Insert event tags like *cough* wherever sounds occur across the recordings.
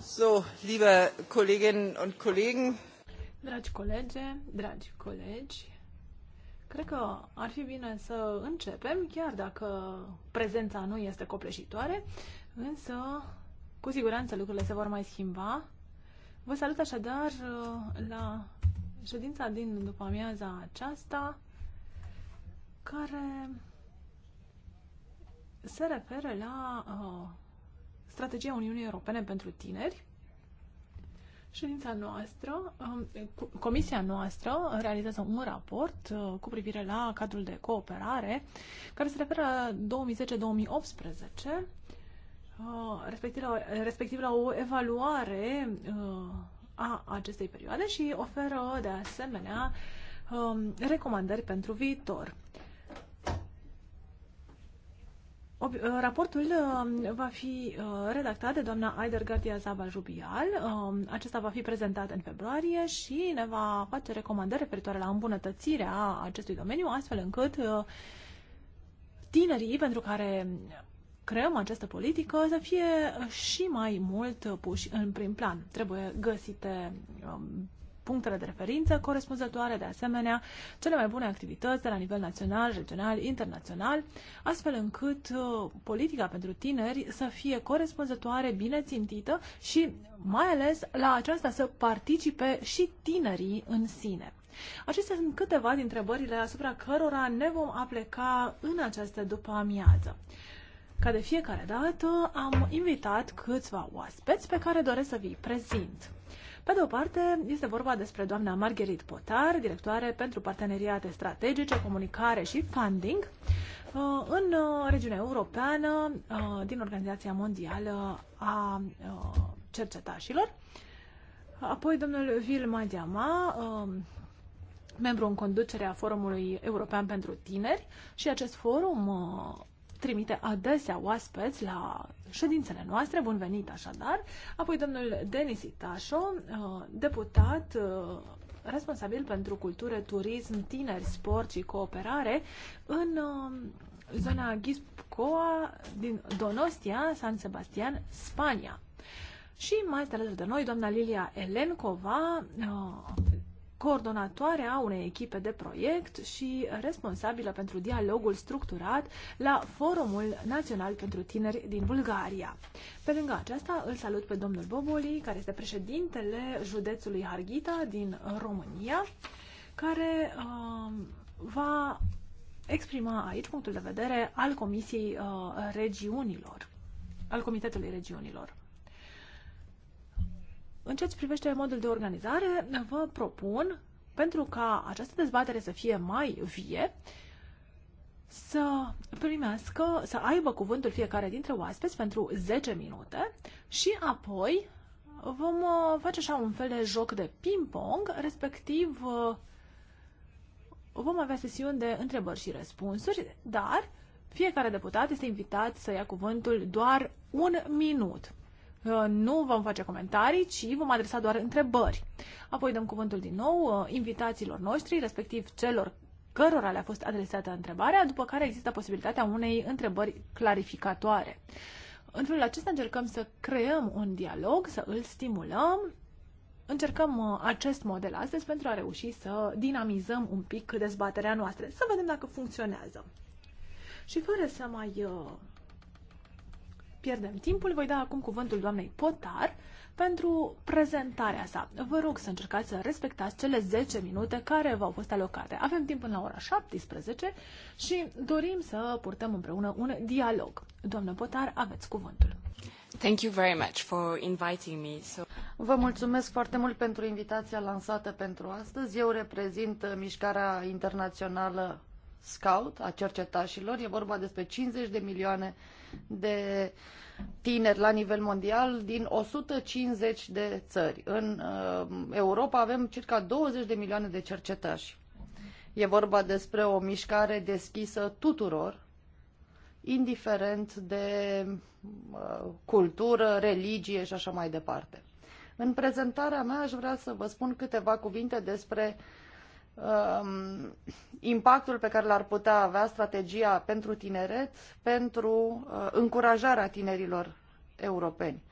Dragi colege, dragi colegi, cred că ar fi bine să începem, chiar dacă prezența nu este copleșitoare, însă cu siguranță lucrurile se vor mai schimba. Vă salut așadar uh, la ședința din după amiaza aceasta, care se referă la uh, strategia Uniunii Europene pentru tineri. Ședința noastră, um, comisia noastră realizează un raport uh, cu privire la cadrul de cooperare care se referă la 2010-2018, uh, respectiv la, respectiv la o evaluare uh, a acestei perioade și oferă de asemenea um, recomandări pentru viitor. Uh, raportul uh, va fi uh, redactat de doamna Aider Gardia Zabal Jubial. Um, acesta va fi prezentat în februarie și ne va face recomandări referitoare la îmbunătățirea acestui domeniu, astfel încât tinerii pentru care creăm această politică să fie și mai mult puși în prim plan. Trebuie găsite um, punctele de referință corespunzătoare, de asemenea, cele mai bune activități de la nivel național, regional, internațional, astfel încât uh, politica pentru tineri să fie corespunzătoare, bine țintită și, mai ales, la aceasta să participe și tinerii în sine. Acestea sunt câteva dintre întrebările asupra cărora ne vom apleca în această după amiază. Ca de fiecare dată, am invitat câțiva oaspeți pe care doresc să vi prezint. Pe de o parte, este vorba despre doamna Marguerite Potar, directoare pentru parteneriate strategice, comunicare și funding uh, în uh, regiunea europeană uh, din Organizația Mondială a Cercetașilor. Apoi domnul Vil Madiama, um, membru în conducerea Forumului European pentru Tineri și acest forum trimite adesea oaspeți la ședințele noastre. Bun venit așadar. Apoi domnul Denis Itașo, uh, deputat uh, responsabil pentru cultură, turism, tineri, sport și cooperare în uh, zona Ghiscoa din Donostia, San Sebastian, Spania. Și mai este alături de noi doamna Lilia Elencova, coordonatoarea unei echipe de proiect și responsabilă pentru dialogul structurat la Forumul Național pentru Tineri din Bulgaria. Pe lângă aceasta îl salut pe domnul Boboli, care este președintele județului Harghita din România, care uh, va exprima aici punctul de vedere al Comisiei uh, Regiunilor, al Comitetului Regiunilor. În ceea ce privește modul de organizare, vă propun, pentru ca această dezbatere să fie mai vie, să primească, să aibă cuvântul fiecare dintre oaspeți pentru 10 minute și apoi vom uh, face așa un fel de joc de ping-pong, respectiv uh, vom avea sesiuni de întrebări și răspunsuri, dar fiecare deputat este invitat să ia cuvântul doar un minut. Uh, nu vom face comentarii, ci vom adresa doar întrebări. Apoi dăm cuvântul din nou uh, invitațiilor noștri, respectiv celor cărora le-a fost adresată întrebarea, după care există posibilitatea unei întrebări clarificatoare. În felul acesta încercăm să creăm un dialog, să îl stimulăm, încercăm uh, acest model astăzi pentru a reuși să dinamizăm un pic dezbaterea noastră, să vedem dacă funcționează. Și fără să mai pierdem timpul, voi da acum cuvântul doamnei Potar pentru prezentarea sa. Vă rog să încercați să respectați cele 10 minute care v-au fost alocate. Avem timp până la ora 17 și dorim să purtăm împreună un dialog. Doamnă Potar, aveți cuvântul. Thank you very much for inviting me. So... Vă mulțumesc foarte mult pentru invitația lansată pentru astăzi. Eu reprezint mișcarea internațională Scout, a cercetașilor. E vorba despre 50 de milioane de tineri la nivel mondial din 150 de țări. În uh, Europa avem circa 20 de milioane de cercetași. E vorba despre o mișcare deschisă tuturor, indiferent de uh, cultură, religie și așa mai departe. În prezentarea mea aș vrea să vă spun câteva cuvinte despre uh, Um, impactul pe care l-ar putea avea strategia pentru tineret, pentru uh, încurajarea tinerilor europeni.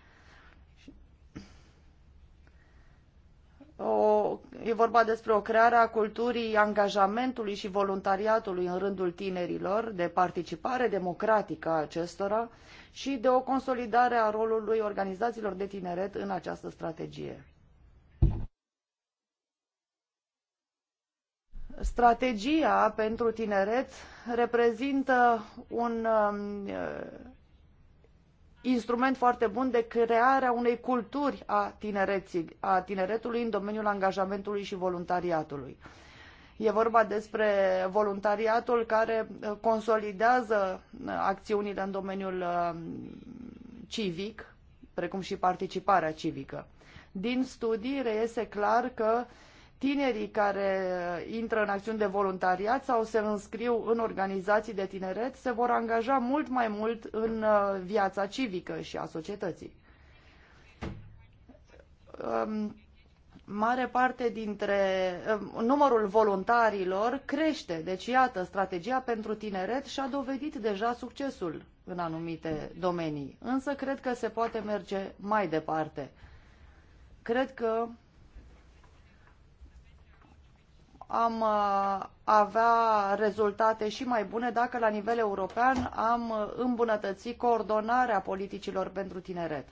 O, e vorba despre o creare a culturii angajamentului și voluntariatului în rândul tinerilor, de participare democratică a acestora și de o consolidare a rolului organizațiilor de tineret în această strategie. Strategia pentru tineret reprezintă un um, uh, instrument foarte bun de crearea unei culturi a, tinereții, a tineretului în domeniul angajamentului și voluntariatului. E vorba despre voluntariatul care uh, consolidează uh, acțiunile în domeniul um, civic, precum și participarea civică. Din studii reiese clar că uh, Tinerii care uh, intră în acțiuni de voluntariat sau se înscriu în organizații de tineret se vor angaja mult mai mult în uh, viața civică și a societății. Um, mare parte dintre um, numărul voluntarilor crește, deci iată, strategia pentru tineret și-a dovedit deja succesul în anumite domenii, însă cred că se poate merge mai departe. Cred că am uh, avea rezultate și mai bune dacă la nivel european am uh, îmbunătăți coordonarea politicilor pentru tineret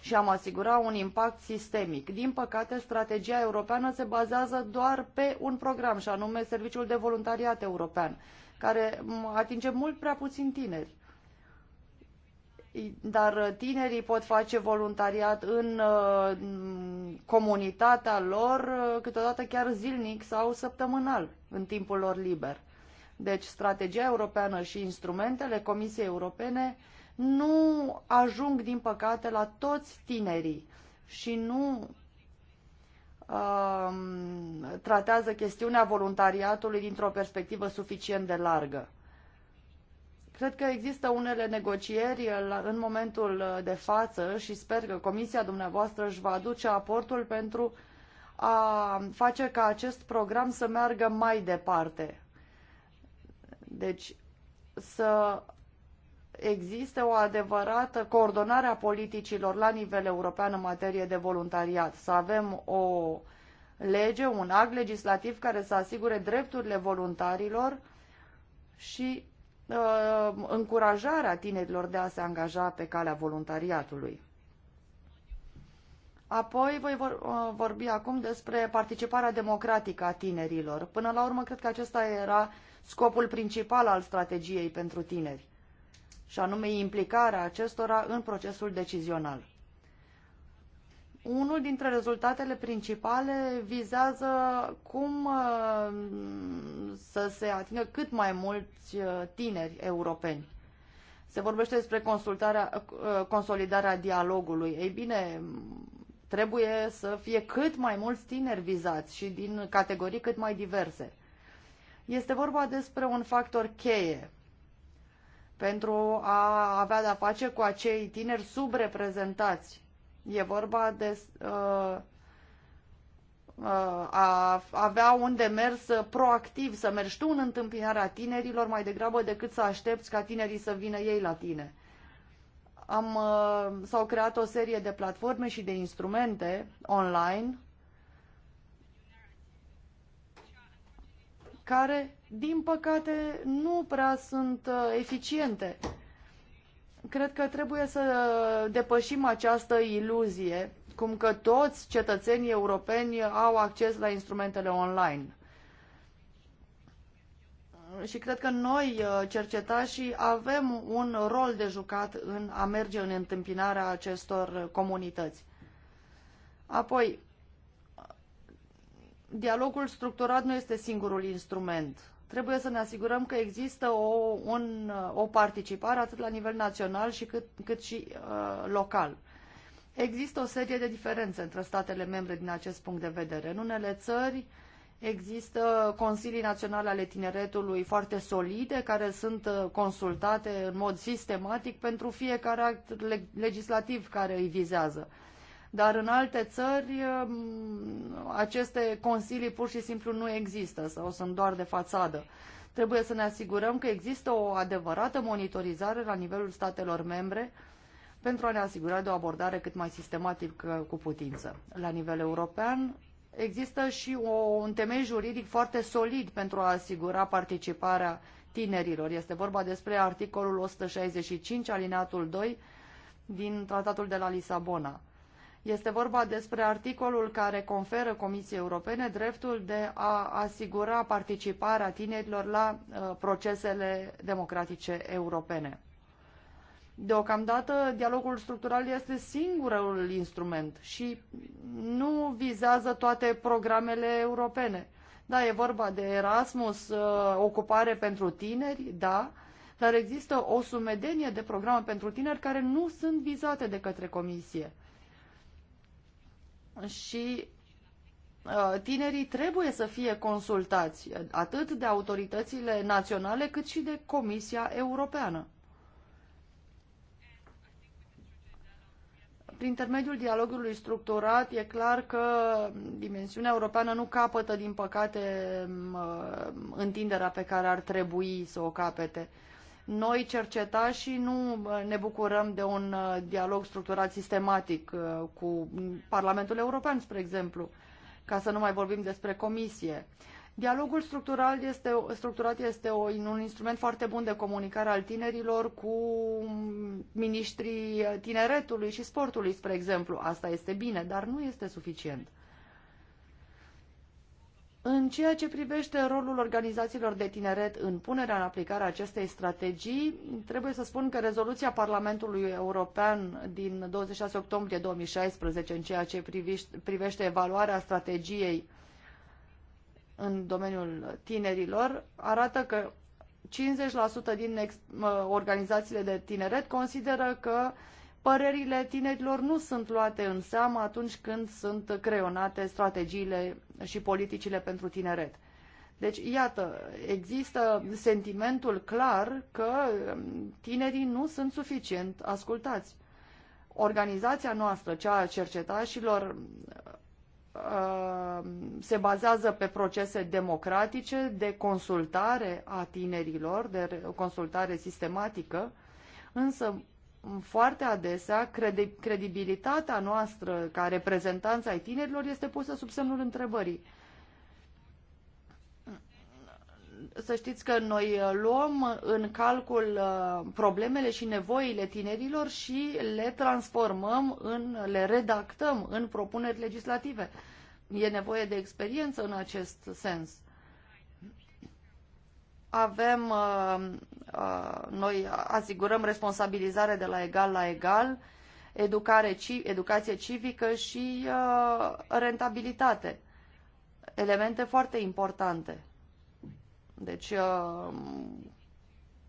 și am asigura un impact sistemic. Din păcate, strategia europeană se bazează doar pe un program, și anume Serviciul de Voluntariat European, care atinge mult prea puțin tineri dar uh, tinerii pot face voluntariat în uh, comunitatea lor, uh, câteodată chiar zilnic sau săptămânal, în timpul lor liber. Deci strategia europeană și instrumentele Comisiei Europene nu ajung, din păcate, la toți tinerii și nu um, tratează chestiunea voluntariatului dintr-o perspectivă suficient de largă. Cred că există unele negocieri în momentul uh, de față și sper că comisia dumneavoastră își va aduce aportul pentru a face ca acest program să meargă mai departe. Deci să existe o adevărată coordonare a politicilor la nivel european în materie de voluntariat, să avem o lege, un act legislativ care să asigure drepturile voluntarilor și uh, încurajarea tinerilor de a se angaja pe calea voluntariatului. Apoi voi vor, uh, vorbi acum despre participarea democratică a tinerilor. Până la urmă, cred că acesta era scopul principal al strategiei pentru tineri, și anume implicarea acestora în procesul decizional unul dintre rezultatele principale vizează cum uh, să se atingă cât mai mulți uh, tineri europeni. Se vorbește despre consultarea, uh, consolidarea dialogului. Ei bine, trebuie să fie cât mai mulți tineri vizați și din categorii cât mai diverse. Este vorba despre un factor cheie pentru a avea de-a face cu acei tineri subreprezentați E vorba de uh, uh, a avea un demers proactiv, să mergi tu în întâmpinarea tinerilor mai degrabă decât să aștepți ca tinerii să vină ei la tine. Am, uh, s-au creat o serie de platforme și de instrumente online care, din păcate, nu prea sunt uh, eficiente cred că trebuie să depășim această iluzie, cum că toți cetățenii europeni au acces la instrumentele online. Și cred că noi, uh, cercetașii, avem un rol de jucat în a merge în întâmpinarea acestor comunități. Apoi, dialogul structurat nu este singurul instrument Trebuie să ne asigurăm că există o, un, o participare atât la nivel național și cât, cât și uh, local. Există o serie de diferențe între statele membre din acest punct de vedere. În unele țări există consilii naționale ale tineretului foarte solide care sunt uh, consultate în mod sistematic pentru fiecare act legislativ care îi vizează. Uh, dar în alte țări um, aceste consilii pur și simplu nu există sau sunt doar de fațadă. Trebuie să ne asigurăm că există o adevărată monitorizare la nivelul statelor membre pentru a ne asigura de o abordare cât mai sistematică cu putință. La nivel european, există și o, un temei juridic foarte solid pentru a asigura participarea tinerilor. Este vorba despre articolul 165, alineatul 2 din Tratatul de la Lisabona. Este vorba despre articolul care conferă Comisiei Europene dreptul de a asigura participarea tinerilor la uh, procesele democratice europene. Deocamdată, dialogul structural este singurul instrument și nu vizează toate programele europene. Da, e vorba de Erasmus, uh, ocupare pentru tineri, da, dar există o sumedenie de programe pentru tineri care nu sunt vizate de către Comisie și uh, tinerii trebuie să fie consultați atât de autoritățile naționale cât și de Comisia Europeană. Prin intermediul dialogului structurat e clar că dimensiunea europeană nu capătă, din păcate, uh, întinderea pe care ar trebui să o capete noi cerceta și nu ne bucurăm de un uh, dialog structurat sistematic uh, cu Parlamentul European, spre exemplu, ca să nu mai vorbim despre comisie. Dialogul structural este, structurat este o, un instrument foarte bun de comunicare al tinerilor cu mm, ministrii tineretului și sportului, spre exemplu. Asta este bine, dar nu este suficient. În ceea ce privește rolul organizațiilor de tineret în punerea în aplicare a acestei strategii, trebuie să spun că rezoluția Parlamentului European din 26 octombrie 2016 în ceea ce privește evaluarea strategiei în domeniul tinerilor arată că 50% din organizațiile de tineret consideră că părerile tinerilor nu sunt luate în seamă atunci când sunt creionate strategiile și politicile pentru tineret. Deci, iată, există sentimentul clar că um, tinerii nu sunt suficient ascultați. Organizația noastră, cea a cercetașilor, uh, se bazează pe procese democratice de consultare a tinerilor, de consultare sistematică, însă foarte adesea crede, credibilitatea noastră ca reprezentanța ai tinerilor este pusă sub semnul întrebării. Să știți că noi uh, luăm în calcul uh, problemele și nevoile tinerilor și le transformăm, în, le redactăm în propuneri legislative. E nevoie de experiență în acest sens avem uh, Uh, noi asigurăm responsabilizare de la egal la egal, educare, educație civică și uh, rentabilitate. Elemente foarte importante. Deci uh,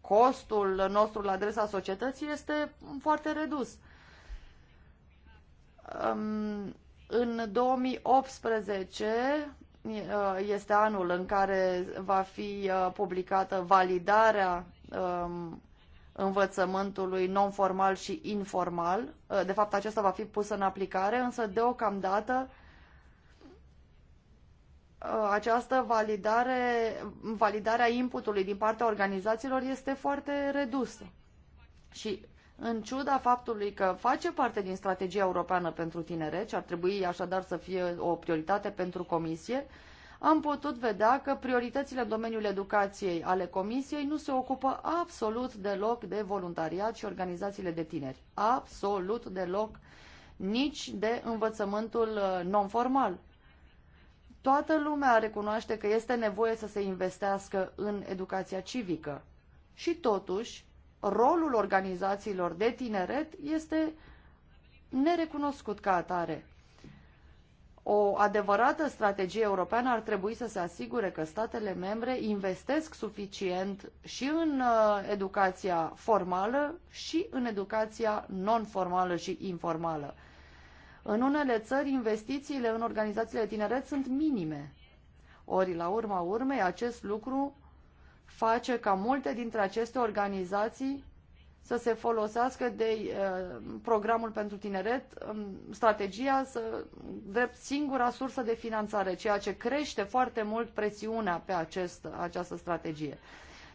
costul nostru la adresa societății este foarte redus. Um, în 2018 este anul în care va fi publicată validarea Um, învățământului non-formal și informal. Uh, de fapt, acesta va fi pus în aplicare, însă deocamdată uh, această validare, validarea inputului din partea organizațiilor este foarte redusă. Și în ciuda faptului că face parte din strategia europeană pentru tineret ce ar trebui așadar să fie o prioritate pentru comisie, am putut vedea că prioritățile în domeniul educației ale Comisiei nu se ocupă absolut deloc de voluntariat și organizațiile de tineri. Absolut deloc nici de învățământul uh, non-formal. Toată lumea recunoaște că este nevoie să se investească în educația civică. Și totuși, rolul organizațiilor de tineret este nerecunoscut ca atare. O adevărată strategie europeană ar trebui să se asigure că statele membre investesc suficient și în uh, educația formală și în educația non-formală și informală. În unele țări, investițiile în organizațiile tineret sunt minime. Ori, la urma urmei, acest lucru face ca multe dintre aceste organizații să se folosească de uh, programul pentru tineret, um, strategia să, drept singura sursă de finanțare, ceea ce crește foarte mult presiunea pe acest, această strategie.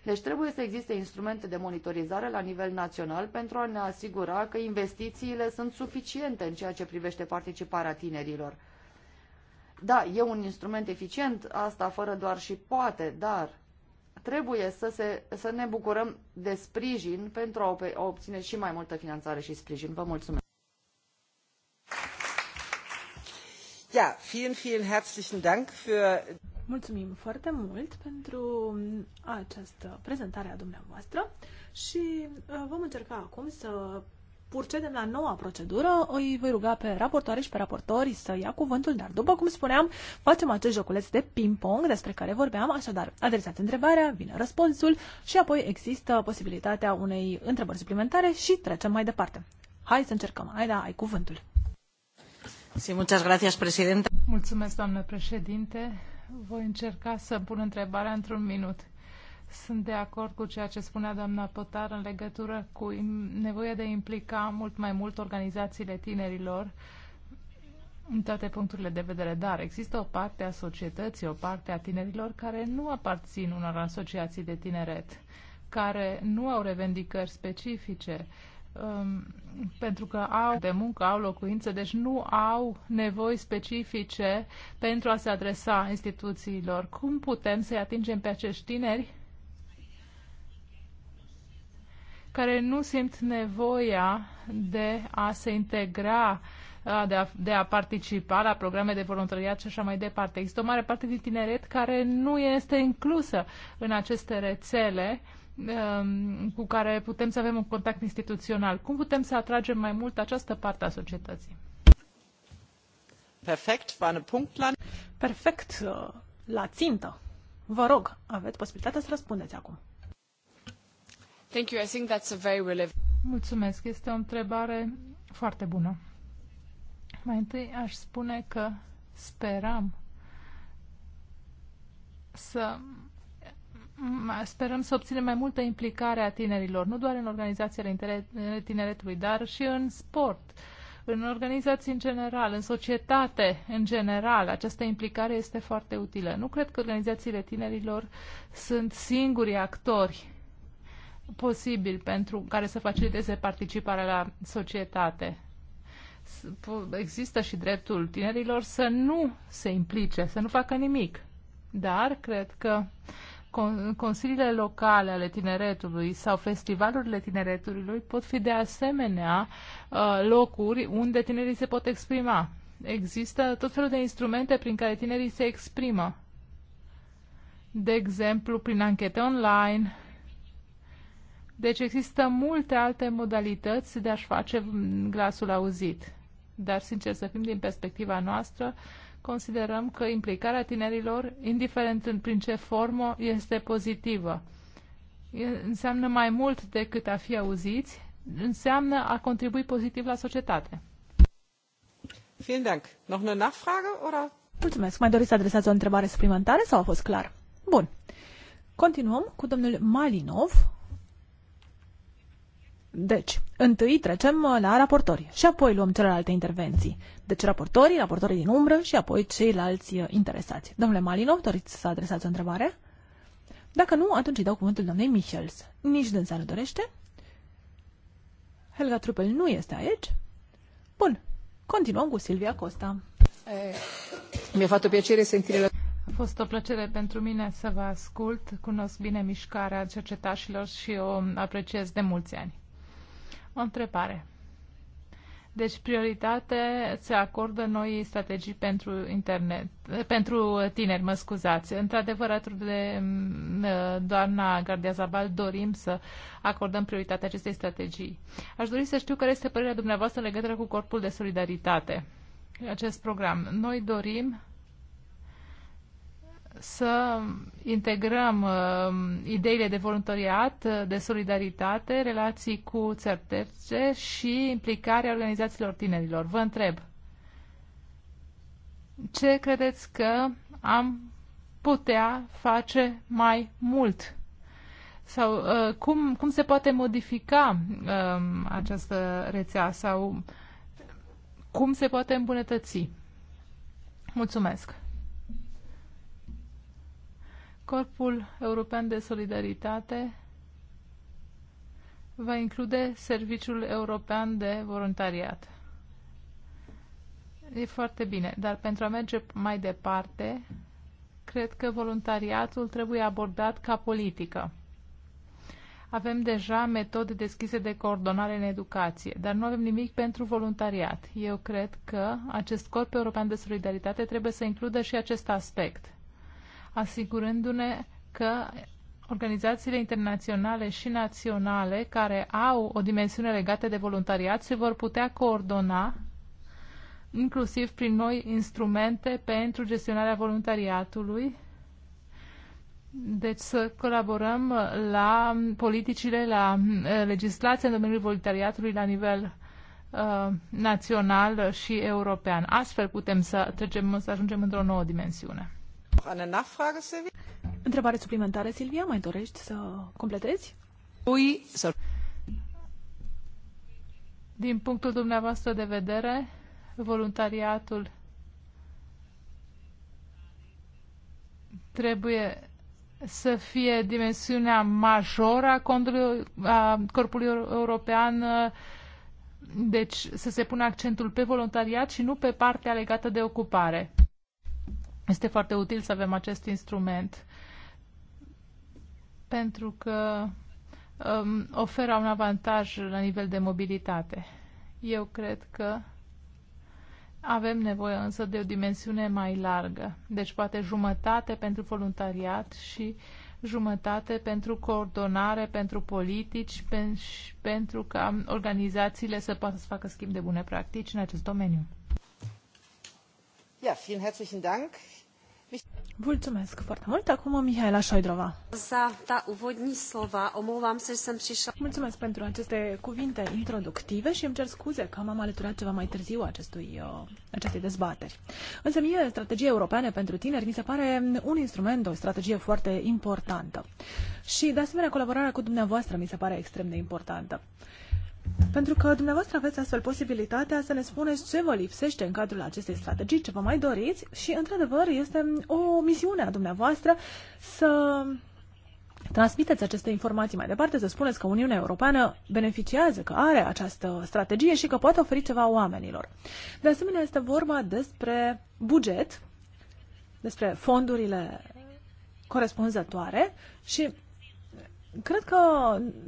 Deci trebuie să existe instrumente de monitorizare la nivel național pentru a ne asigura că investițiile sunt suficiente în ceea ce privește participarea tinerilor. Da, e un instrument eficient, asta fără doar și poate, dar trebuie să, se, să ne bucurăm de sprijin pentru a obține și mai multă finanțare și sprijin. Vă mulțumesc! Ja, vielen, vielen herzlichen Dank für Mulțumim foarte mult pentru mm, această prezentare a dumneavoastră și uh, vom încerca acum să Purcedem la noua procedură, îi voi ruga pe raportoare și pe raportori să ia cuvântul, dar după cum spuneam, facem acest joculeț de ping-pong despre care vorbeam, așadar adresați întrebarea, vine răspunsul și apoi există posibilitatea unei întrebări suplimentare și trecem mai departe. Hai să încercăm. Hai, da, ai cuvântul. Sí, muchas gracias, Mulțumesc, doamnă președinte. Voi încerca să pun întrebarea într-un minut. Sunt de acord cu ceea ce spunea doamna Potar în legătură cu nevoia de a implica mult mai mult organizațiile tinerilor în toate punctele de vedere, dar există o parte a societății, o parte a tinerilor care nu aparțin unor asociații de tineret, care nu au revendicări specifice, um, pentru că au de muncă, au locuință, deci nu au nevoi specifice pentru a se adresa instituțiilor. Cum putem să-i atingem pe acești tineri care nu simt nevoia de a se integra, de a, de a participa la programe de voluntariat și așa mai departe. Există o mare parte din tineret care nu este inclusă în aceste rețele um, cu care putem să avem un contact instituțional. Cum putem să atragem mai mult această parte a societății? Perfect, va punct la. Perfect, uh, la țintă. Vă rog, aveți posibilitatea să răspundeți acum. Mulțumesc. Este o întrebare foarte bună. Mai întâi aș spune că speram să sperăm să obținem mai multă implicare a tinerilor, nu doar în organizațiile tineretului, dar și în sport, în organizații în general, în societate în general. Această implicare este foarte utilă. Nu cred că organizațiile tinerilor sunt singurii actori posibil pentru care să faciliteze participarea la societate. Există și dreptul tinerilor să nu se implice, să nu facă nimic. Dar cred că consiliile locale ale tineretului sau festivalurile tineretului pot fi de asemenea uh, locuri unde tinerii se pot exprima. Există tot felul de instrumente prin care tinerii se exprimă. De exemplu, prin anchete online, deci există multe alte modalități de a-și face glasul auzit. Dar, sincer să fim, din perspectiva noastră, considerăm că implicarea tinerilor, indiferent în prin ce formă, este pozitivă. Înseamnă mai mult decât a fi auziți, înseamnă a contribui pozitiv la societate. Vielen Dank. Noch eine Nachfrage, oder? Mulțumesc. Mai doriți să adresați o întrebare suplimentară sau a fost clar? Bun. Continuăm cu domnul Malinov, deci, întâi trecem uh, la raportori și apoi luăm celelalte intervenții. Deci raportorii, raportorii din umbră și apoi ceilalți uh, interesați. Domnule Malinov, doriți să adresați o întrebare? Dacă nu, atunci îi dau cuvântul doamnei Michels. Nici dânsa nu dorește. Helga Trupel nu este aici. Bun, continuăm cu Silvia Costa. Eh, mi-a o plăcere sentire la... A fost o plăcere pentru mine să vă ascult. Cunosc bine mișcarea cercetașilor și o apreciez de mulți ani. O întrebare. Deci prioritate se acordă noi strategii pentru internet, pentru tineri, mă scuzați. Într-adevăr, alături de mm, doamna Gardia Zabal, dorim să acordăm prioritate acestei strategii. Aș dori să știu care este părerea dumneavoastră în legătură cu Corpul de Solidaritate, acest program. Noi dorim să integrăm uh, ideile de voluntariat, uh, de solidaritate, relații cu țări terțe și implicarea organizațiilor tinerilor. Vă întreb, ce credeți că am putea face mai mult? Sau uh, cum, cum se poate modifica uh, această rețea sau cum se poate îmbunătăți? Mulțumesc! Corpul European de Solidaritate va include Serviciul European de Voluntariat. E foarte bine, dar pentru a merge mai departe, cred că voluntariatul trebuie abordat ca politică. Avem deja metode deschise de coordonare în educație, dar nu avem nimic pentru voluntariat. Eu cred că acest corp european de solidaritate trebuie să includă și acest aspect – asigurându-ne că organizațiile internaționale și naționale care au o dimensiune legată de voluntariat se vor putea coordona inclusiv prin noi instrumente pentru gestionarea voluntariatului. Deci să colaborăm la politicile, la eh, legislația în domeniul voluntariatului la nivel uh, național și european. Astfel putem să trecem, să ajungem într-o nouă dimensiune. Întrebare suplimentară, Silvia, mai dorești să completezi? Ui, să... Din punctul dumneavoastră de vedere, voluntariatul trebuie să fie dimensiunea majoră a, a Corpului European, deci să se pună accentul pe voluntariat și nu pe partea legată de ocupare. Este foarte util să avem acest instrument pentru că um, oferă un avantaj la nivel de mobilitate. Eu cred că avem nevoie însă de o dimensiune mai largă, deci poate jumătate pentru voluntariat și jumătate pentru coordonare, pentru politici, pen și pentru ca organizațiile să poată să facă schimb de bune practici în acest domeniu. Ja, vielen herzlichen Dank. Mulțumesc foarte mult. Acum Mihaela Șoidrova. Za ta Mulțumesc pentru aceste cuvinte introductive și îmi cer scuze că m-am alăturat ceva mai târziu acestui, uh, acestei dezbateri. Însă mie strategia europeană pentru tineri mi se pare un instrument, o strategie foarte importantă. Și de asemenea colaborarea cu dumneavoastră mi se pare extrem de importantă. Pentru că dumneavoastră aveți astfel posibilitatea să ne spuneți ce vă lipsește în cadrul acestei strategii, ce vă mai doriți și, într-adevăr, este o misiune a dumneavoastră să transmiteți aceste informații mai departe, să spuneți că Uniunea Europeană beneficiază, că are această strategie și că poate oferi ceva oamenilor. De asemenea, este vorba despre buget, despre fondurile corespunzătoare și cred că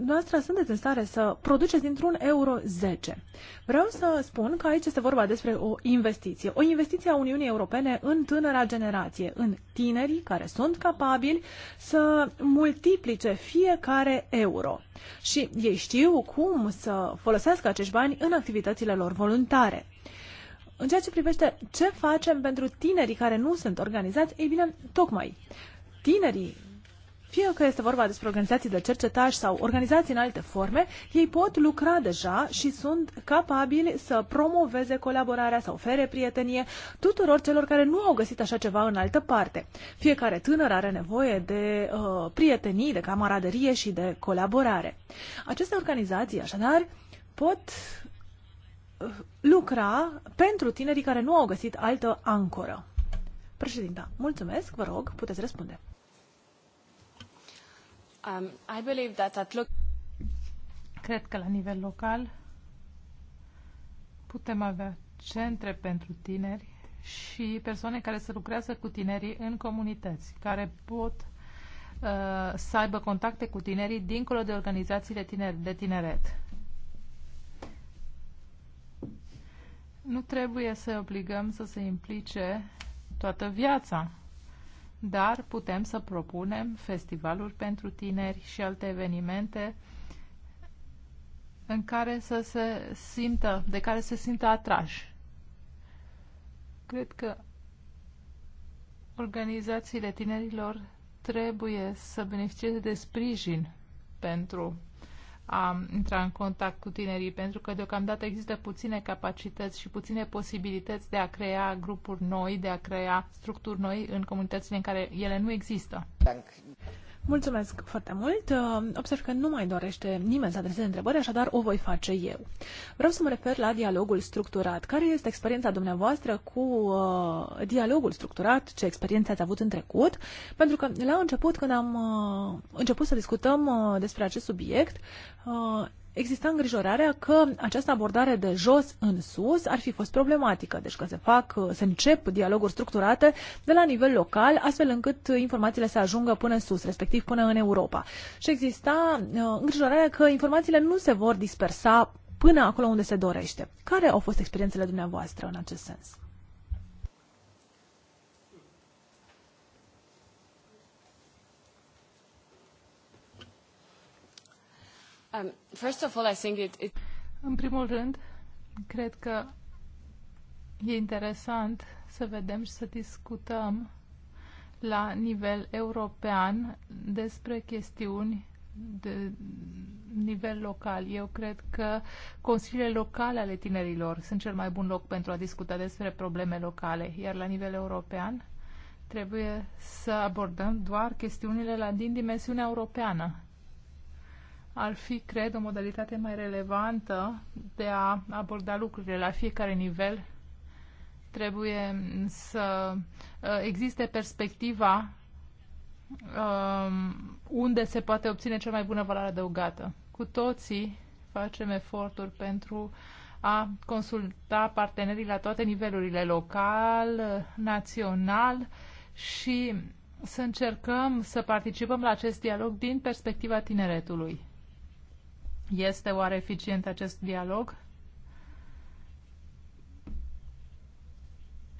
noastră sunteți în stare să produceți dintr-un euro 10. Vreau să spun că aici este vorba despre o investiție. O investiție a Uniunii Europene în tânăra generație, în tinerii care sunt capabili să multiplice fiecare euro. Și ei știu cum să folosească acești bani în activitățile lor voluntare. În ceea ce privește ce facem pentru tinerii care nu sunt organizați, ei bine, tocmai tinerii fie că este vorba despre organizații de cercetaj sau organizații în alte forme, ei pot lucra deja și sunt capabili să promoveze colaborarea, să ofere prietenie tuturor celor care nu au găsit așa ceva în altă parte. Fiecare tânăr are nevoie de uh, prietenii, de camaraderie și de colaborare. Aceste organizații, așadar, pot uh, lucra pentru tinerii care nu au găsit altă ancoră. Președinta, mulțumesc, vă rog, puteți răspunde. Um, Cred că la nivel local putem avea centre pentru tineri și persoane care să lucrează cu tinerii în comunități, care pot uh, să aibă contacte cu tinerii dincolo de organizațiile tineri, de tineret. Nu trebuie să obligăm să se implice toată viața dar putem să propunem festivaluri pentru tineri și alte evenimente în care să se simtă, de care se simtă atrași. Cred că organizațiile tinerilor trebuie să beneficieze de sprijin pentru a intra în contact cu tinerii, pentru că deocamdată există puține capacități și puține posibilități de a crea grupuri noi, de a crea structuri noi în comunitățile în care ele nu există. Mulțumesc foarte mult. Uh, observ că nu mai dorește nimeni să adreseze întrebări, așadar o voi face eu. Vreau să mă refer la dialogul structurat. Care este experiența dumneavoastră cu uh, dialogul structurat? Ce experiențe ați avut în trecut? Pentru că la început, când am uh, început să discutăm uh, despre acest subiect, uh, exista îngrijorarea că această abordare de jos în sus ar fi fost problematică, deci că se fac, se încep dialoguri structurate de la nivel local, astfel încât informațiile să ajungă până în sus, respectiv până în Europa. Și exista uh, îngrijorarea că informațiile nu se vor dispersa până acolo unde se dorește. Care au fost experiențele dumneavoastră în acest sens? Um, în primul rând, cred că e interesant să vedem și să discutăm la nivel european despre chestiuni de nivel local. Eu cred că consiliile locale ale tinerilor sunt cel mai bun loc pentru a discuta despre probleme locale, iar la nivel european trebuie să abordăm doar chestiunile la, din dimensiunea europeană ar fi, cred, o modalitate mai relevantă de a aborda lucrurile la fiecare nivel. Trebuie să uh, existe perspectiva um, unde se poate obține cea mai bună valoare adăugată. Cu toții facem eforturi pentru a consulta partenerii la toate nivelurile, local, național și să încercăm să participăm la acest dialog din perspectiva tineretului. Este oare eficient acest dialog?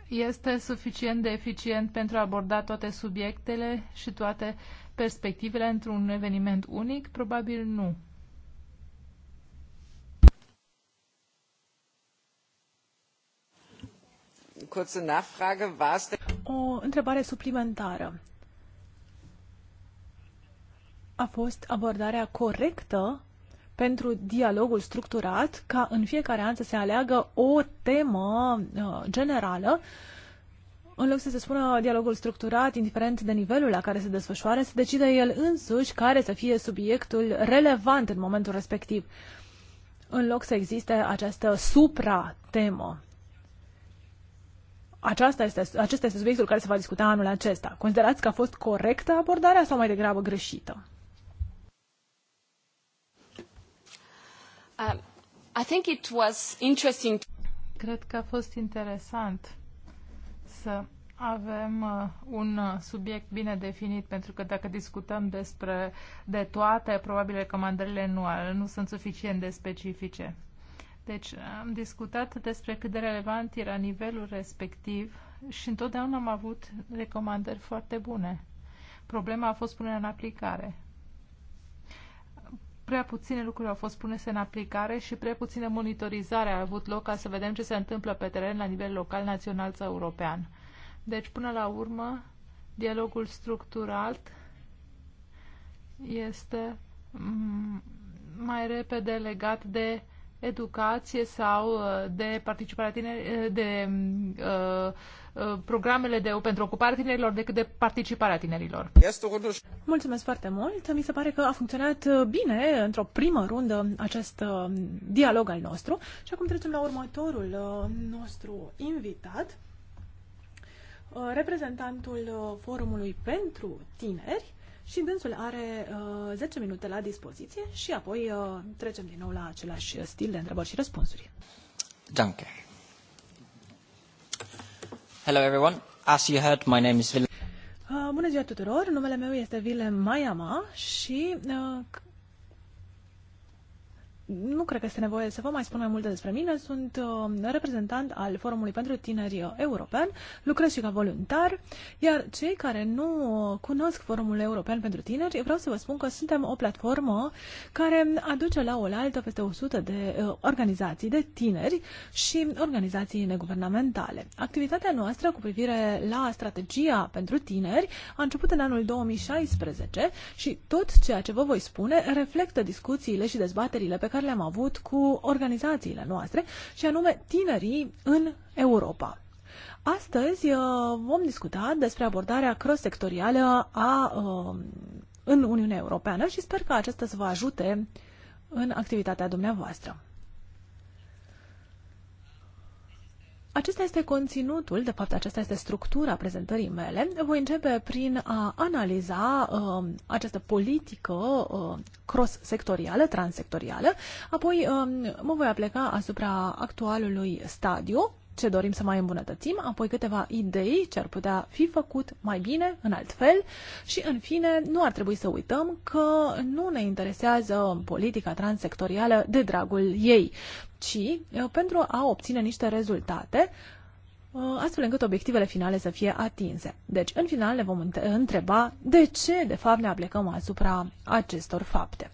Este suficient de eficient pentru a aborda toate subiectele și toate perspectivele într-un eveniment unic? Probabil nu. O întrebare suplimentară. A fost abordarea corectă pentru dialogul structurat, ca în fiecare an să se aleagă o temă uh, generală, în loc să se spună dialogul structurat, indiferent de nivelul la care se desfășoare, se decide el însuși care să fie subiectul relevant în momentul respectiv, în loc să existe această supra-temă aceasta este, acesta este subiectul care se va discuta anul acesta. Considerați că a fost corectă abordarea sau mai degrabă greșită? Uh, Cred că a fost interesant să avem uh, un uh, subiect bine definit, pentru că dacă discutăm despre de toate, probabil recomandările nu, nu sunt suficient de specifice. Deci am discutat despre cât de relevant era nivelul respectiv și întotdeauna am avut recomandări foarte bune. Problema a fost punerea în aplicare prea puține lucruri au fost puse în aplicare și prea puțină monitorizare a avut loc ca să vedem ce se întâmplă pe teren la nivel local, național sau european. Deci, până la urmă, dialogul structurat este mm, mai repede legat de educație sau uh, de participarea tineri, uh, de uh, uh, programele de, pentru ocuparea tinerilor decât de participarea tinerilor. Mulțumesc foarte mult! Mi se pare că a funcționat bine într-o primă rundă acest dialog al nostru și acum trecem la următorul nostru invitat, reprezentantul Forumului pentru Tineri, și dânsul are uh, 10 minute la dispoziție și apoi uh, trecem din nou la același stil de întrebări și răspunsuri. Danke. Hello everyone. As you heard, my name is Willem. Uh, bună ziua tuturor. Numele meu este Willem Mayama și uh, nu cred că este nevoie să vă mai spun mai multe despre mine. Sunt uh, reprezentant al Forumului pentru Tineri European, lucrez și ca voluntar, iar cei care nu uh, cunosc Forumul European pentru Tineri, vreau să vă spun că suntem o platformă care aduce la oaltă peste 100 de uh, organizații de tineri și organizații neguvernamentale. Activitatea noastră cu privire la strategia pentru tineri a început în anul 2016 și tot ceea ce vă voi spune reflectă discuțiile și dezbaterile pe care care le-am avut cu organizațiile noastre, și anume tinerii în Europa. Astăzi uh, vom discuta despre abordarea cross-sectorială a, uh, în Uniunea Europeană și sper că acesta să vă ajute în activitatea dumneavoastră. Acesta este conținutul, de fapt aceasta este structura prezentării mele. Voi începe prin a analiza uh, această politică uh, cross-sectorială, transsectorială, apoi uh, mă voi apleca asupra actualului stadiu ce dorim să mai îmbunătățim, apoi câteva idei ce ar putea fi făcut mai bine, în alt fel și, în fine, nu ar trebui să uităm că nu ne interesează politica transsectorială de dragul ei, ci uh, pentru a obține niște rezultate uh, astfel încât obiectivele finale să fie atinse. Deci, în final, ne vom întreba de ce, de fapt, ne aplicăm asupra acestor fapte.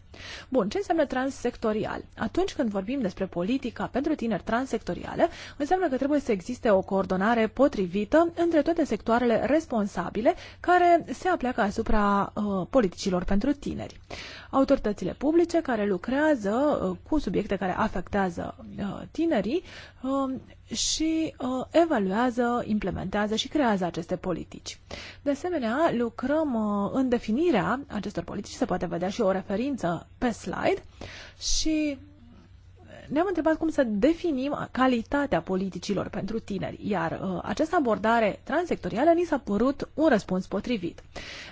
Bun, ce înseamnă transsectorial? Atunci când vorbim despre politica pentru tineri transsectorială, înseamnă că trebuie să existe o coordonare potrivită între toate sectoarele responsabile care se apleacă asupra uh, politicilor pentru tineri. Autoritățile publice care lucrează uh, cu subiecte care afectează uh, tinerii uh, și uh, evaluează, implementează și creează aceste politici. De asemenea, lucrăm uh, în definirea acestor politici, se poate vedea și o referință pe slide și ne-am întrebat cum să definim calitatea politicilor pentru tineri, iar uh, această abordare transectorială ni s-a părut un răspuns potrivit.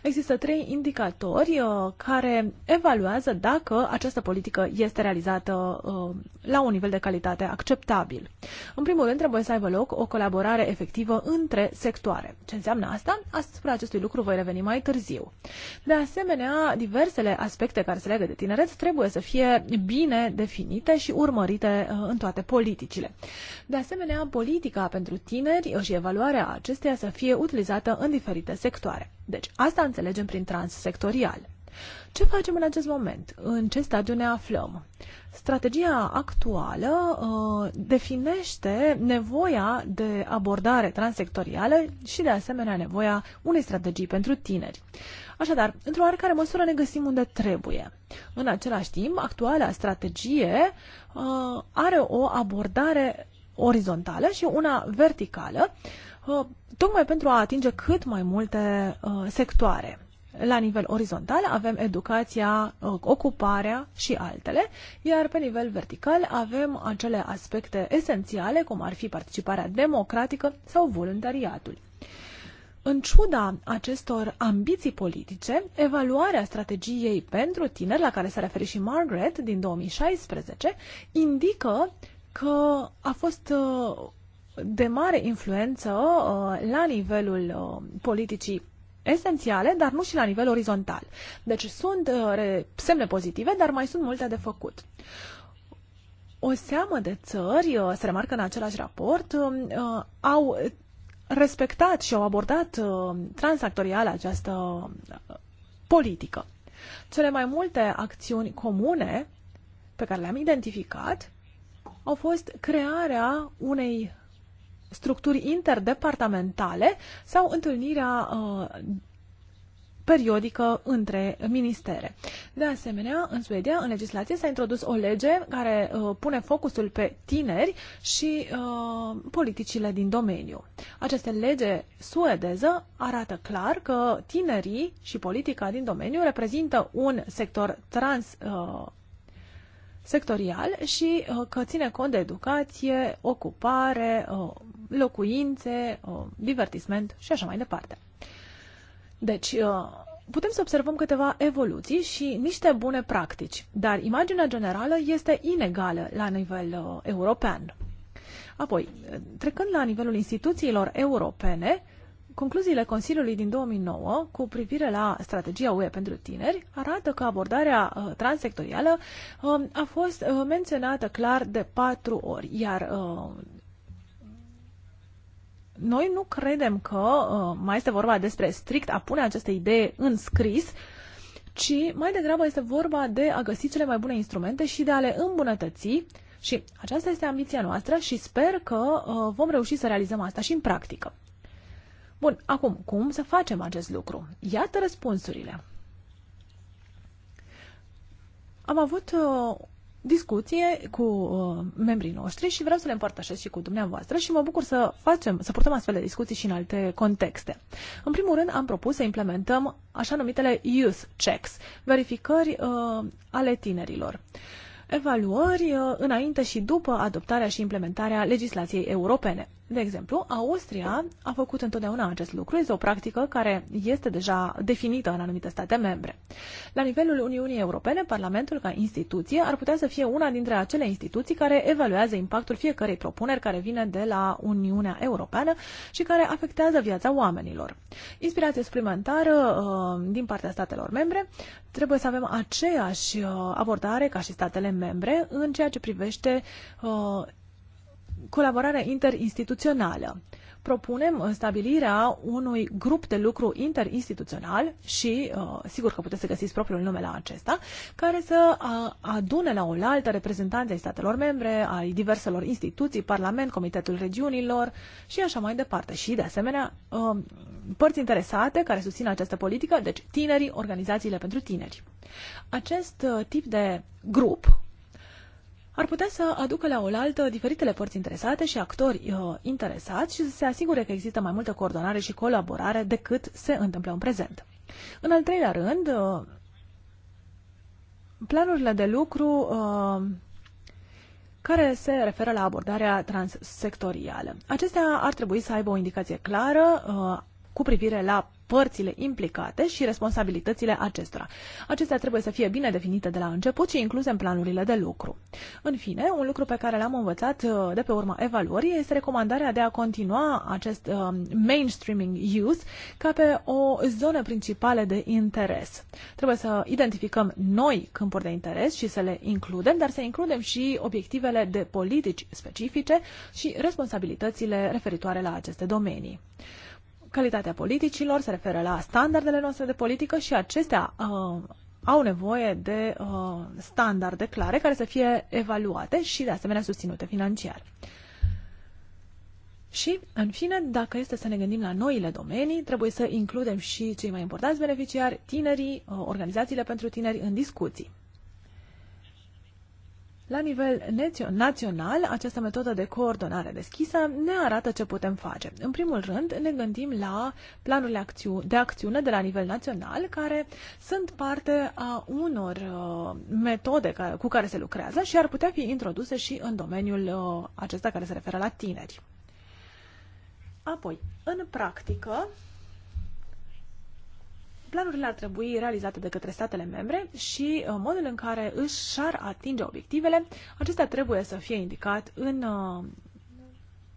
Există trei indicatori uh, care evaluează dacă această politică este realizată uh, la un nivel de calitate acceptabil. În primul rând, trebuie să aibă loc o colaborare efectivă între sectoare. Ce înseamnă asta? Asupra acestui lucru voi reveni mai târziu. De asemenea, diversele aspecte care se legă de tineret trebuie să fie bine definite și urmărite urmărite uh, în toate politicile. De asemenea, politica pentru tineri și evaluarea acesteia să fie utilizată în diferite sectoare. Deci, asta înțelegem prin transsectorial. Ce facem în acest moment? În ce stadiu ne aflăm? Strategia actuală uh, definește nevoia de abordare transsectorială și, de asemenea, nevoia unei strategii pentru tineri. Așadar, într-o oarecare măsură ne găsim unde trebuie. În același timp, actuala strategie uh, are o abordare orizontală și una verticală, uh, tocmai pentru a atinge cât mai multe uh, sectoare. La nivel orizontal avem educația, uh, ocuparea și altele, iar pe nivel vertical avem acele aspecte esențiale, cum ar fi participarea democratică sau voluntariatul. În ciuda acestor ambiții politice, evaluarea strategiei pentru tineri, la care s-a referit și Margaret din 2016, indică că a fost uh, de mare influență uh, la nivelul uh, politicii esențiale, dar nu și la nivel orizontal. Deci sunt semne pozitive, dar mai sunt multe de făcut. O seamă de țări, se remarcă în același raport, um, au respectat și au abordat uh, transactorial această politică. Cele mai multe acțiuni comune pe care le-am identificat au fost crearea unei structuri interdepartamentale sau întâlnirea uh, periodică între ministere. De asemenea, în Suedia, în legislație s-a introdus o lege care uh, pune focusul pe tineri și uh, politicile din domeniu. Această lege suedeză arată clar că tinerii și politica din domeniu reprezintă un sector trans uh, sectorial și uh, că ține cont de educație, ocupare, uh, locuințe, uh, divertisment și așa mai departe. Deci, uh, putem să observăm câteva evoluții și niște bune practici, dar imaginea generală este inegală la nivel uh, european. Apoi, uh, trecând la nivelul instituțiilor europene, concluziile Consiliului din 2009 cu privire la strategia UE pentru tineri arată că abordarea transsectorială um, a fost menționată clar de patru ori, iar noi nu credem că uh, mai este vorba despre strict a pune aceste idei în scris, ci mai degrabă este vorba de a găsi cele mai bune instrumente și de a le îmbunătăți. Și aceasta este ambiția noastră și sper că uh, vom reuși să realizăm asta și în practică. Bun, acum, cum să facem acest lucru? Iată răspunsurile. Am avut uh, discuție cu uh, membrii noștri și vreau să le împărtășesc și cu dumneavoastră și mă bucur să facem, să purtăm astfel de discuții și în alte contexte. În primul rând, am propus să implementăm așa numitele youth checks, verificări uh, ale tinerilor. Evaluări uh, înainte și după adoptarea și implementarea legislației europene. De exemplu, Austria a făcut întotdeauna acest lucru, este o practică care este deja definită în anumite state membre. La nivelul Uniunii Europene, Parlamentul ca instituție ar putea să fie una dintre acele instituții care evaluează impactul fiecărei propuneri care vine de la Uniunea Europeană și care afectează viața oamenilor. Inspirație suplimentară uh, din partea statelor membre, trebuie să avem aceeași uh, abordare ca și statele membre în ceea ce privește uh, colaborare interinstituțională. Propunem uh, stabilirea unui grup de lucru interinstituțional și, uh, sigur că puteți să găsiți propriul nume la acesta, care să uh, adune la oaltă reprezentanți ai statelor membre, ai diverselor instituții, Parlament, Comitetul Regiunilor și așa mai departe. Și, de asemenea, um, părți interesate care susțin această politică, deci tinerii, organizațiile pentru tineri. Acest tip de grup ar putea să aducă la oaltă diferitele părți interesate și actori uh, interesați și să se asigure că există mai multă coordonare și colaborare decât se întâmplă în prezent. În al treilea rând, uh, planurile de lucru uh, care se referă la abordarea transsectorială. Acestea ar trebui să aibă o indicație clară uh, cu privire la părțile implicate și responsabilitățile acestora. Acestea trebuie să fie bine definite de la început și incluse în planurile de lucru. În fine, un lucru pe care l-am învățat uh, de pe urma evaluării este recomandarea de a continua acest uh, mainstreaming use ca pe o zonă principală de interes. Trebuie să identificăm noi câmpuri de interes și să le includem, dar să includem și obiectivele de politici specifice și responsabilitățile referitoare la aceste domenii calitatea politicilor, se referă la standardele noastre de politică și acestea uh, au nevoie de uh, standarde clare care să fie evaluate și de asemenea susținute financiar. Și, în fine, dacă este să ne gândim la noile domenii, trebuie să includem și cei mai importanți beneficiari, tinerii, uh, organizațiile pentru tineri în discuții. La nivel național, această metodă de coordonare deschisă ne arată ce putem face. În primul rând, ne gândim la planurile de acțiune de la nivel național, care sunt parte a unor uh, metode cu care se lucrează și ar putea fi introduse și în domeniul uh, acesta care se referă la tineri. Apoi, în practică, planurile ar trebui realizate de către statele membre și uh, modul în care își ar atinge obiectivele, acesta trebuie să fie indicat în uh,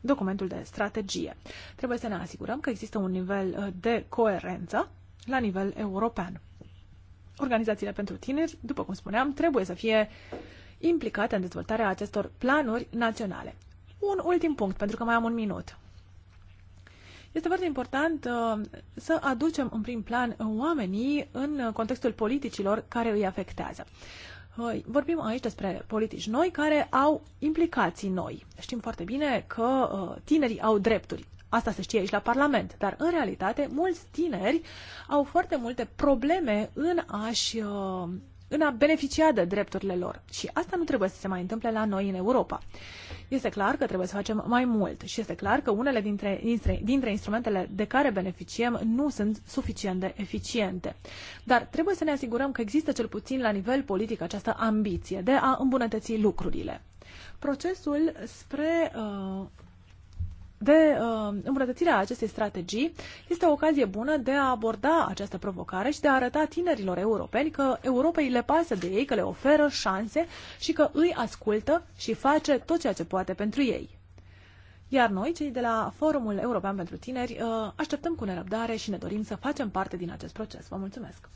documentul de strategie. Trebuie să ne asigurăm că există un nivel uh, de coerență la nivel european. Organizațiile pentru tineri, după cum spuneam, trebuie să fie implicate în dezvoltarea acestor planuri naționale. Un ultim punct, pentru că mai am un minut. Este foarte important uh, să aducem în prim plan oamenii în contextul politicilor care îi afectează. Vorbim aici despre politici noi care au implicații noi. Știm foarte bine că uh, tinerii au drepturi. Asta se știe aici la Parlament, dar în realitate mulți tineri au foarte multe probleme în a-și uh, în a beneficia de drepturile lor. Și asta nu trebuie să se mai întâmple la noi în Europa. Este clar că trebuie să facem mai mult și este clar că unele dintre, dintre, dintre instrumentele de care beneficiem nu sunt suficient de eficiente. Dar trebuie să ne asigurăm că există cel puțin la nivel politic această ambiție de a îmbunătăți lucrurile. Procesul spre uh, de uh, îmbunătățirea acestei strategii este o ocazie bună de a aborda această provocare și de a arăta tinerilor europeni că Europei le pasă de ei, că le oferă șanse și că îi ascultă și face tot ceea ce poate pentru ei. Iar noi, cei de la Forumul European pentru Tineri, uh, așteptăm cu nerăbdare și ne dorim să facem parte din acest proces. Vă mulțumesc!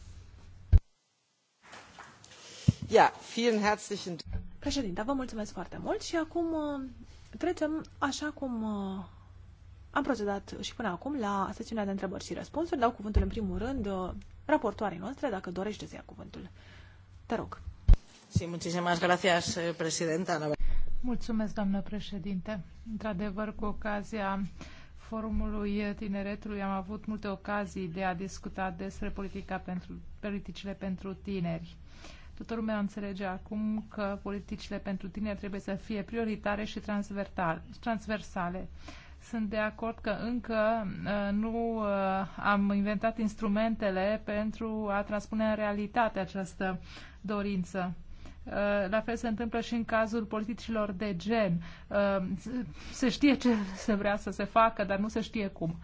Ja, vielen herzlichen Președinte, vă mulțumesc foarte mult și acum uh, Trecem așa cum uh, am procedat și până acum la secțiunea de întrebări și răspunsuri. Dau cuvântul în primul rând uh, raportoarei noastre, dacă dorește să ia cuvântul. Te rog. Sí, muchísimas gracias, eh, presidenta. Mulțumesc, doamnă președinte. Într-adevăr, cu ocazia forumului tineretului am avut multe ocazii de a discuta despre politica pentru, politicile pentru tineri. Toată lumea înțelege acum că politicile pentru tineri trebuie să fie prioritare și transversale. Sunt de acord că încă uh, nu uh, am inventat instrumentele pentru a transpune în realitate această dorință. Uh, la fel se întâmplă și în cazul politicilor de gen. Se știe ce se vrea să se facă, dar nu se știe cum.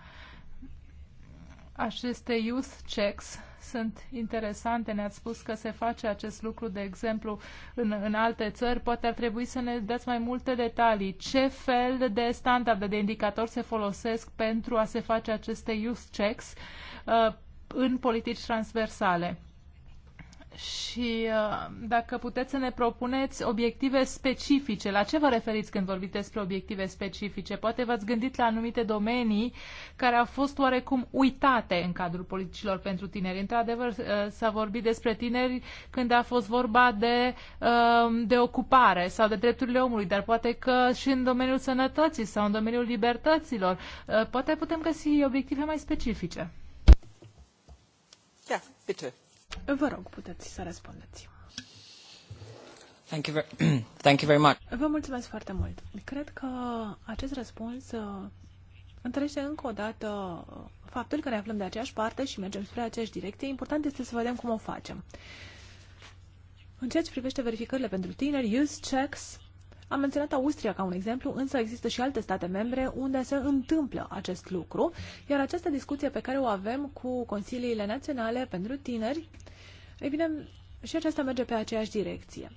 Aceste youth checks sunt interesante. Ne-ați spus că se face acest lucru, de exemplu, în, în alte țări. Poate ar trebui să ne dați mai multe detalii. Ce fel de standarde, de indicatori se folosesc pentru a se face aceste youth checks uh, în politici transversale? și uh, dacă puteți să ne propuneți obiective specifice, la ce vă referiți când vorbiți despre obiective specifice? Poate v-ați gândit la anumite domenii care au fost oarecum uitate în cadrul politicilor pentru tineri. Într-adevăr, uh, s-a vorbit despre tineri când a fost vorba de, uh, de ocupare sau de drepturile omului, dar poate că și în domeniul sănătății sau în domeniul libertăților. Poate putem găsi obiective mai specifice. Da, bitte. Vă rog, puteți să răspundeți. Thank you, very, *clears throat* thank you very much. Vă mulțumesc foarte mult. Cred că acest răspuns uh, întărește încă o dată uh, faptul că ne aflăm de aceeași parte și mergem spre aceeași direcție. Important este să vedem cum o facem. În ceea ce privește verificările pentru tineri, use checks, am menționat Austria ca un exemplu, însă există și alte state membre unde se întâmplă acest lucru, iar această discuție pe care o avem cu Consiliile Naționale pentru Tineri, ei bine, și aceasta merge pe aceeași direcție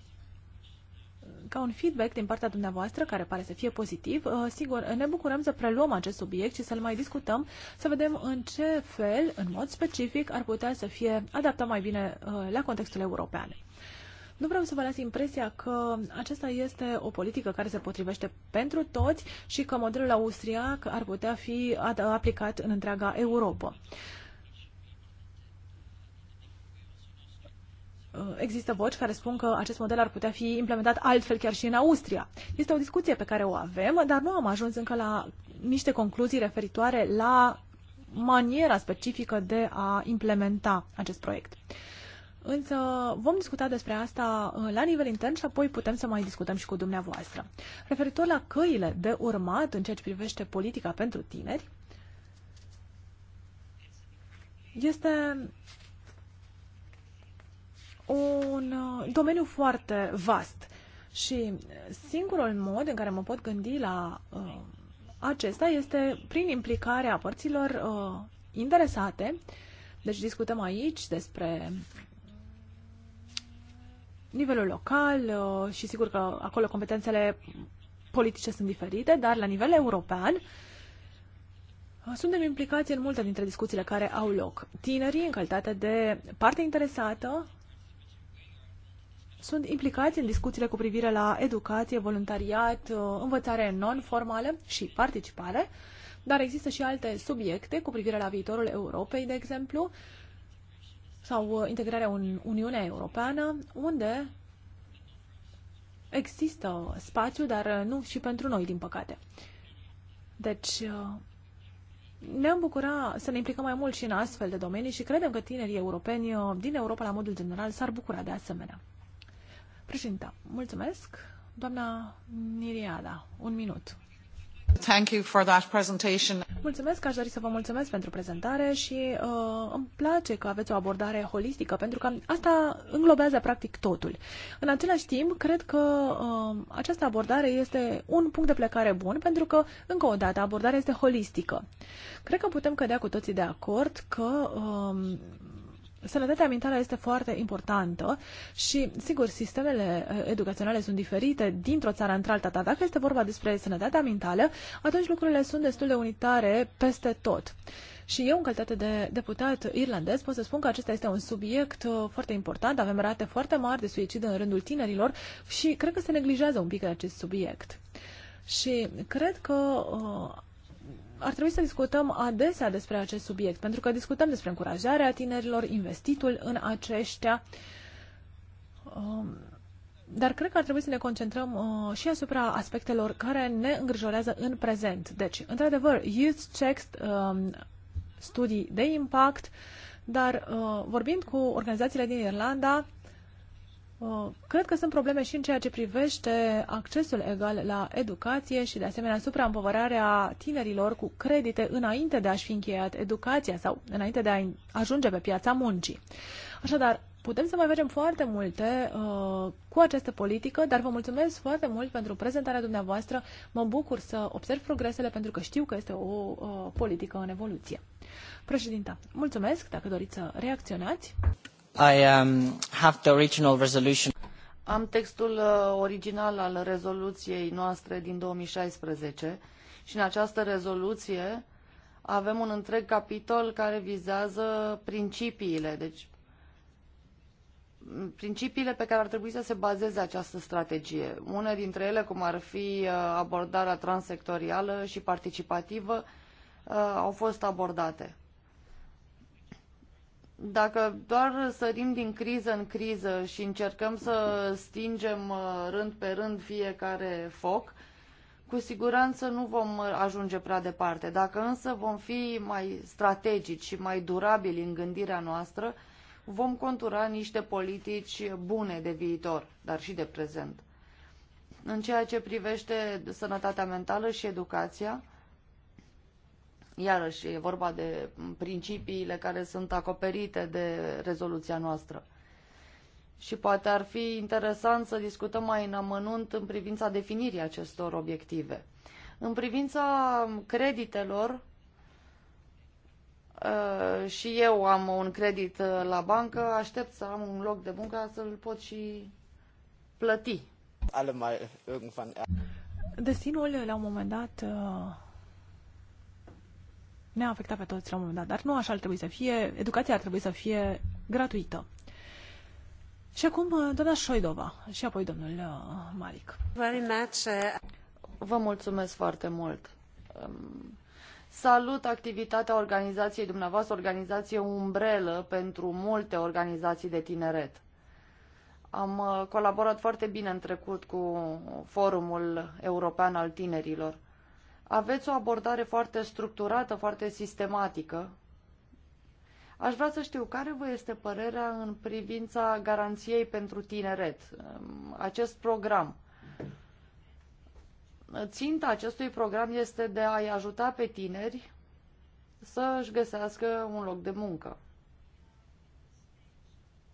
ca un feedback din partea dumneavoastră, care pare să fie pozitiv, uh, sigur, ne bucurăm să preluăm acest subiect și să-l mai discutăm, să vedem în ce fel, în mod specific, ar putea să fie adaptat mai bine uh, la contextul european. Nu vreau să vă las impresia că aceasta este o politică care se potrivește pentru toți și că modelul austriac ar putea fi aplicat în întreaga Europa. Există voci care spun că acest model ar putea fi implementat altfel chiar și în Austria. Este o discuție pe care o avem, dar nu am ajuns încă la niște concluzii referitoare la maniera specifică de a implementa acest proiect. Însă vom discuta despre asta uh, la nivel intern și apoi putem să mai discutăm și cu dumneavoastră. Referitor la căile de urmat în ceea ce privește politica pentru tineri, este un uh, domeniu foarte vast și singurul mod în care mă pot gândi la uh, acesta este prin implicarea părților uh, interesate. Deci discutăm aici despre nivelul local uh, și sigur că acolo competențele politice sunt diferite, dar la nivel european uh, suntem implicați în multe dintre discuțiile care au loc. Tinerii, în calitate de parte interesată, sunt implicați în discuțiile cu privire la educație, voluntariat, uh, învățare non-formală și participare, dar există și alte subiecte cu privire la viitorul Europei, de exemplu, sau uh, integrarea în Uniunea Europeană, unde există spațiu, dar uh, nu și pentru noi, din păcate. Deci, uh, ne-am bucura să ne implicăm mai mult și în astfel de domenii și credem că tinerii europeni din Europa, la modul general, s-ar bucura de asemenea. Președinte, mulțumesc. Doamna Niriada, un minut. Mulțumesc, aș dori să vă mulțumesc pentru prezentare și uh, îmi place că aveți o abordare holistică, pentru că asta înglobează practic totul. În același timp, cred că uh, această abordare este un punct de plecare bun, pentru că, încă o dată, abordarea este holistică. Cred că putem cădea cu toții de acord că uh, Sănătatea mentală este foarte importantă și, sigur, sistemele uh, educaționale sunt diferite dintr-o țară într-alta, dar dacă este vorba despre sănătatea mentală, atunci lucrurile sunt destul de unitare peste tot. Și eu, în calitate de deputat irlandez, pot să spun că acesta este un subiect uh, foarte important. Avem rate foarte mari de suicid în rândul tinerilor și cred că se neglijează un pic acest subiect. Și cred că uh, ar trebui să discutăm adesea despre acest subiect, pentru că discutăm despre încurajarea tinerilor, investitul în aceștia, um, dar cred că ar trebui să ne concentrăm uh, și asupra aspectelor care ne îngrijorează în prezent. Deci, într-adevăr, youth checks, um, studii de impact, dar uh, vorbind cu organizațiile din Irlanda, Uh, cred că sunt probleme și în ceea ce privește accesul egal la educație și, de asemenea, supraîmpovărarea tinerilor cu credite înainte de a-și fi încheiat educația sau înainte de a ajunge pe piața muncii. Așadar, putem să mai facem foarte multe uh, cu această politică, dar vă mulțumesc foarte mult pentru prezentarea dumneavoastră. Mă bucur să observ progresele pentru că știu că este o uh, politică în evoluție. Președinta, mulțumesc dacă doriți să reacționați. Um, Am textul uh, original al rezoluției noastre din 2016 și în această rezoluție avem un întreg capitol care vizează principiile, deci principiile pe care ar trebui să se bazeze această strategie. Une dintre ele, cum ar fi uh, abordarea transsectorială și participativă, uh, au fost abordate. Dacă doar sărim din criză în criză și încercăm să stingem uh, rând pe rând fiecare foc, cu siguranță nu vom uh, ajunge prea departe. Dacă însă vom fi mai strategici și mai durabili în gândirea noastră, vom contura niște politici bune de viitor, dar și de prezent. În ceea ce privește sănătatea mentală și educația, Iarăși, e vorba de principiile care sunt acoperite de rezoluția noastră. Și poate ar fi interesant să discutăm mai în amănunt în privința definirii acestor obiective. În privința creditelor, uh, și eu am un credit uh, la bancă, aștept să am un loc de muncă să-l pot și plăti. Er- Destinul, la un moment dat, uh, ne-a afectat pe toți la un moment dat, dar nu așa ar trebui să fie, educația ar trebui să fie gratuită. Și acum uh, doamna Șoidova și apoi domnul uh, Maric. Uh, Vă mulțumesc foarte mult. Um, salut activitatea organizației dumneavoastră, organizație umbrelă pentru multe organizații de tineret. Am colaborat foarte bine în trecut cu Forumul European al Tinerilor aveți o abordare foarte structurată, foarte sistematică. Aș vrea să știu care vă este părerea în privința garanției pentru tineret, um, acest program. Ținta acestui program este de a-i ajuta pe tineri să își găsească un loc de muncă.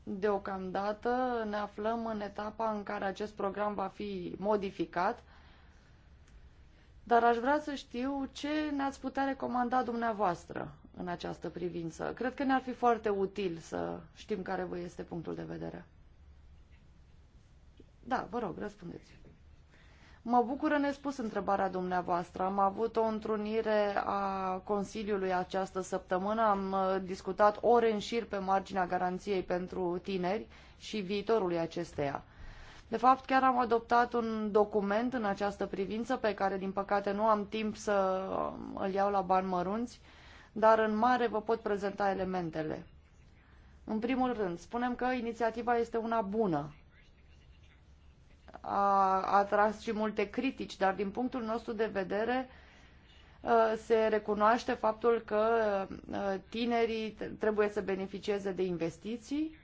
Deocamdată ne aflăm în etapa în care acest program va fi modificat – dar aș vrea să știu ce ne-ați putea recomanda dumneavoastră în această privință. Cred că ne-ar fi foarte util să știm care vă este punctul de vedere. Da, vă rog, răspundeți. Mă bucură nespus întrebarea dumneavoastră. Am avut o întrunire a Consiliului această săptămână. Am uh, discutat ore în șir pe marginea garanției pentru tineri și viitorului acesteia. De fapt, chiar am adoptat un document în această privință pe care, din păcate, nu am timp să îl iau la bani mărunți, dar în mare vă pot prezenta elementele. În primul rând, spunem că inițiativa este una bună. A atras și multe critici, dar din punctul nostru de vedere ă, se recunoaște faptul că ă, tinerii trebuie să beneficieze de investiții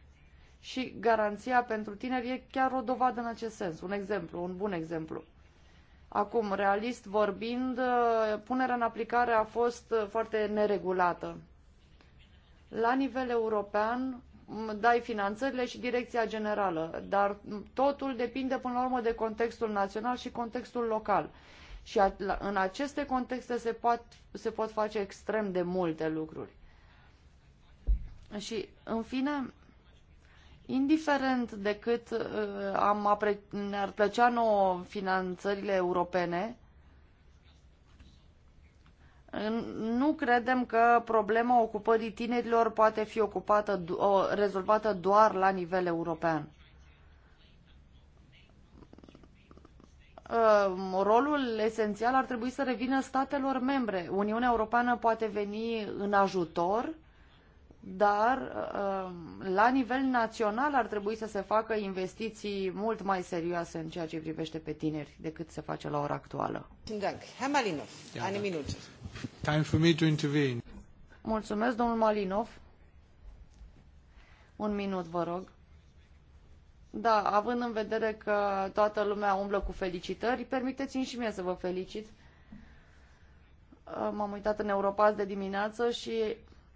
și garanția pentru tineri e chiar o dovadă în acest sens, un exemplu, un bun exemplu. Acum, realist vorbind, eh, punerea în aplicare a fost eh, foarte neregulată. La nivel european, dai finanțările și direcția generală, dar totul depinde până la urmă de contextul național și contextul local. Și în aceste contexte se, pot, se pot face extrem de multe lucruri. Și, în fine, indiferent de cât uh, am ne-ar plăcea nouă finanțările europene, nu credem că problema ocupării tinerilor poate fi ocupată, rezolvată doar la nivel european. Uh, rolul esențial ar trebui să revină statelor membre. Uniunea Europeană poate veni în ajutor dar uh, la nivel național ar trebui să se facă investiții mult mai serioase în ceea ce privește pe tineri decât se face la ora actuală. Mulțumesc, da. domnul Malinov. Un minut, vă rog. Da, având în vedere că toată lumea umblă cu felicitări, permiteți-mi și mie să vă felicit. Uh, m-am uitat în Europa de dimineață și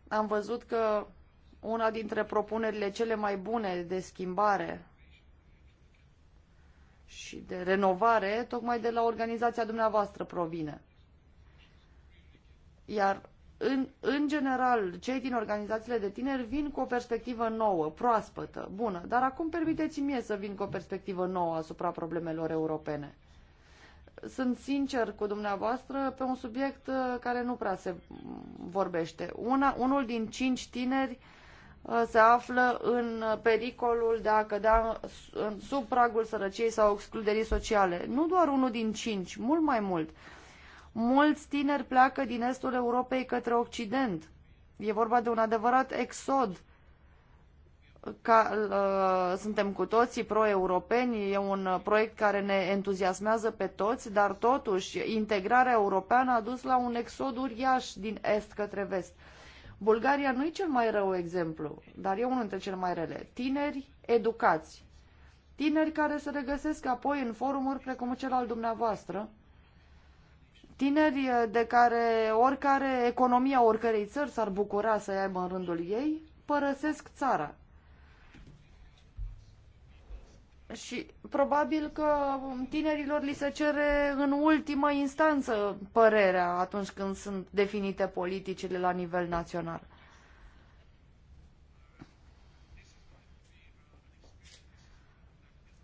am văzut că una dintre propunerile cele mai bune de schimbare și de renovare, tocmai de la organizația dumneavoastră provine. Iar, în, în general, cei din organizațiile de tineri vin cu o perspectivă nouă, proaspătă, bună, dar acum permiteți-mi să vin cu o perspectivă nouă asupra problemelor europene sunt sincer cu dumneavoastră pe un subiect uh, care nu prea se vorbește. Una, unul din cinci tineri uh, se află în pericolul de a cădea sub pragul sărăciei sau excluderii sociale. Nu doar unul din cinci, mult mai mult. Mulți tineri pleacă din estul Europei către Occident. E vorba de un adevărat exod ca, uh, suntem cu toții pro-europeni, e un proiect care ne entuziasmează pe toți, dar totuși integrarea europeană a dus la un exod uriaș din est către vest. Bulgaria nu e cel mai rău exemplu, dar e unul dintre cele mai rele. Tineri educați. Tineri care se regăsesc apoi în forumuri precum cel al dumneavoastră. Tineri uh, de care oricare economia oricărei țări s-ar bucura să aibă în rândul ei, părăsesc țara și probabil că tinerilor li se cere în ultimă instanță părerea atunci când sunt definite politicile la nivel național.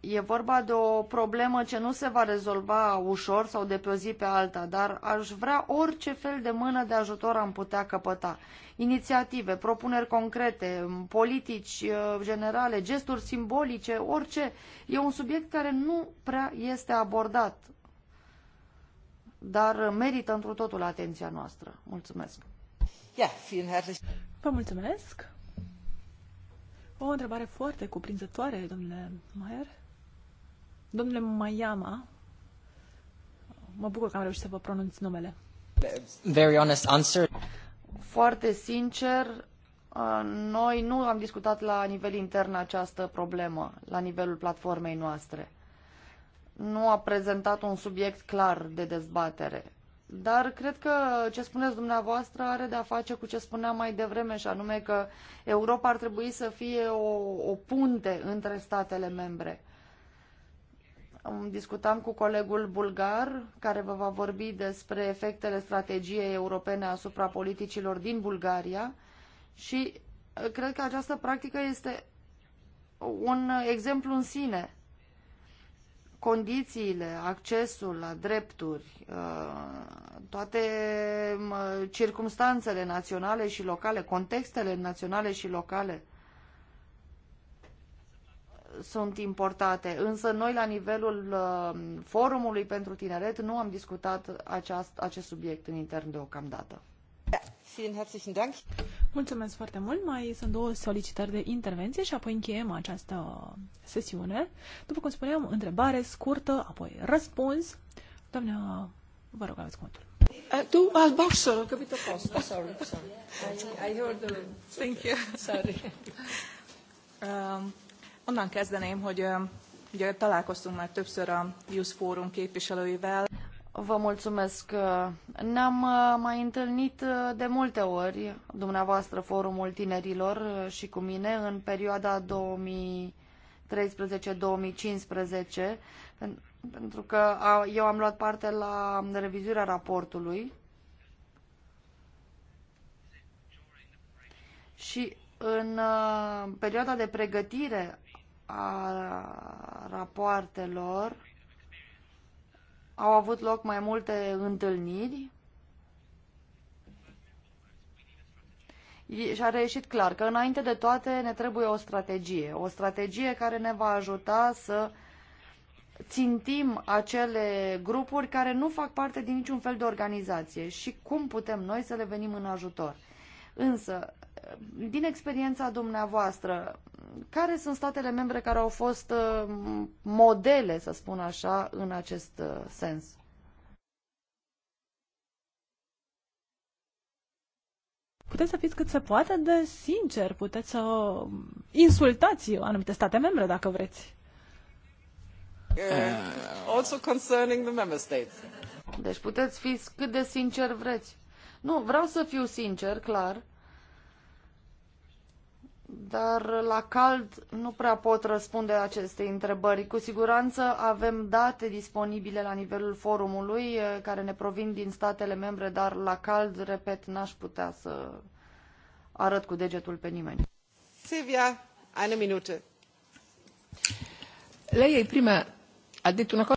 E vorba de o problemă ce nu se va rezolva ușor sau de pe o zi pe alta, dar aș vrea orice fel de mână de ajutor am putea căpăta. Inițiative, propuneri concrete, politici uh, generale, gesturi simbolice, orice. E un subiect care nu prea este abordat, dar merită întru totul atenția noastră. Mulțumesc! Vă mulțumesc! O întrebare foarte cuprinzătoare, domnule Maier. Domnule Mayama, mă bucur că am reușit să vă pronunț numele. Very honest answer. Foarte sincer, uh, noi nu am discutat la nivel intern această problemă, la nivelul platformei noastre. Nu a prezentat un subiect clar de dezbatere. Dar cred că ce spuneți dumneavoastră are de a face cu ce spuneam mai devreme, și anume că Europa ar trebui să fie o, o punte între statele membre discutam cu colegul bulgar, care vă va vorbi despre efectele strategiei europene asupra politicilor din Bulgaria și uh, cred că această practică este un exemplu în sine. Condițiile, accesul la drepturi, uh, toate uh, circumstanțele naționale și locale, contextele naționale și locale, sunt importate, însă noi la nivelul uh, forumului pentru tineret nu am discutat aceast, acest subiect în intern deocamdată. Mulțumesc foarte mult. Mai sunt două solicitări de intervenție și apoi încheiem această sesiune. După cum spuneam, întrebare scurtă, apoi răspuns. Doamna, vă rog, aveți cuvântul. Uh, tu al boxer, ho capito posto, oh, sorry, sorry. I, I heard the... Thank you. Sorry. Um, Onnan kezdeném, hogy ugye találkoztunk már többször a Youth Forum képviselőivel. Vă mulțumesc. Ne-am mai întâlnit de multe ori, dumneavoastră, Forumul Tinerilor și cu mine, în perioada 2013-2015, pentru că eu am luat parte la revizuirea raportului și în perioada de pregătire a rapoartelor au avut loc mai multe întâlniri și a reieșit clar că înainte de toate ne trebuie o strategie. O strategie care ne va ajuta să țintim acele grupuri care nu fac parte din niciun fel de organizație și cum putem noi să le venim în ajutor. Însă, din experiența dumneavoastră, care sunt statele membre care au fost uh, modele, să spun așa, în acest uh, sens? Puteți să fiți cât se poate de sincer, puteți să insultați anumite state membre dacă vreți. Uh, also concerning the member states. Deci puteți fi cât de sincer vreți. Nu, vreau să fiu sincer, clar dar la cald nu prea pot răspunde aceste întrebări. Cu siguranță avem date disponibile la nivelul forumului eh, care ne provin din statele membre, dar la cald, repet, n-aș putea să arăt cu degetul pe nimeni. Silvia, o Minute. Lei prima a dit una cosa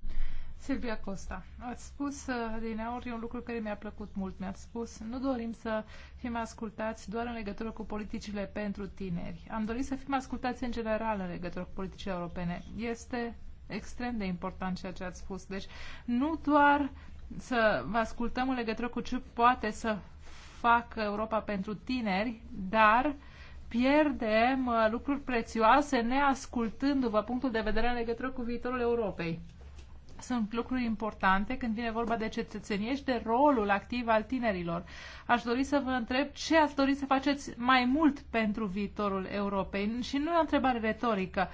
Silvia Costa, ați spus uh, din aur, e un lucru care mi-a plăcut mult. Mi-ați spus, nu dorim să fim ascultați doar în legătură cu politicile pentru tineri. Am dorit să fim ascultați în general în legătură cu politicile europene. Este extrem de important ceea ce ați spus. Deci, nu doar să vă ascultăm în legătură cu ce poate să facă Europa pentru tineri, dar pierdem uh, lucruri prețioase neascultându-vă punctul de vedere în legătură cu viitorul Europei sunt lucruri importante când vine vorba de cetățenie și de rolul activ al tinerilor. Aș dori să vă întreb ce ați dori să faceți mai mult pentru viitorul Europei și nu e o întrebare retorică.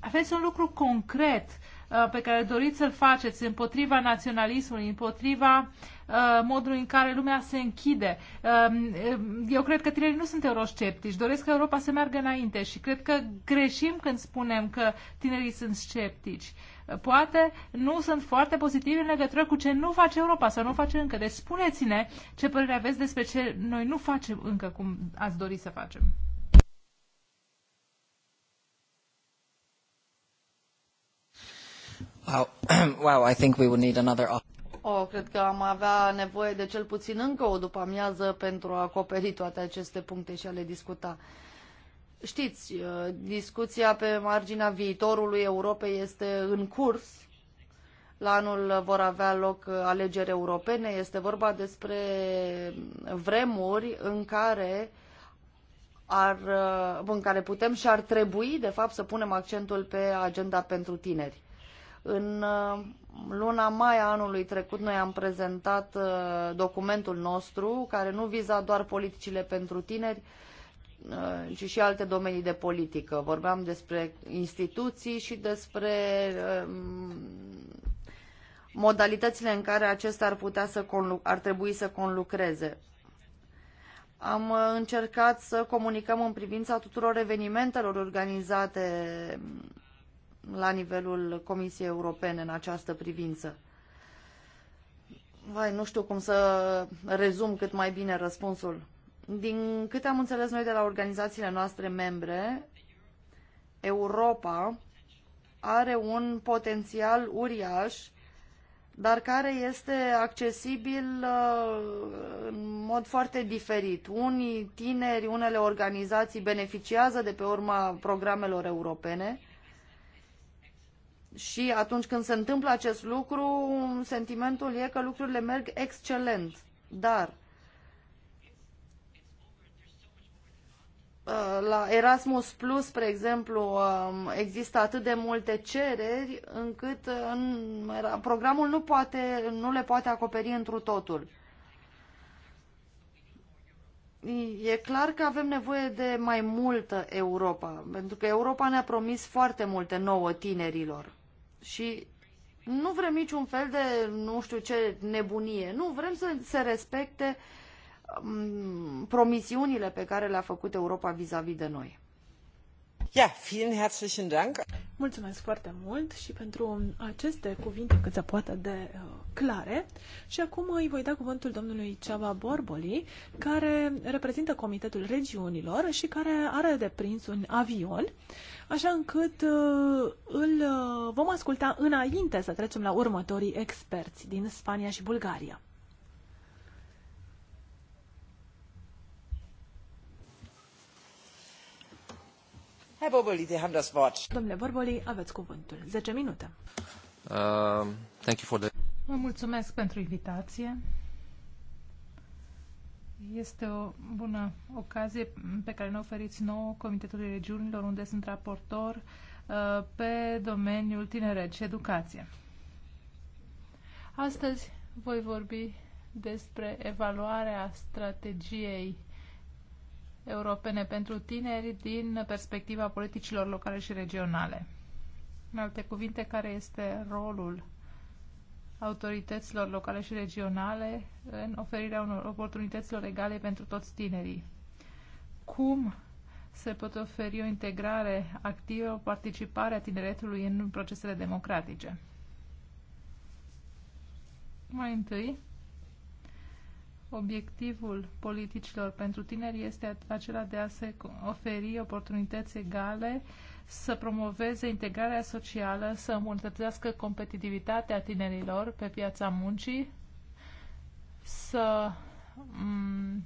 Aveți un lucru concret uh, pe care doriți să-l faceți împotriva naționalismului, împotriva uh, modului în care lumea se închide. Um, uh, eu cred că tinerii nu sunt eurosceptici, doresc ca Europa să meargă înainte și cred că greșim când spunem că tinerii sunt sceptici poate nu sunt foarte pozitive în legătură cu ce nu face Europa sau nu face încă. Deci spuneți-ne ce părere aveți despre ce noi nu facem încă cum ați dori să facem. Wow. *clears throat* wow, I think we would need another Oh, cred că am avea nevoie de cel puțin încă o după amiază pentru a acoperi toate aceste puncte și a le discuta. Uh, Știți, uh, discuția pe marginea viitorului Europei este în curs. La anul vor avea loc uh, alegeri europene. Este vorba despre vremuri în care ar, uh, în care putem și ar trebui, de fapt, să punem accentul pe agenda pentru tineri. În luna mai a anului trecut noi am prezentat documentul nostru, care nu viza doar politicile pentru tineri, ci uh, și alte domenii de politică. Vorbeam despre instituții și despre um, modalitățile în care acestea ar, putea să ar trebui să conlucreze. Am uh, încercat să comunicăm în privința tuturor evenimentelor organizate um, la nivelul Comisiei Europene în această privință. Vai, nu știu cum să rezum cât mai bine răspunsul. Din câte am înțeles noi de la organizațiile noastre membre, Europa are un potențial uriaș, dar care este accesibil uh, în mod foarte diferit. Unii tineri, unele organizații beneficiază de pe urma programelor europene și atunci când se întâmplă acest lucru, sentimentul e că lucrurile merg excelent. Dar Uh, la Erasmus Plus, spre exemplu, um, există atât de multe cereri încât uh, programul nu, poate, nu le poate acoperi întru totul. E clar că avem nevoie de mai multă Europa, pentru că Europa ne-a promis foarte multe nouă tinerilor. Și nu vrem niciun fel de, nu știu ce, nebunie. Nu, vrem să se respecte uh, Mm, promisiunile pe care le-a făcut Europa vis-a-vis de noi. Ja, vielen herzlichen Dank. Mulțumesc foarte mult și pentru aceste cuvinte cât se poate de uh, clare. Și acum îi voi da cuvântul domnului Ceaba Borboli, care reprezintă Comitetul Regiunilor și care are de prins un avion, așa încât uh, îl uh, vom asculta înainte să trecem la următorii experți din Spania și Bulgaria. Domnule Borboli, aveți cuvântul. zece minute. Uh, thank you for the... Vă mulțumesc pentru invitație. Este o bună ocazie pe care ne oferiți nouă Comitetului Regiunilor, unde sunt raportor uh, pe domeniul tineret și educație. Astăzi voi vorbi despre evaluarea strategiei europene pentru tineri din perspectiva politicilor locale și regionale. În alte cuvinte, care este rolul autorităților locale și regionale în oferirea unor oportunităților egale pentru toți tinerii? Cum se pot oferi o integrare activă, o participare a tineretului în procesele democratice? Mai întâi, Obiectivul politicilor pentru tineri este acela de a se oferi oportunități egale, să promoveze integrarea socială, să îmbunătățească competitivitatea tinerilor pe piața muncii, să mm,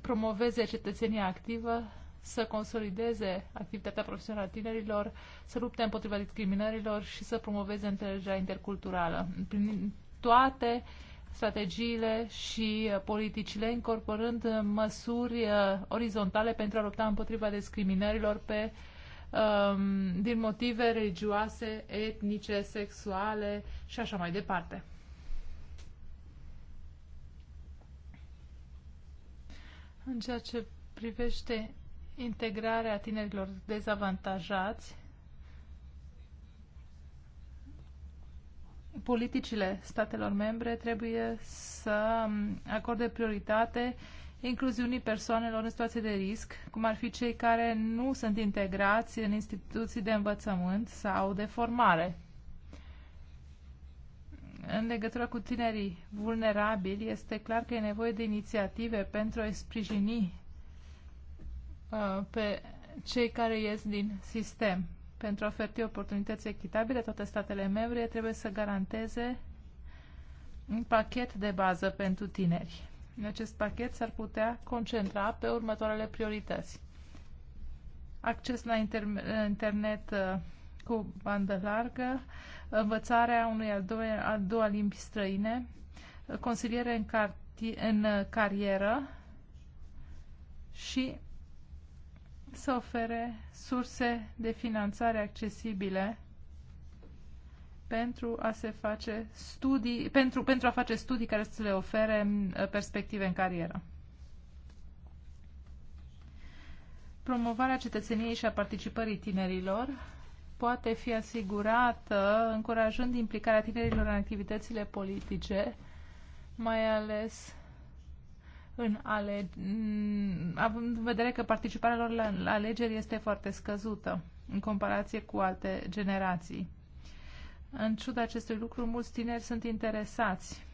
promoveze cetățenia activă, să consolideze activitatea profesională a tinerilor, să lupte împotriva discriminărilor și să promoveze înțelegerea interculturală. Prin toate uh, strategiile și uh, politicile, incorporând uh, măsuri uh, orizontale pentru a lupta împotriva discriminărilor pe, um, din motive religioase, etnice, sexuale și așa mai departe. În ceea ce privește integrarea tinerilor dezavantajați, politicile statelor membre trebuie să acorde prioritate incluziunii persoanelor în situații de risc, cum ar fi cei care nu sunt integrați în instituții de învățământ sau de formare. În legătură cu tinerii vulnerabili, este clar că e nevoie de inițiative pentru a-i sprijini uh, pe cei care ies din sistem pentru a oferi oportunități echitabile, toate statele membre trebuie să garanteze un pachet de bază pentru tineri. În acest pachet s-ar putea concentra pe următoarele priorități. Acces la inter- internet uh, cu bandă largă, învățarea unui al doua, al doua limbi străine, consiliere în, în uh, carieră și să ofere surse de finanțare accesibile pentru a se face studii, pentru, pentru a face studii care să le ofere perspective în carieră. Promovarea cetățeniei și a participării tinerilor poate fi asigurată încurajând implicarea tinerilor în activitățile politice, mai ales în ale... Mm, având în vedere că participarea lor la alegeri este foarte scăzută în comparație cu alte generații. În ciuda acestui lucru, mulți tineri sunt interesați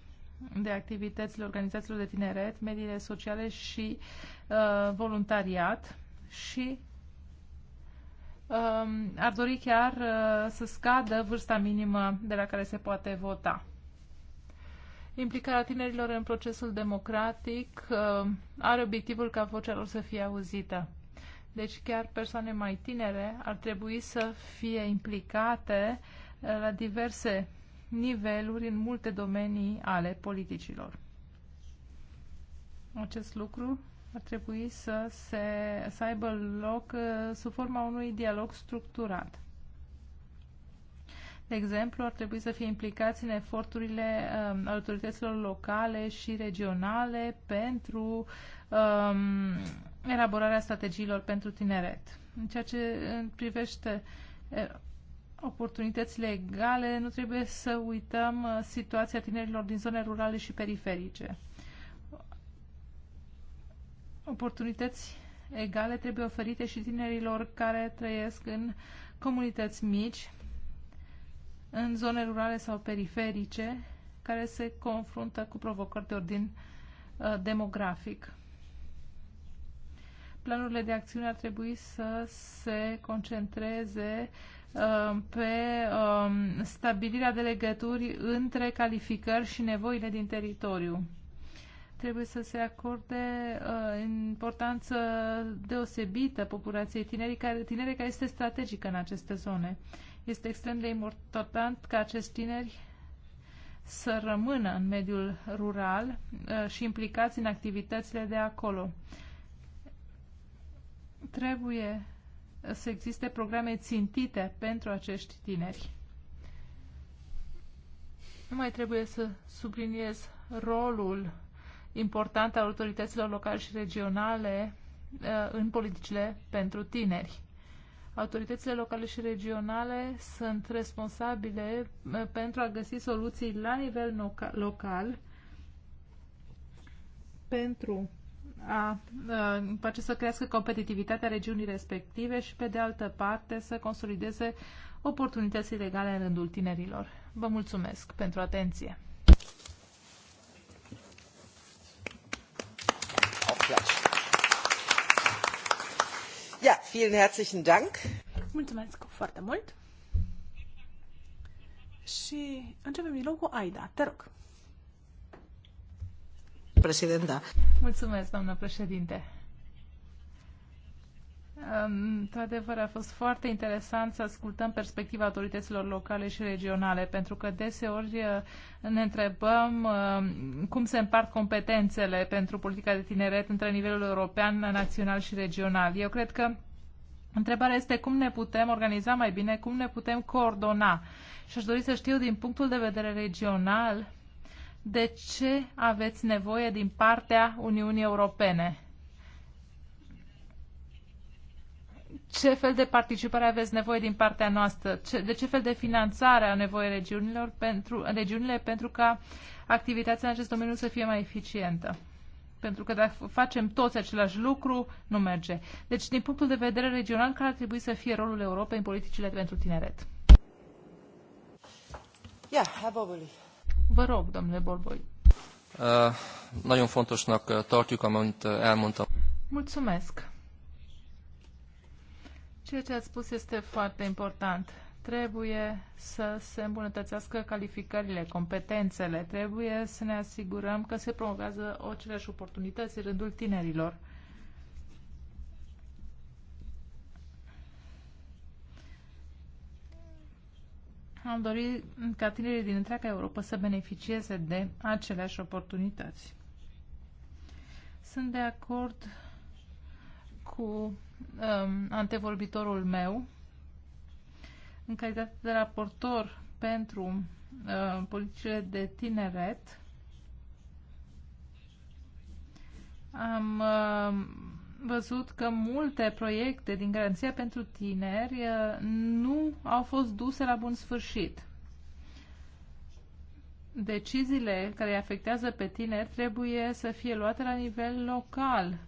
de activitățile organizațiilor de tineret, mediile sociale și uh, voluntariat și uh, ar dori chiar uh, să scadă vârsta minimă de la care se poate vota. Implicarea tinerilor în procesul democratic uh, are obiectivul ca vocea lor să fie auzită. Deci chiar persoane mai tinere ar trebui să fie implicate uh, la diverse niveluri în multe domenii ale politicilor. Acest lucru ar trebui să, se, să aibă loc uh, sub forma unui dialog structurat. De exemplu, ar trebui să fie implicați în eforturile um, autorităților locale și regionale pentru um, elaborarea strategiilor pentru tineret. În ceea ce privește oportunitățile egale, nu trebuie să uităm uh, situația tinerilor din zone rurale și periferice. Oportunități egale trebuie oferite și tinerilor care trăiesc în comunități mici în zone rurale sau periferice care se confruntă cu provocări de ordin uh, demografic. Planurile de acțiune ar trebui să se concentreze uh, pe um, stabilirea de legături între calificări și nevoile din teritoriu trebuie să se acorde uh, importanță deosebită populației tinerii care, tinere care este strategică în aceste zone. Este extrem de important ca acești tineri să rămână în mediul rural uh, și implicați în activitățile de acolo. Trebuie să existe programe țintite pentru acești tineri. Nu mai trebuie să subliniez rolul important al autorităților locale și regionale uh, în politicile pentru tineri. Autoritățile locale și regionale sunt responsabile eh, pentru a găsi soluții la nivel local pentru a eh, face să crească competitivitatea regiunii respective și, pe de altă parte, să consolideze oportunități legale în rândul tinerilor. Vă mulțumesc pentru atenție! Aplausos vielen herzlichen Dank. Mulțumesc foarte mult. Și începem din nou cu Aida. Te rog. Președinta. Mulțumesc, doamnă președinte. Într-adevăr, a fost foarte interesant să ascultăm perspectiva autorităților locale și regionale, pentru că deseori uh, ne întrebăm uh, cum se împart competențele pentru politica de tineret între nivelul european, național și regional. Eu cred că Întrebarea este cum ne putem organiza mai bine, cum ne putem coordona. Și aș dori să știu din punctul de vedere regional de ce aveți nevoie din partea Uniunii Europene. Ce fel de participare aveți nevoie din partea noastră? Ce, de ce fel de finanțare au nevoie regiunilor pentru, regiunile pentru ca activitatea în acest domeniu să fie mai eficientă? pentru că dacă facem toți același lucru, nu merge. Deci, din punctul de vedere regional, care ar trebui să fie rolul Europei în politicile pentru tineret? Yeah, Vă rog, domnule Borboi. Uh, nagyon fontosnak uh, tartjuk, amit uh, elmondtam. Mulțumesc. Ceea ce ați spus este foarte important. Trebuie să se îmbunătățească calificările, competențele, trebuie să ne asigurăm că se promovează aceleași oportunități în rândul tinerilor. Am dorit ca tinerii din întreaga Europa să beneficieze de aceleași oportunități. Sunt de acord cu um, antevorbitorul meu în calitate de raportor pentru uh, politicile de tineret, am uh, văzut că multe proiecte din Garanția pentru Tineri uh, nu au fost duse la bun sfârșit. Deciziile care îi afectează pe tineri trebuie să fie luate la nivel local,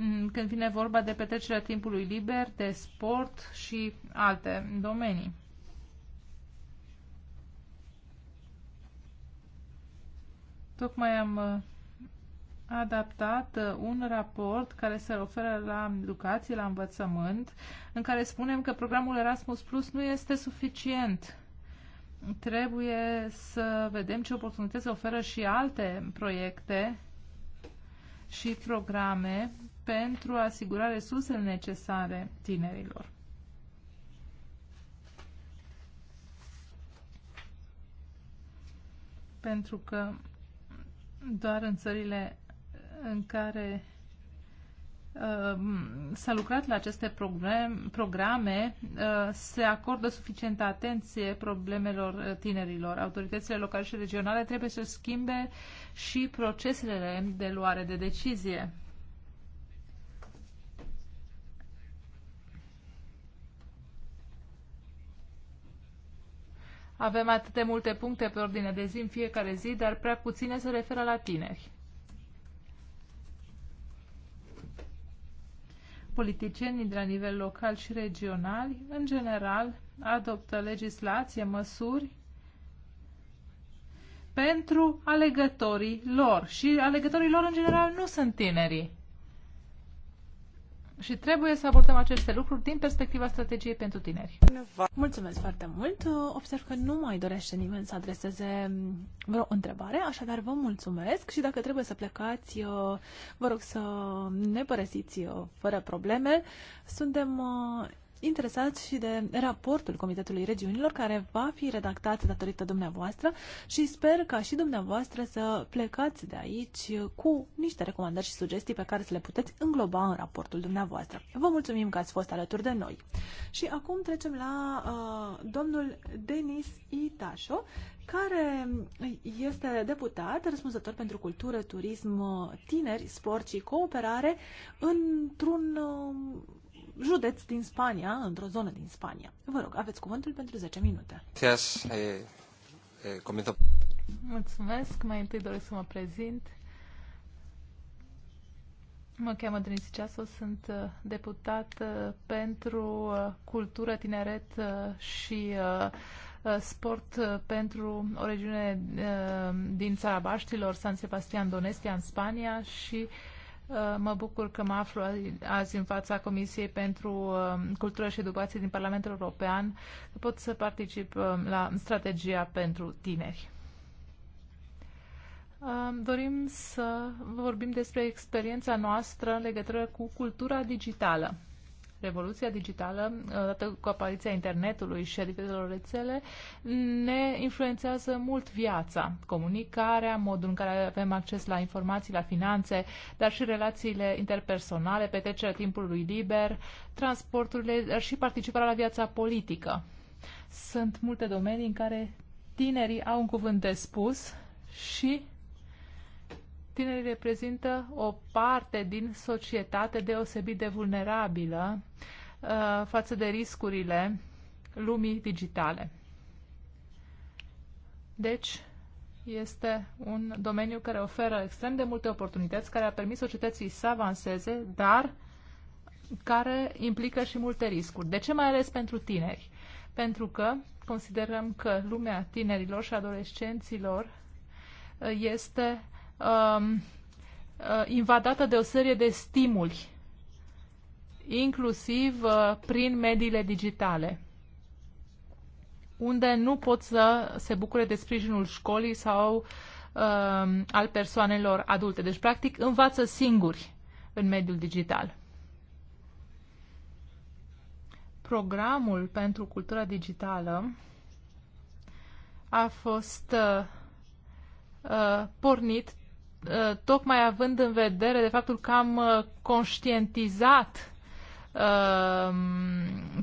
Mm, când vine vorba de petrecerea timpului liber, de sport și alte domenii. Tocmai am uh, adaptat uh, un raport care se oferă la educație, la învățământ, în care spunem că programul Erasmus Plus nu este suficient. Trebuie să vedem ce oportunități oferă și alte proiecte și programe pentru a asigura resursele necesare tinerilor. Pentru că doar în țările în care uh, s-a lucrat la aceste programe, uh, se acordă suficientă atenție problemelor uh, tinerilor. Autoritățile locale și regionale trebuie să schimbe și procesele de luare de decizie. Avem atât de multe puncte pe ordine de zi în fiecare zi, dar prea puține se referă la tineri. Politicienii de la nivel local și regional, în general, adoptă legislație, măsuri pentru alegătorii lor. Și alegătorii lor, în general, nu sunt tinerii. Și trebuie să abordăm aceste lucruri din perspectiva strategiei pentru tineri. Mulțumesc foarte mult. Observ că nu mai dorește nimeni să adreseze vreo întrebare, așadar vă mulțumesc și dacă trebuie să plecați, uh, vă rog să ne părăsiți uh, fără probleme. Suntem uh, interesați și de raportul Comitetului Regiunilor care va fi redactat datorită dumneavoastră și sper ca și dumneavoastră să plecați de aici cu niște recomandări și sugestii pe care să le puteți îngloba în raportul dumneavoastră. Vă mulțumim că ați fost alături de noi. Și acum trecem la uh, domnul Denis Itașo, care este deputat răspunzător pentru cultură, turism, tineri, sport și cooperare într-un uh, județ din Spania, într-o zonă din Spania. Vă rog, aveți cuvântul pentru 10 minute. Eh, eh, Mulțumesc. Mai întâi doresc să mă prezint. Mă cheamă Denis Ceaso, sunt uh, deputat uh, pentru uh, cultură, tineret și sport pentru o regiune din țara Baștilor, San Sebastian Donestia, în Spania și uh, Uh, mă bucur că mă aflu azi în fața Comisiei pentru um, Cultură și Educație din Parlamentul European, că pot să particip um, la strategia pentru tineri. Um, dorim să vorbim despre experiența noastră în legătură cu cultura digitală revoluția digitală, odată cu apariția internetului și a diferitelor rețele, ne influențează mult viața, comunicarea, modul în care avem acces la informații, la finanțe, dar și relațiile interpersonale, petrecerea timpului liber, transporturile, dar și participarea la viața politică. Sunt multe domenii în care tinerii au un cuvânt de spus și Tinerii reprezintă o parte din societate deosebit de vulnerabilă uh, față de riscurile lumii digitale. Deci, este un domeniu care oferă extrem de multe oportunități, care a permis societății să avanseze, dar care implică și multe riscuri. De ce mai ales pentru tineri? Pentru că considerăm că lumea tinerilor și adolescenților uh, este um, uh, invadată de o serie de stimuli, inclusiv uh, prin mediile digitale, unde nu pot să se bucure de sprijinul școlii sau uh, al persoanelor adulte. Deci, practic, învață singuri în mediul digital. Programul pentru cultura digitală a fost uh, uh pornit Uh, tocmai având în vedere de faptul că am uh, conștientizat uh,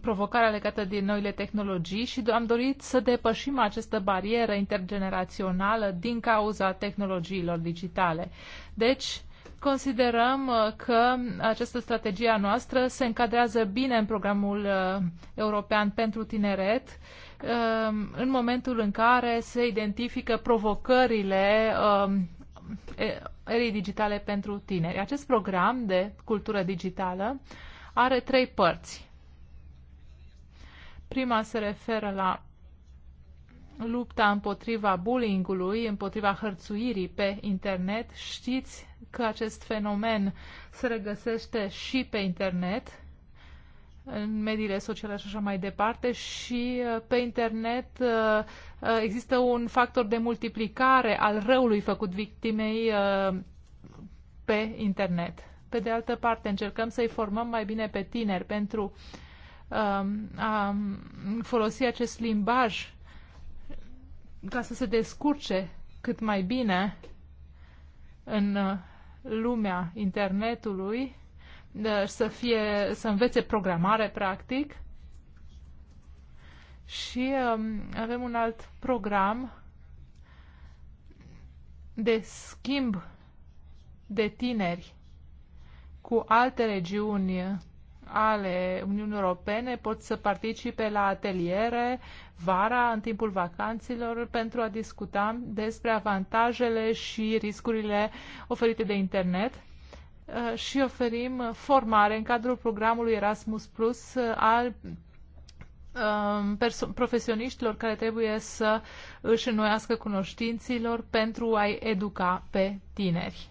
provocarea legată din noile tehnologii și am dorit să depășim această barieră intergenerațională din cauza tehnologiilor digitale. Deci, considerăm că această strategie a noastră se încadrează bine în programul european pentru tineret în momentul în care se identifică provocările erii digitale pentru tineri. Acest program de cultură digitală are trei părți. Prima se referă la lupta împotriva bullyingului, împotriva hărțuirii pe internet. Știți că acest fenomen se regăsește și pe internet în mediile sociale și așa mai departe și uh, pe internet uh, uh, există un factor de multiplicare al răului făcut victimei pe internet. Pe de altă parte, încercăm să-i formăm mai bine pe tineri pentru um, a um, folosi acest limbaj ca să se descurce cât mai bine în lumea internetului să, fie, să învețe programare, practic. Și um, avem un alt program de schimb de tineri cu alte regiuni ale Uniunii Europene pot să participe la ateliere vara, în timpul vacanților, pentru a discuta despre avantajele și riscurile oferite de internet Uh, și oferim formare în cadrul programului Erasmus Plus uh, al um, profesioniștilor care trebuie să își înnoiască cunoștinților pentru a-i educa pe tineri.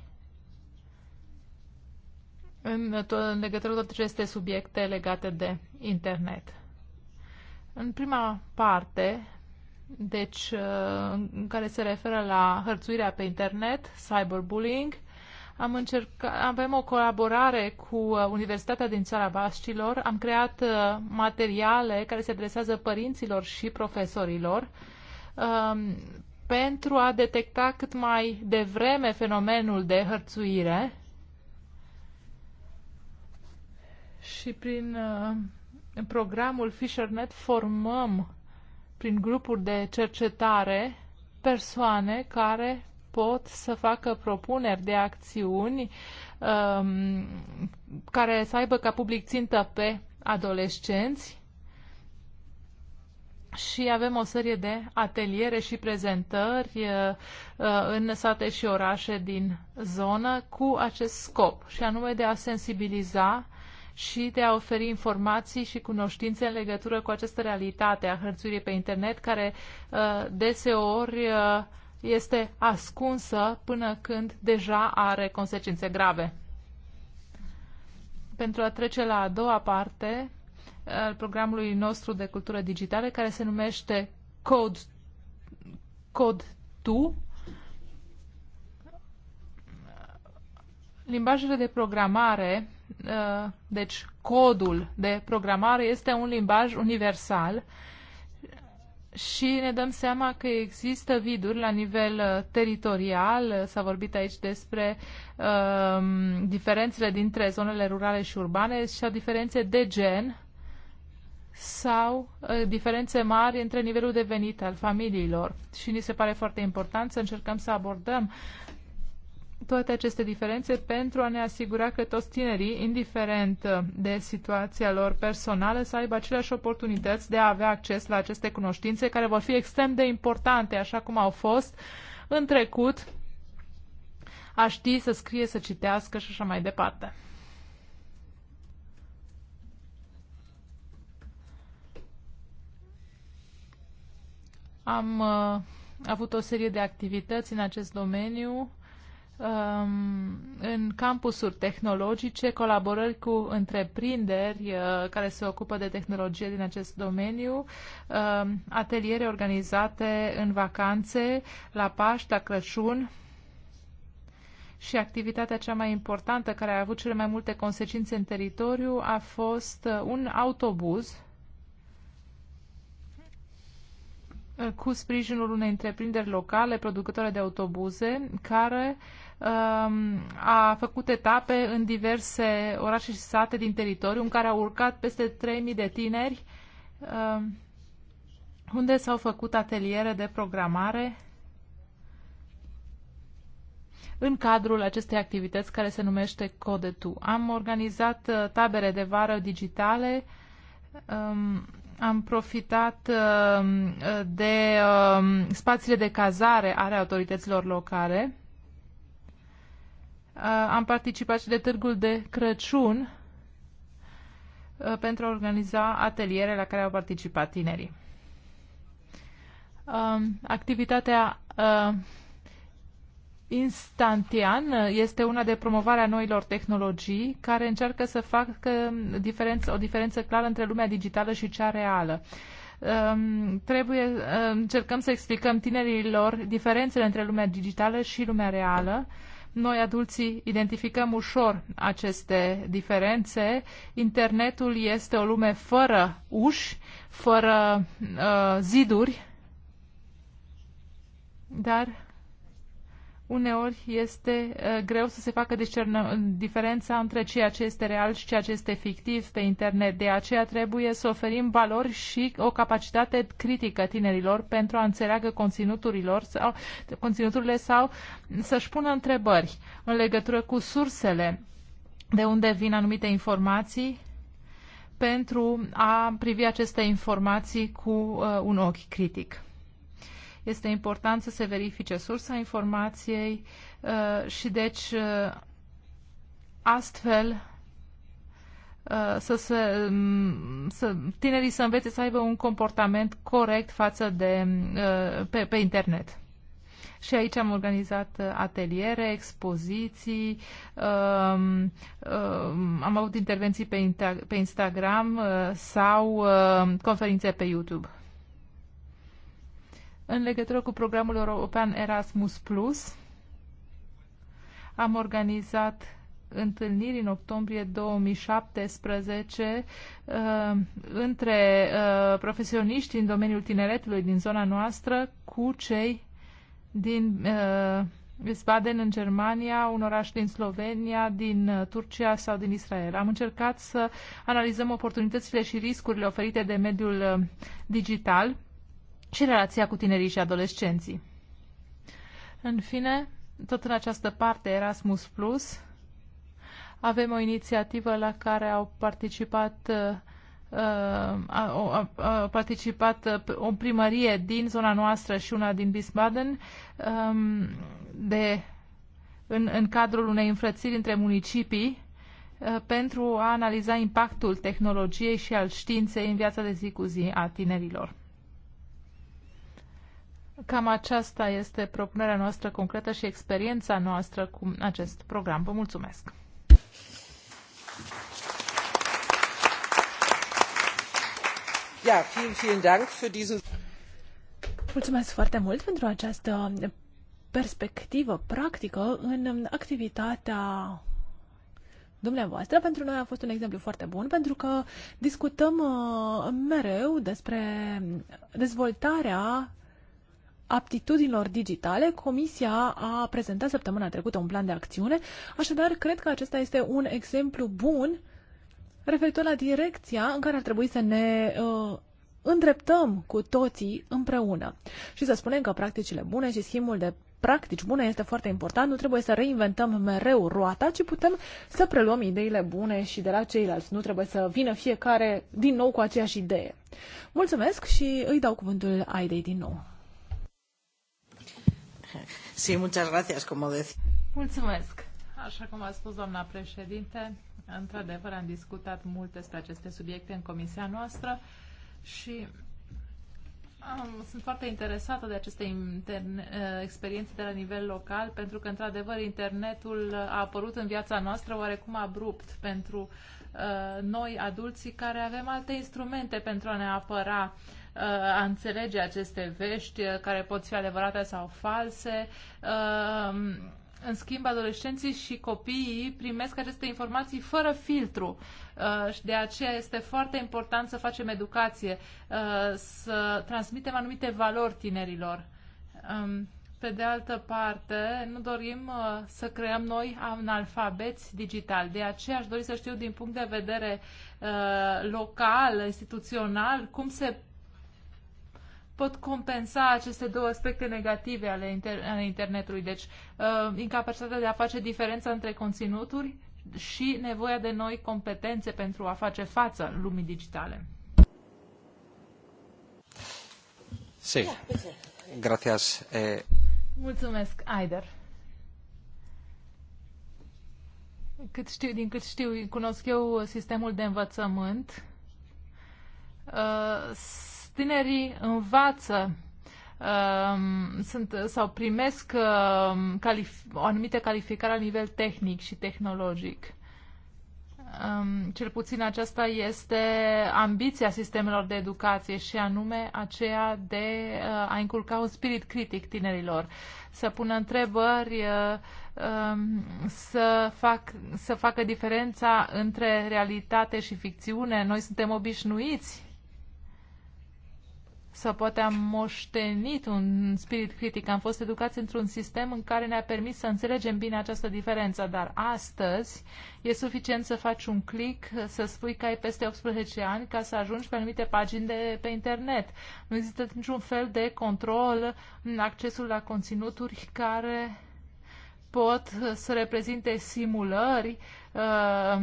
În, în legătură cu toate aceste subiecte legate de internet. În prima parte, deci, uh, în care se referă la hărțuirea pe internet, cyberbullying, am încercat, avem o colaborare cu uh, Universitatea din Țara Baștilor. Am creat uh, materiale care se adresează părinților și profesorilor um, pentru a detecta cât mai devreme fenomenul de hărțuire și prin uh, programul FisherNet formăm prin grupuri de cercetare persoane care pot să facă propuneri de acțiuni um, care să aibă ca public țintă pe adolescenți și avem o serie de ateliere și prezentări uh, uh, în sate și orașe din zonă cu acest scop și anume de a sensibiliza și de a oferi informații și cunoștințe în legătură cu această realitate a hărțuirii pe internet care uh, deseori uh, este ascunsă până când deja are consecințe grave. Pentru a trece la a doua parte al programului nostru de cultură digitală, care se numește Code, Code 2, limbajele de programare, uh, deci codul de programare este un limbaj universal și ne dăm seama că există viduri la nivel uh, teritorial. Uh, s-a vorbit aici despre um, diferențele dintre zonele rurale și urbane sau diferențe de gen sau uh, diferențe mari între nivelul de venit al familiilor. Și ni se pare foarte important să încercăm să abordăm uh, toate aceste diferențe pentru a ne asigura că toți tinerii, indiferent uh, de situația lor personală, să aibă aceleași oportunități de a avea acces la aceste cunoștințe care vor fi extrem de importante, așa cum au fost în trecut, a ști să scrie, să citească și așa mai departe. Am uh, avut o serie de activități în acest domeniu Um, în campusuri tehnologice, colaborări cu întreprinderi uh, care se ocupă de tehnologie din acest domeniu, um, ateliere organizate în vacanțe, la Paști, la Crăciun și activitatea cea mai importantă care a avut cele mai multe consecințe în teritoriu a fost uh, un autobuz uh, cu sprijinul unei întreprinderi locale producătoare de autobuze care uh, Um, a făcut etape în diverse orașe și sate din teritoriu, în care au urcat peste 3.000 de tineri, um, unde s-au făcut ateliere de programare în cadrul acestei activități care se numește Code2. Am organizat uh, tabere de vară digitale, um, am profitat de spațiile de cazare ale autorităților locale, Uh, am participat și de târgul de Crăciun uh, pentru a organiza ateliere la care au participat tinerii. Um, activitatea uh, instantian este una de promovare a noilor tehnologii care încearcă să facă diferență, o diferență clară între lumea digitală și cea reală. Um, trebuie, uh, încercăm să explicăm tinerilor diferențele între lumea digitală și lumea reală noi, adulții, identificăm ușor aceste diferențe. Internetul este o lume fără uși, fără uh, ziduri, dar uneori este uh, greu să se facă diferența între ceea ce este real și ceea ce este fictiv pe internet. De aceea trebuie să oferim valori și o capacitate critică tinerilor pentru a înțeleagă conținuturilor sau, conținuturile sau să-și pună întrebări în legătură cu sursele de unde vin anumite informații pentru a privi aceste informații cu uh, un ochi critic. Este important să se verifice sursa informației uh, și deci uh, astfel uh, să se, um, să, tinerii să învețe să aibă un comportament corect față de pe, pe internet. Și aici am organizat ateliere, expoziții, um, um, am avut intervenții pe, pe Instagram uh, sau uh, conferințe pe YouTube. În legătură cu programul european Erasmus+, Plus, am organizat întâlniri în octombrie 2017 uh, între uh, profesioniști în domeniul tineretului din zona noastră cu cei din uh, Wiesbaden în Germania, un oraș din Slovenia, din uh, Turcia sau din Israel. Am încercat să analizăm oportunitățile și riscurile oferite de mediul uh, digital și relația cu tinerii și adolescenții. În fine, tot în această parte Erasmus Plus, avem o inițiativă la care au participat a, uh, uh, a participat uh, o primărie din zona noastră și una din Bismarck, um, de, în, în cadrul unei înfrățiri între municipii pentru a analiza impactul tehnologiei și al științei în viața de zi cu zi a tinerilor. Cam aceasta este propunerea noastră concretă și experiența noastră cu acest program. Vă mulțumesc! Ja, vielen, vielen Dank für diesen... Mulțumesc foarte mult pentru această perspectivă practică în activitatea dumneavoastră. Pentru noi a fost un exemplu foarte bun, pentru că discutăm uh, mereu despre dezvoltarea aptitudinilor digitale, Comisia a prezentat săptămâna trecută un plan de acțiune, așadar cred că acesta este un exemplu bun referitor la direcția în care ar trebui să ne uh, îndreptăm cu toții împreună. Și să spunem că practicile bune și schimbul de practici bune este foarte important, nu trebuie să reinventăm mereu roata, ci putem să preluăm ideile bune și de la ceilalți. Nu trebuie să vină fiecare din nou cu aceeași idee. Mulțumesc și îi dau cuvântul Aidei din nou. Sí, muchas gracias, como decía. Mulțumesc. Așa cum a spus doamna președinte, într-adevăr am discutat mult despre aceste subiecte în comisia noastră și am, sunt foarte interesată de aceste interne, eh, experiențe de la nivel local, pentru că, într-adevăr, internetul a apărut în viața noastră oarecum abrupt pentru uh, noi, adulții, care avem alte instrumente pentru a ne apăra uh, Uh, a înțelege aceste vești uh, care pot fi adevărate sau false. Uh, în schimb, adolescenții și copiii primesc aceste informații fără filtru și de aceea este foarte important să facem educație, să transmitem anumite valori tinerilor. Um, pe de altă parte, nu dorim să creăm noi analfabeți digital. De aceea aș dori să știu din punct de vedere local, instituțional, cum se pot compensa aceste două aspecte negative ale, inter ale internetului. Deci, uh, incapacitatea de a face diferența între conținuturi și nevoia de noi competențe pentru a face față lumii digitale. Sí. Gracias. Eh... Mulțumesc, Aider. Cât știu, din cât știu, cunosc eu sistemul de învățământ. Uh, Tinerii învață um, sunt, sau primesc um, o anumită calificare la nivel tehnic și tehnologic. Um, cel puțin aceasta este ambiția sistemelor de educație și anume aceea de uh, a inculca un spirit critic tinerilor, să pună întrebări, uh, um, să, fac, să facă diferența între realitate și ficțiune. Noi suntem obișnuiți sau poate am moștenit un spirit critic, am fost educați într-un sistem în care ne-a permis să înțelegem bine această diferență, dar astăzi e suficient să faci un click, să spui că ai peste 18 ani ca să ajungi pe anumite pagini de pe internet. Nu există niciun fel de control în accesul la conținuturi care pot să reprezinte simulări uh,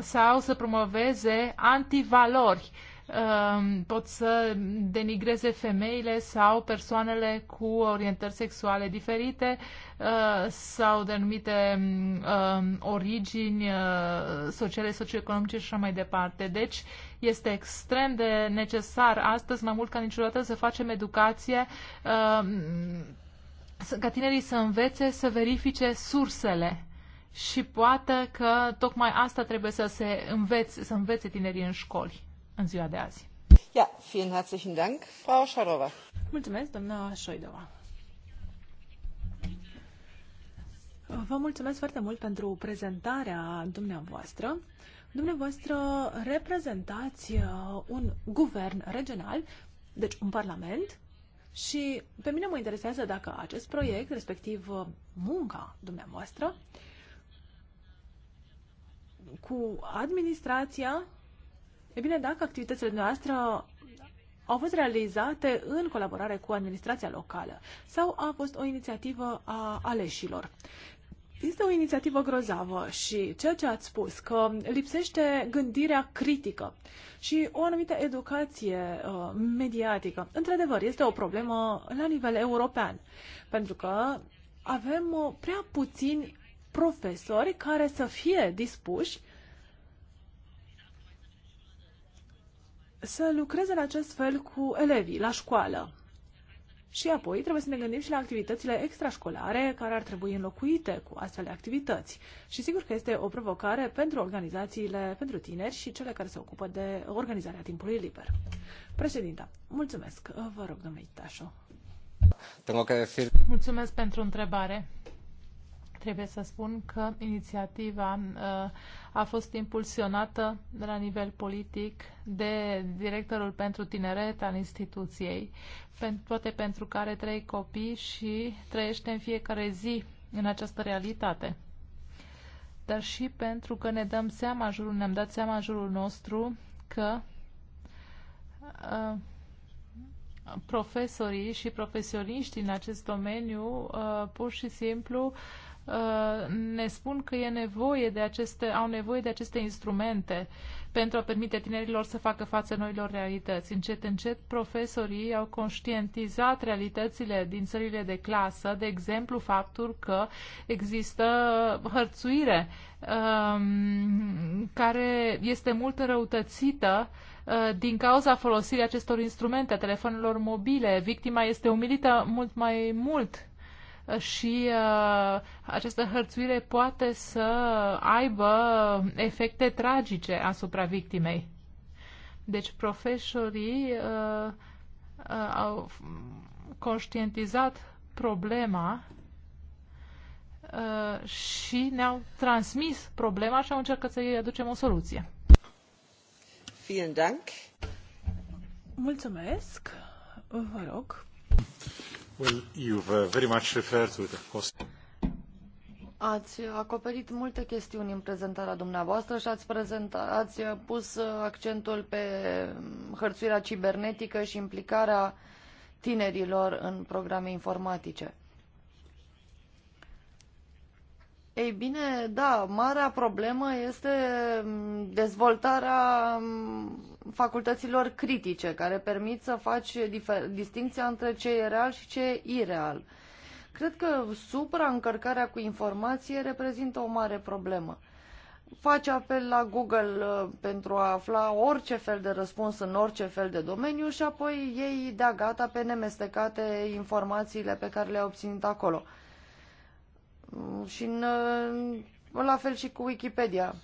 sau să promoveze antivalori Um, pot să denigreze femeile sau persoanele cu orientări sexuale diferite uh, sau denumite um, origini uh, sociale, socioeconomice și așa mai departe. Deci este extrem de necesar astăzi, mai mult ca niciodată, să facem educație um, ca tinerii să învețe să verifice sursele și poate că tocmai asta trebuie să se învețe, să învețe tinerii în școli în ziua de azi. Ja, vielen herzlichen Dank, Frau Schadova. Mulțumesc, doamna Șoidova. Vă mulțumesc foarte mult pentru prezentarea dumneavoastră. Dumneavoastră reprezentați uh, un guvern regional, deci un parlament, și pe mine mă interesează dacă acest proiect, respectiv uh, munca dumneavoastră, cu administrația E bine, dacă activitățile noastre au fost realizate în colaborare cu administrația locală sau a fost o inițiativă a aleșilor. Este o inițiativă grozavă și ceea ce ați spus, că lipsește gândirea critică și o anumită educație uh, mediatică. Într-adevăr, este o problemă la nivel european, pentru că avem uh, prea puțini profesori care să fie dispuși să lucreze în acest fel cu elevii la școală. Și apoi trebuie să ne gândim și la activitățile extrașcolare care ar trebui înlocuite cu astfel de activități. Și sigur că este o provocare pentru organizațiile, pentru tineri și cele care se ocupă de organizarea timpului liber. Președinta, mulțumesc. Vă rog, domnule Itașo. Mulțumesc pentru întrebare. Trebuie să spun că inițiativa uh, a fost impulsionată de la nivel politic de directorul pentru tineret al instituției, toate pentru care trei copii și trăiește în fiecare zi în această realitate. Dar și pentru că ne dăm seama, jurul, ne-am dat seama în jurul nostru că uh, profesorii și profesioniștii în acest domeniu uh, pur și simplu uh, Uh, ne spun că e nevoie de aceste, au nevoie de aceste instrumente pentru a permite tinerilor să facă față noilor realități. Încet, încet, profesorii au conștientizat realitățile din țările de clasă, de exemplu, faptul că există hărțuire um, care este mult răutățită uh, din cauza folosirii acestor instrumente, telefonelor mobile. Victima este umilită mult mai mult și uh, această hărțuire poate să aibă efecte tragice asupra victimei. Deci profesorii uh, uh, au conștientizat problema uh, și ne-au transmis problema și au încercat să-i aducem o soluție. Vielen Dank. Mulțumesc. Vă rog. Well, you've uh, very much referred to the cost. Ați acoperit multe chestiuni în prezentarea dumneavoastră și ați, prezentat ați uh, pus uh, accentul pe mm, hărțuirea cibernetică și implicarea tinerilor în programe informatice. Ei bine, da, marea problemă este mm, dezvoltarea mm, facultăților critice, care permit să faci distinția între ce e real și ce e ireal. Cred că supraîncărcarea cu informație reprezintă o mare problemă. Faci apel la Google uh, pentru a afla orice fel de răspuns în orice fel de domeniu și apoi ei dea gata pe nemestecate informațiile pe care le a obținut acolo. Mm, și în, uh, la fel și cu Wikipedia.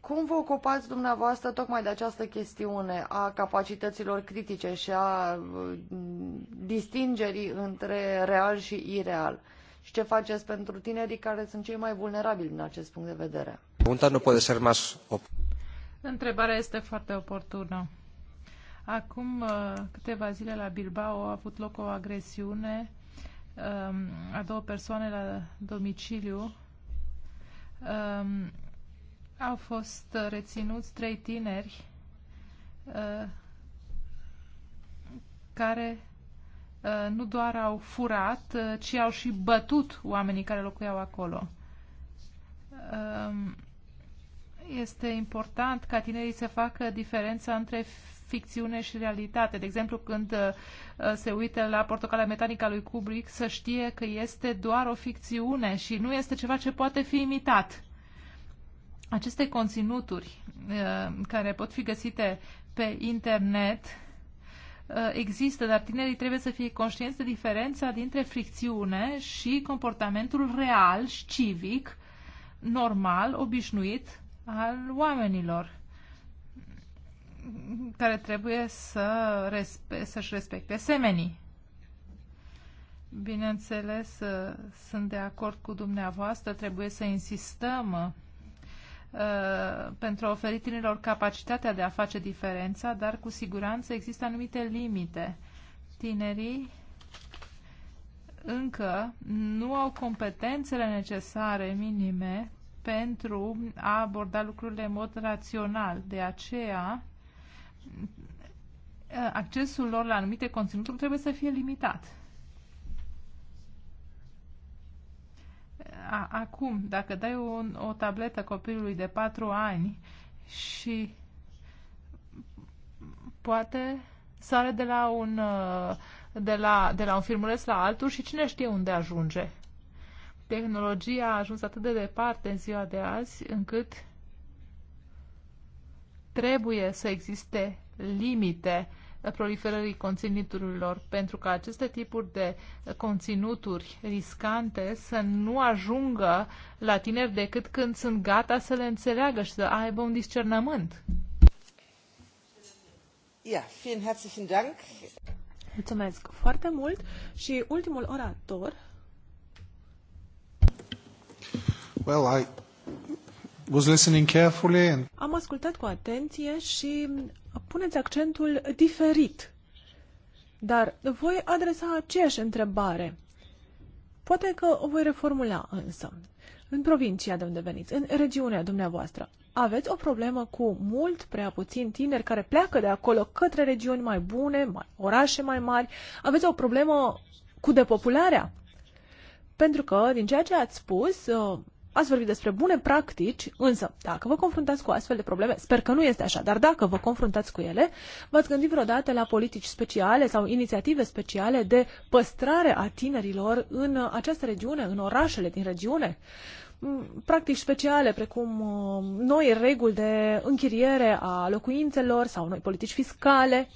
Cum vă ocupați dumneavoastră tocmai de această chestiune a capacităților critice și a mm, distingerii între real și ireal? Și ce faceți pentru tinerii care sunt cei mai vulnerabili din acest punct de vedere? Întrebarea este foarte oportună. Acum uh, câteva zile la Bilbao a avut loc o agresiune um, a două persoane la domiciliu um, au fost uh, reținuți trei tineri uh, care uh, nu doar au furat, ci au și bătut oamenii care locuiau acolo. Um, este important ca tinerii să facă diferența între ficțiune și realitate. De exemplu, când se uită la Portocala Metanica lui Kubrick, să știe că este doar o ficțiune și nu este ceva ce poate fi imitat aceste conținuturi uh, care pot fi găsite pe internet uh, există, dar tinerii trebuie să fie conștienți de diferența dintre fricțiune și comportamentul real și civic, normal, obișnuit al oamenilor care trebuie să respe- să-și respecte semenii. Bineînțeles, uh, sunt de acord cu dumneavoastră, trebuie să insistăm Uh, pentru a oferi tinerilor capacitatea de a face diferența, dar cu siguranță există anumite limite. Tinerii încă nu au competențele necesare minime pentru a aborda lucrurile în mod rațional. De aceea, uh, accesul lor la anumite conținuturi trebuie să fie limitat. a, acum, dacă dai un, o tabletă copilului de patru ani și poate sare de la un, uh, de la, de la un filmuleț la altul și cine știe unde ajunge. Tehnologia a ajuns atât de departe în ziua de azi încât trebuie să existe limite uh, proliferării conținuturilor, pentru că aceste tipuri de conținuturi riscante să nu ajungă la tineri decât când sunt gata să le înțeleagă și să aibă un discernământ. Ja, vielen herzlichen Dank. Mulțumesc foarte mult și ultimul orator. Well, I was listening carefully and... Am ascultat cu atenție și puneți accentul diferit. Dar voi adresa aceeași întrebare. Poate că o voi reformula însă. În provincia de unde veniți, în regiunea dumneavoastră, aveți o problemă cu mult prea puțin tineri care pleacă de acolo către regiuni mai bune, mai, orașe mai mari? Aveți o problemă cu depopularea? Pentru că, din ceea ce ați spus, uh, Ați vorbit despre bune practici, însă dacă vă confruntați cu astfel de probleme, sper că nu este așa, dar dacă vă confruntați cu ele, v-ați gândit vreodată la politici speciale sau inițiative speciale de păstrare a tinerilor în această regiune, în orașele din regiune? Mm, practici speciale, precum uh, noi reguli de închiriere a locuințelor sau noi politici fiscale.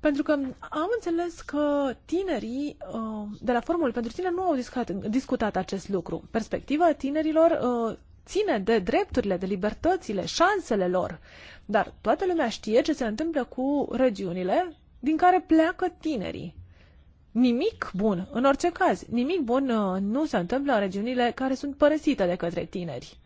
Pentru că am înțeles că tinerii uh, de la Formul pentru Tine, nu au discutat, discutat acest lucru. Perspectiva tinerilor uh, ține de drepturile, de libertățile, șansele lor. Dar toată lumea știe ce se întâmplă cu regiunile din care pleacă tinerii. Nimic bun, în orice caz, nimic bun uh, nu se întâmplă în regiunile care sunt părăsite de către tineri.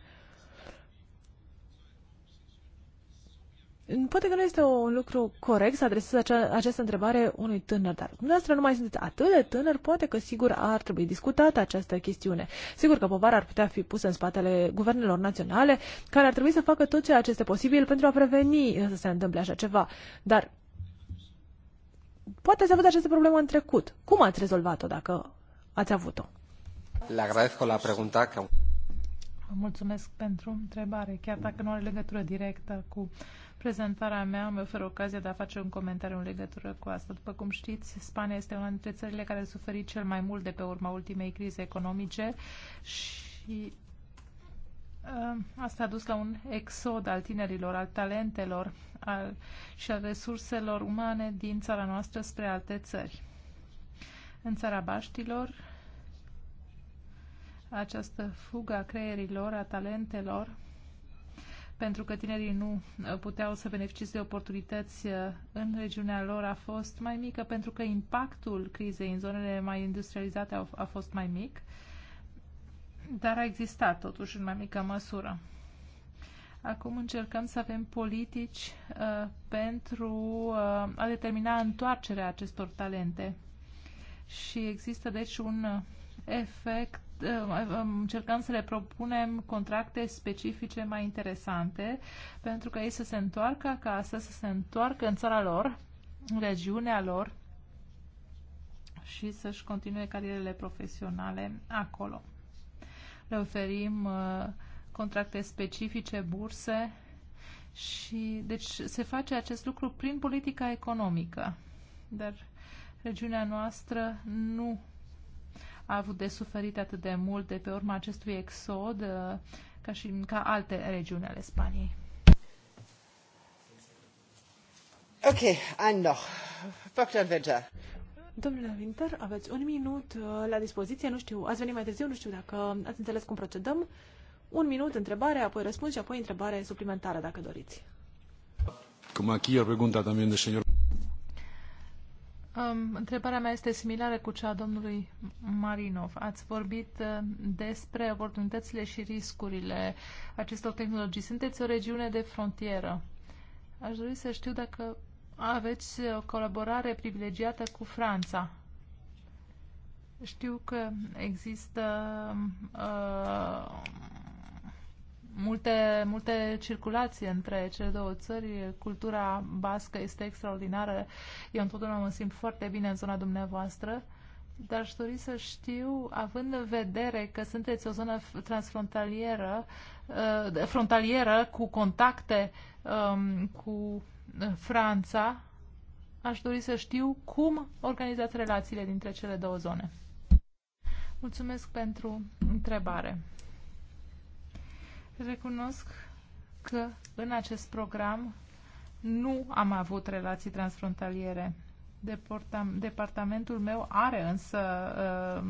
Poate că nu este un lucru corect să adresez acea, această întrebare unui tânăr, dar dumneavoastră nu mai sunteți atât de tânăr, poate că sigur ar trebui discutată această chestiune. Sigur că povara ar putea fi pusă în spatele guvernelor naționale, care ar trebui să facă tot ceea ce este posibil pentru a preveni să se întâmple așa ceva. Dar poate să avut această problemă în trecut. Cum ați rezolvat-o dacă ați avut-o? Le agradez la pregunta că... mulțumesc pentru întrebare, chiar dacă nu are legătură directă cu uh, Prezentarea mea îmi oferă ocazia de a face un comentariu în legătură cu asta. După cum știți, Spania este una dintre țările care a suferit cel mai mult de pe urma ultimei crize economice și uh, Asta a dus la un exod al tinerilor, al talentelor al, și al resurselor umane din țara noastră spre alte țări. În țara Baștilor, această fugă a creierilor, a talentelor, pentru că tinerii nu uh, puteau să beneficieze de oportunități uh, în regiunea lor a fost mai mică pentru că impactul crizei în zonele mai industrializate a fost mai mic, dar a existat totuși în mai mică măsură. Acum încercăm să avem politici uh, pentru uh, a determina întoarcerea acestor talente. Și există deci un uh, efect Uh, încercăm să le propunem contracte specifice mai interesante pentru că ei să se întoarcă acasă, să se întoarcă în țara lor, în regiunea lor și să-și continue carierele profesionale acolo. Le oferim uh, contracte specifice, burse și deci se face acest lucru prin politica economică. Dar regiunea noastră nu a avut de suferit atât de mult de pe urma acestui exod uh, ca și ca alte regiuni ale Spaniei. Ok, ein noch. Dr. Winter. Domnule Winter, aveți un minut uh, la dispoziție, nu știu, ați venit mai târziu, nu știu dacă ați înțeles cum procedăm. Un minut, întrebare, apoi răspuns și apoi întrebare suplimentară, dacă doriți. Cum aici a pregunta también del señor Um, întrebarea mea este similară cu cea a domnului Marinov. Ați vorbit uh, despre oportunitățile și riscurile acestor tehnologii. Sunteți o regiune de frontieră. Aș dori să știu dacă aveți o colaborare privilegiată cu Franța. Știu că există uh, multe, multe circulații între cele două țări. Cultura bască este extraordinară. Eu întotdeauna mă simt foarte bine în zona dumneavoastră. Dar aș dori să știu, având în vedere că sunteți o zonă transfrontalieră, uh, frontalieră cu contacte um, cu uh, Franța, aș dori să știu cum organizați relațiile dintre cele două zone. Mulțumesc pentru întrebare. Recunosc că în acest program nu am avut relații transfrontaliere. Departamentul meu are însă uh,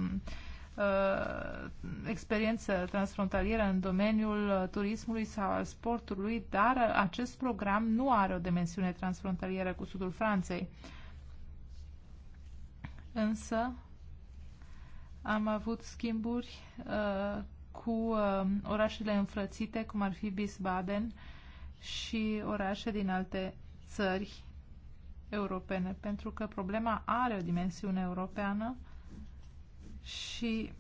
uh, experiență transfrontalieră în domeniul uh, turismului sau al sportului, dar uh, acest program nu are o dimensiune transfrontalieră cu sudul Franței. Însă am avut schimburi uh, cu uh, orașele înfrățite, cum ar fi Bisbaden și orașe din alte țări europene, pentru că problema are o dimensiune europeană și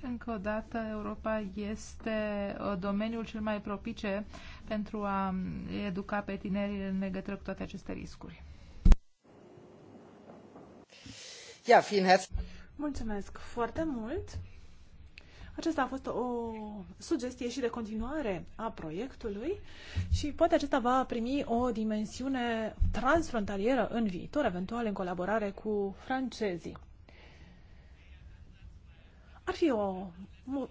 încă o dată, Europa este uh, domeniul cel mai propice pentru a um, educa pe tineri în legătură cu toate aceste riscuri. Ia, Mulțumesc foarte mult! Acesta a fost o sugestie și de continuare a proiectului și poate acesta va primi o dimensiune transfrontalieră în viitor, eventual în colaborare cu francezii. Ar fi o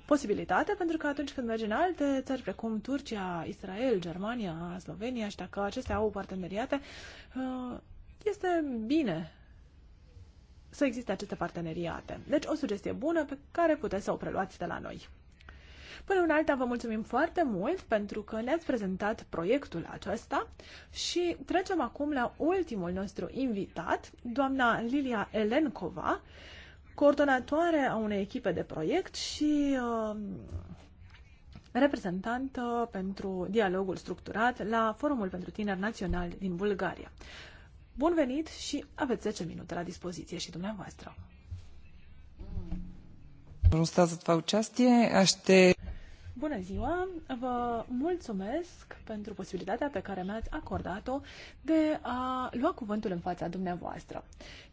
posibilitate, pentru că atunci când mergi în alte țări precum Turcia, Israel, Germania, Slovenia și dacă acestea au parteneriate, uh, este bine să existe aceste parteneriate. Deci o sugestie bună pe care puteți să o preluați de la noi. Până în alta, vă mulțumim foarte mult pentru că ne-ați prezentat proiectul acesta și trecem acum la ultimul nostru invitat, doamna Lilia Elenkova, coordonatoare a unei echipe de proiect și uh, reprezentantă pentru dialogul structurat la Forumul pentru Tineri Național din Bulgaria. Bun venit și aveți 10 minute la dispoziție și dumneavoastră. Bună ziua! Vă mulțumesc pentru posibilitatea pe care mi-ați acordat-o de a lua cuvântul în fața dumneavoastră.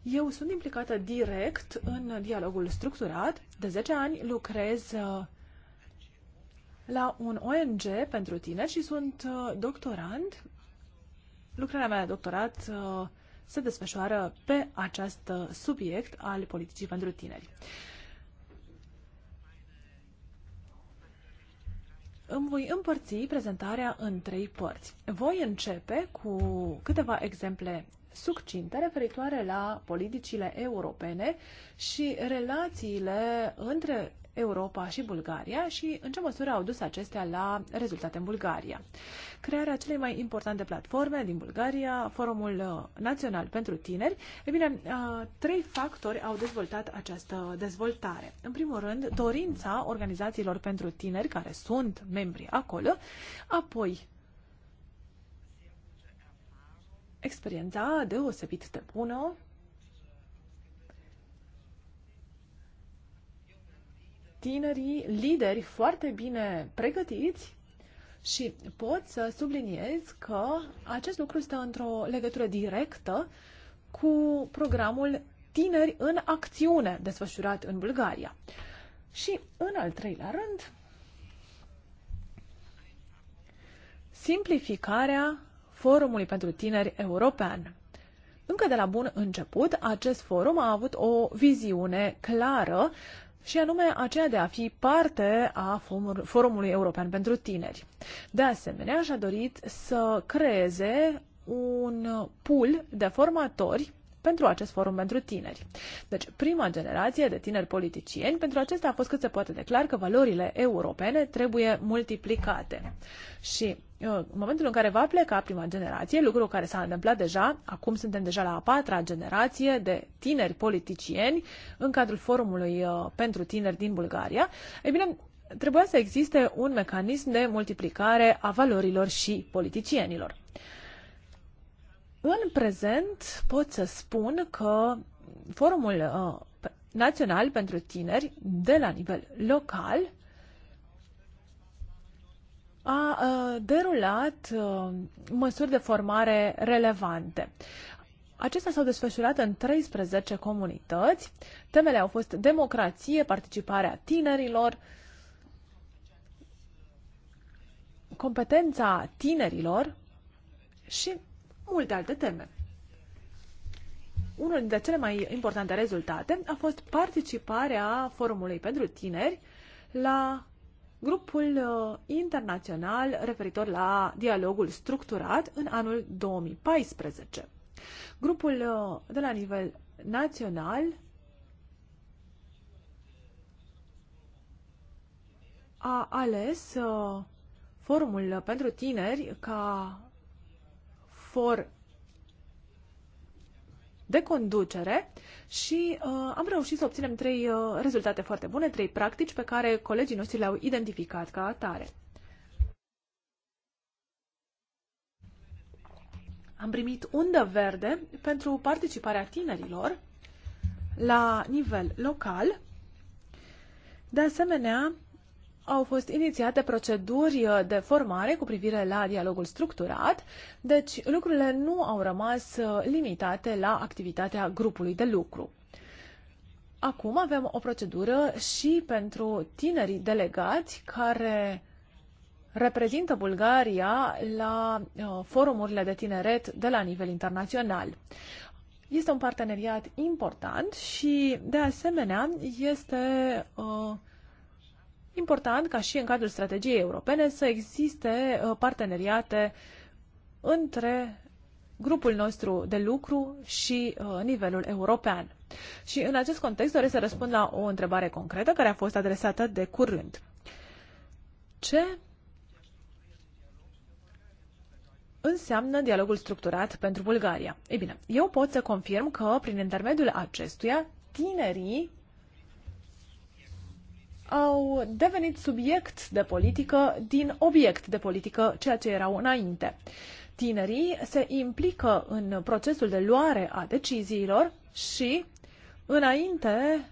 Eu sunt implicată direct în dialogul structurat. De 10 ani lucrez uh, la un ONG pentru tineri și sunt uh, doctorand lucrarea mea de doctorat uh, se desfășoară pe acest uh, subiect al politicii pentru tineri. Îmi voi împărți prezentarea în trei părți. Voi începe cu câteva exemple succinte referitoare la politicile europene și relațiile între Europa și Bulgaria și în ce măsură au dus acestea la rezultate în Bulgaria. Crearea celei mai importante platforme din Bulgaria, Forumul uh, Național pentru Tineri, e bine, uh, trei factori au dezvoltat această dezvoltare. În primul rând, dorința organizațiilor pentru tineri care sunt membri acolo, apoi experiența deosebit de bună tinerii lideri foarte bine pregătiți și pot să subliniez că acest lucru stă într-o legătură directă cu programul Tineri în Acțiune desfășurat în Bulgaria. Și în al treilea rând, simplificarea Forumului pentru Tineri European. Încă de la bun început, acest forum a avut o viziune clară și anume aceea de a fi parte a Forumului European pentru Tineri. De asemenea, și-a dorit să creeze un pool de formatori pentru acest forum pentru tineri. Deci, prima generație de tineri politicieni, pentru acesta a fost cât se poate declar că valorile europene trebuie multiplicate. Și uh, în momentul în care va pleca prima generație, lucru care s-a întâmplat deja, acum suntem deja la a patra generație de tineri politicieni în cadrul forumului uh, pentru tineri din Bulgaria, e bine, trebuia să existe un mecanism de multiplicare a valorilor și politicienilor. În prezent pot să spun că Forumul uh, Național pentru Tineri de la nivel local a uh, derulat uh, măsuri de formare relevante. Acestea s-au desfășurat în 13 comunități. Temele au fost democrație, participarea tinerilor, competența tinerilor și multe alte teme. Unul dintre cele mai importante rezultate a fost participarea Forumului pentru Tineri la grupul uh, internațional referitor la dialogul structurat în anul 2014. Grupul uh, de la nivel național a ales uh, forumul pentru tineri ca for de conducere și uh, am reușit să obținem trei uh, rezultate foarte bune, trei practici pe care colegii noștri le-au identificat ca atare. Am primit undă verde pentru participarea tinerilor la nivel local. De asemenea, au fost inițiate proceduri uh, de formare cu privire la dialogul structurat, deci lucrurile nu au rămas uh, limitate la activitatea grupului de lucru. Acum avem o procedură și pentru tinerii delegați care reprezintă Bulgaria la uh, forumurile de tineret de la nivel internațional. Este un parteneriat important și, de asemenea, este uh, important ca și în cadrul strategiei europene să existe uh, parteneriate între grupul nostru de lucru și uh, nivelul european. Și în acest context doresc să răspund la o întrebare concretă care a fost adresată de curând. Ce înseamnă dialogul structurat pentru Bulgaria? Ei bine, eu pot să confirm că prin intermediul acestuia tinerii au devenit subiect de politică din obiect de politică, ceea ce erau înainte. Tinerii se implică în procesul de luare a deciziilor și, înainte,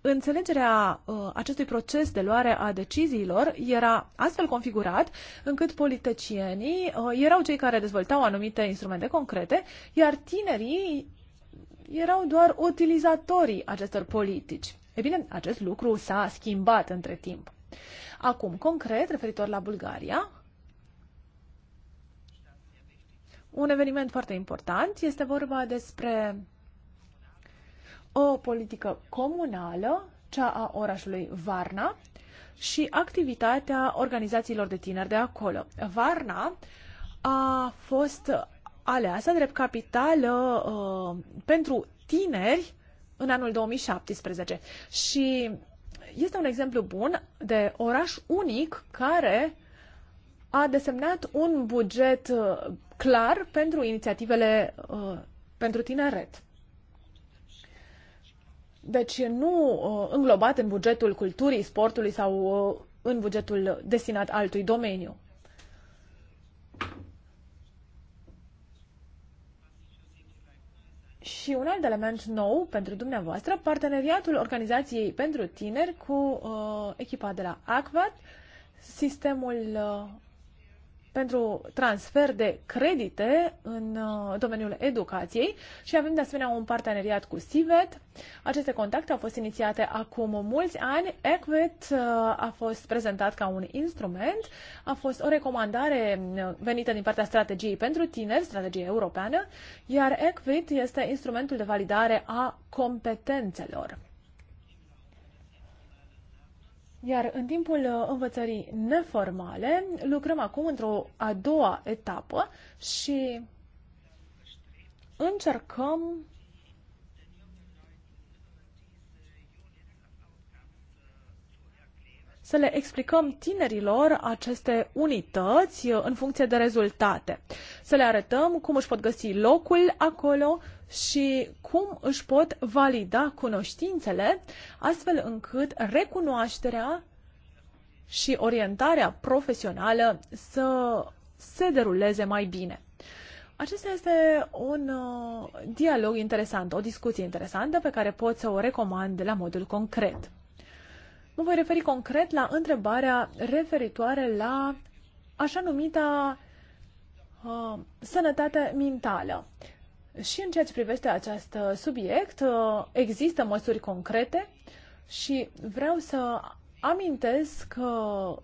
înțelegerea uh, acestui proces de luare a deciziilor era astfel configurat încât politicienii uh, erau cei care dezvoltau anumite instrumente concrete, iar tinerii erau doar utilizatorii acestor politici. E bine, acest lucru s-a schimbat între timp. Acum, concret, referitor la Bulgaria, un eveniment foarte important este vorba despre o politică comunală, cea a orașului Varna și activitatea organizațiilor de tineri de acolo. Varna a fost aleasă drept capitală uh, pentru tineri în anul 2017. Și este un exemplu bun de oraș unic care a desemnat un buget uh, clar pentru inițiativele uh, pentru tineret. Deci nu uh, înglobat în bugetul culturii, sportului sau uh, în bugetul destinat altui domeniu. Și un alt element nou pentru dumneavoastră, parteneriatul organizației pentru tineri cu uh, echipa de la ACVAT, sistemul uh, pentru transfer de credite în uh, domeniul educației și avem de asemenea un parteneriat cu SIVET. Aceste contacte au fost inițiate acum mulți ani. ECVET uh, a fost prezentat ca un instrument, a fost o recomandare uh, venită din partea strategiei pentru tineri, strategie europeană, iar ECVET este instrumentul de validare a competențelor. Iar în timpul uh, învățării neformale lucrăm acum într-o a doua etapă și încercăm să le explicăm tinerilor aceste unități uh, în funcție de rezultate. Să le arătăm cum își pot găsi locul acolo și cum își pot valida cunoștințele, astfel încât recunoașterea și orientarea profesională să se deruleze mai bine. Acesta este un uh, dialog interesant, o discuție interesantă pe care pot să o recomand la modul concret. Mă voi referi concret la întrebarea referitoare la așa numita uh, sănătate mentală. Și în ceea ce privește acest subiect, uh, există măsuri concrete și vreau să amintesc uh,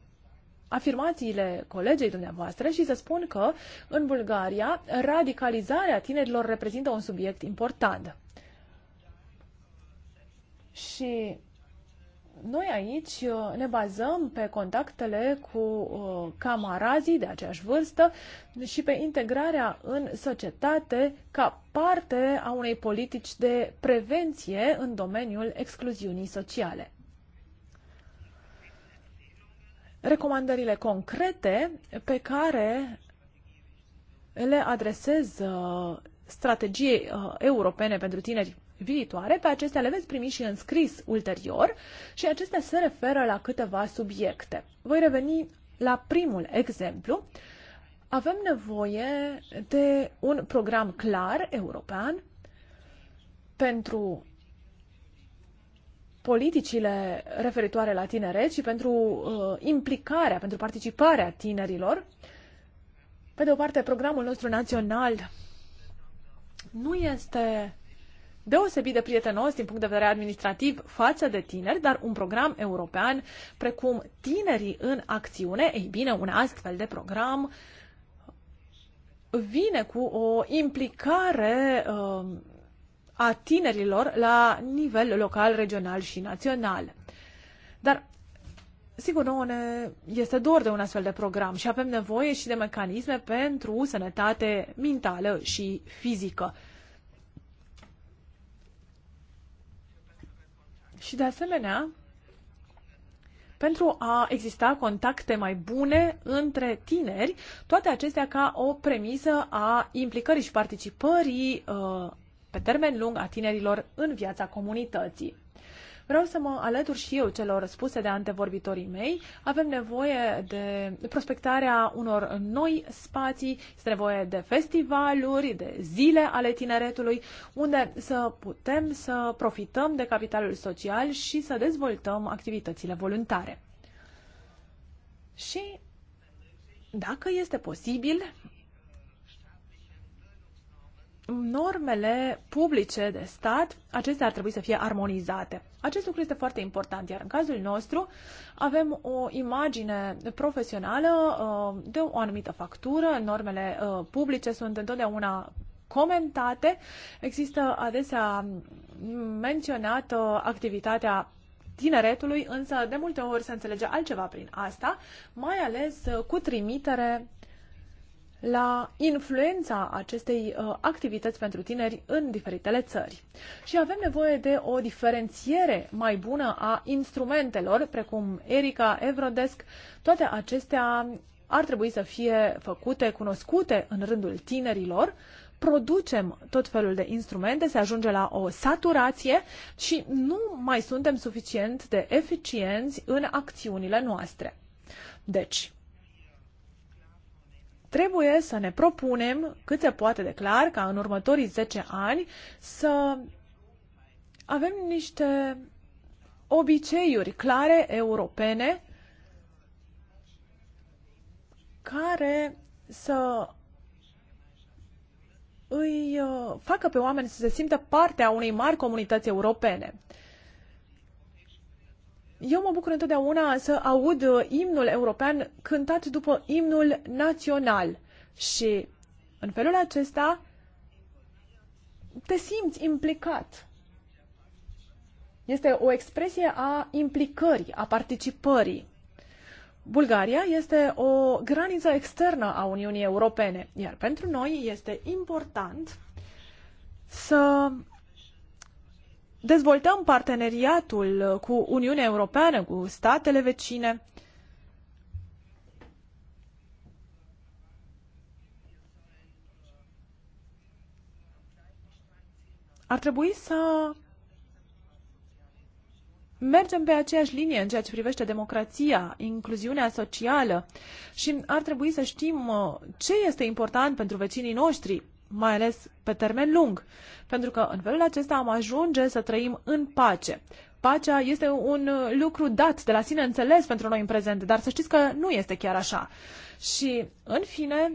afirmațiile colegei dumneavoastră și să spun că în Bulgaria radicalizarea tinerilor reprezintă un subiect important. Și noi aici uh, ne bazăm pe contactele cu uh, camarazii de aceeași vârstă și pe integrarea în societate ca parte a unei politici de prevenție în domeniul excluziunii sociale. Recomandările concrete pe care le adresez uh, strategiei europene pentru tineri viitoare. Pe acestea le veți primi și în scris ulterior și acestea se referă la câteva subiecte. Voi reveni la primul exemplu. Avem nevoie de un program clar european pentru politicile referitoare la tineret și pentru uh, implicarea, pentru participarea tinerilor. Pe de o parte, programul nostru național nu este deosebit de prietenos din punct de vedere administrativ față de tineri, dar un program european precum Tinerii în Acțiune, ei bine, un astfel de program vine cu o implicare uh, a tinerilor la nivel local, regional și național. Dar Sigur, nouă ne este dor de un astfel de program și avem nevoie și de mecanisme pentru sănătate mentală și fizică. Și de asemenea, pentru a exista contacte mai bune între tineri, toate acestea ca o premisă a implicării și participării uh, pe termen lung a tinerilor în viața comunității. Vreau să mă alătur și eu celor spuse de antevorbitorii mei. Avem nevoie de prospectarea unor noi spații, este nevoie de festivaluri, de zile ale tineretului, unde să putem să profităm de capitalul social și să dezvoltăm activitățile voluntare. Și dacă este posibil, normele publice de stat, acestea ar trebui să fie armonizate. Acest lucru este foarte important, iar în cazul nostru avem o imagine profesională uh, de o anumită factură, normele uh, publice sunt întotdeauna comentate, există adesea menționată activitatea tineretului, însă de multe ori se înțelege altceva prin asta, mai ales cu trimitere la influența acestei uh, activități pentru tineri în diferitele țări. Și avem nevoie de o diferențiere mai bună a instrumentelor, precum Erica, Evrodesk, toate acestea ar trebui să fie făcute, cunoscute în rândul tinerilor, producem tot felul de instrumente, se ajunge la o saturație și nu mai suntem suficient de eficienți în acțiunile noastre. Deci, trebuie să ne propunem cât se poate de clar ca în următorii 10 ani să avem niște obiceiuri clare europene care să îi uh, facă pe oameni să se simtă parte a unei mari comunități europene. Eu mă bucur întotdeauna să aud uh, imnul european cântat după imnul național și în felul acesta te simți implicat. Este o expresie a implicării, a participării. Bulgaria este o graniță externă a Uniunii Europene, iar pentru noi este important să dezvoltăm parteneriatul uh, cu Uniunea Europeană, cu statele vecine. Ar trebui să mergem pe aceeași linie în ceea ce privește democrația, incluziunea socială și ar trebui să știm uh, ce este important pentru vecinii noștri, mai ales pe termen lung. Pentru că în felul acesta am ajunge să trăim în pace. Pacea este un uh, lucru dat de la sine înțeles pentru noi în prezent, dar să știți că nu este chiar așa. Și, în fine,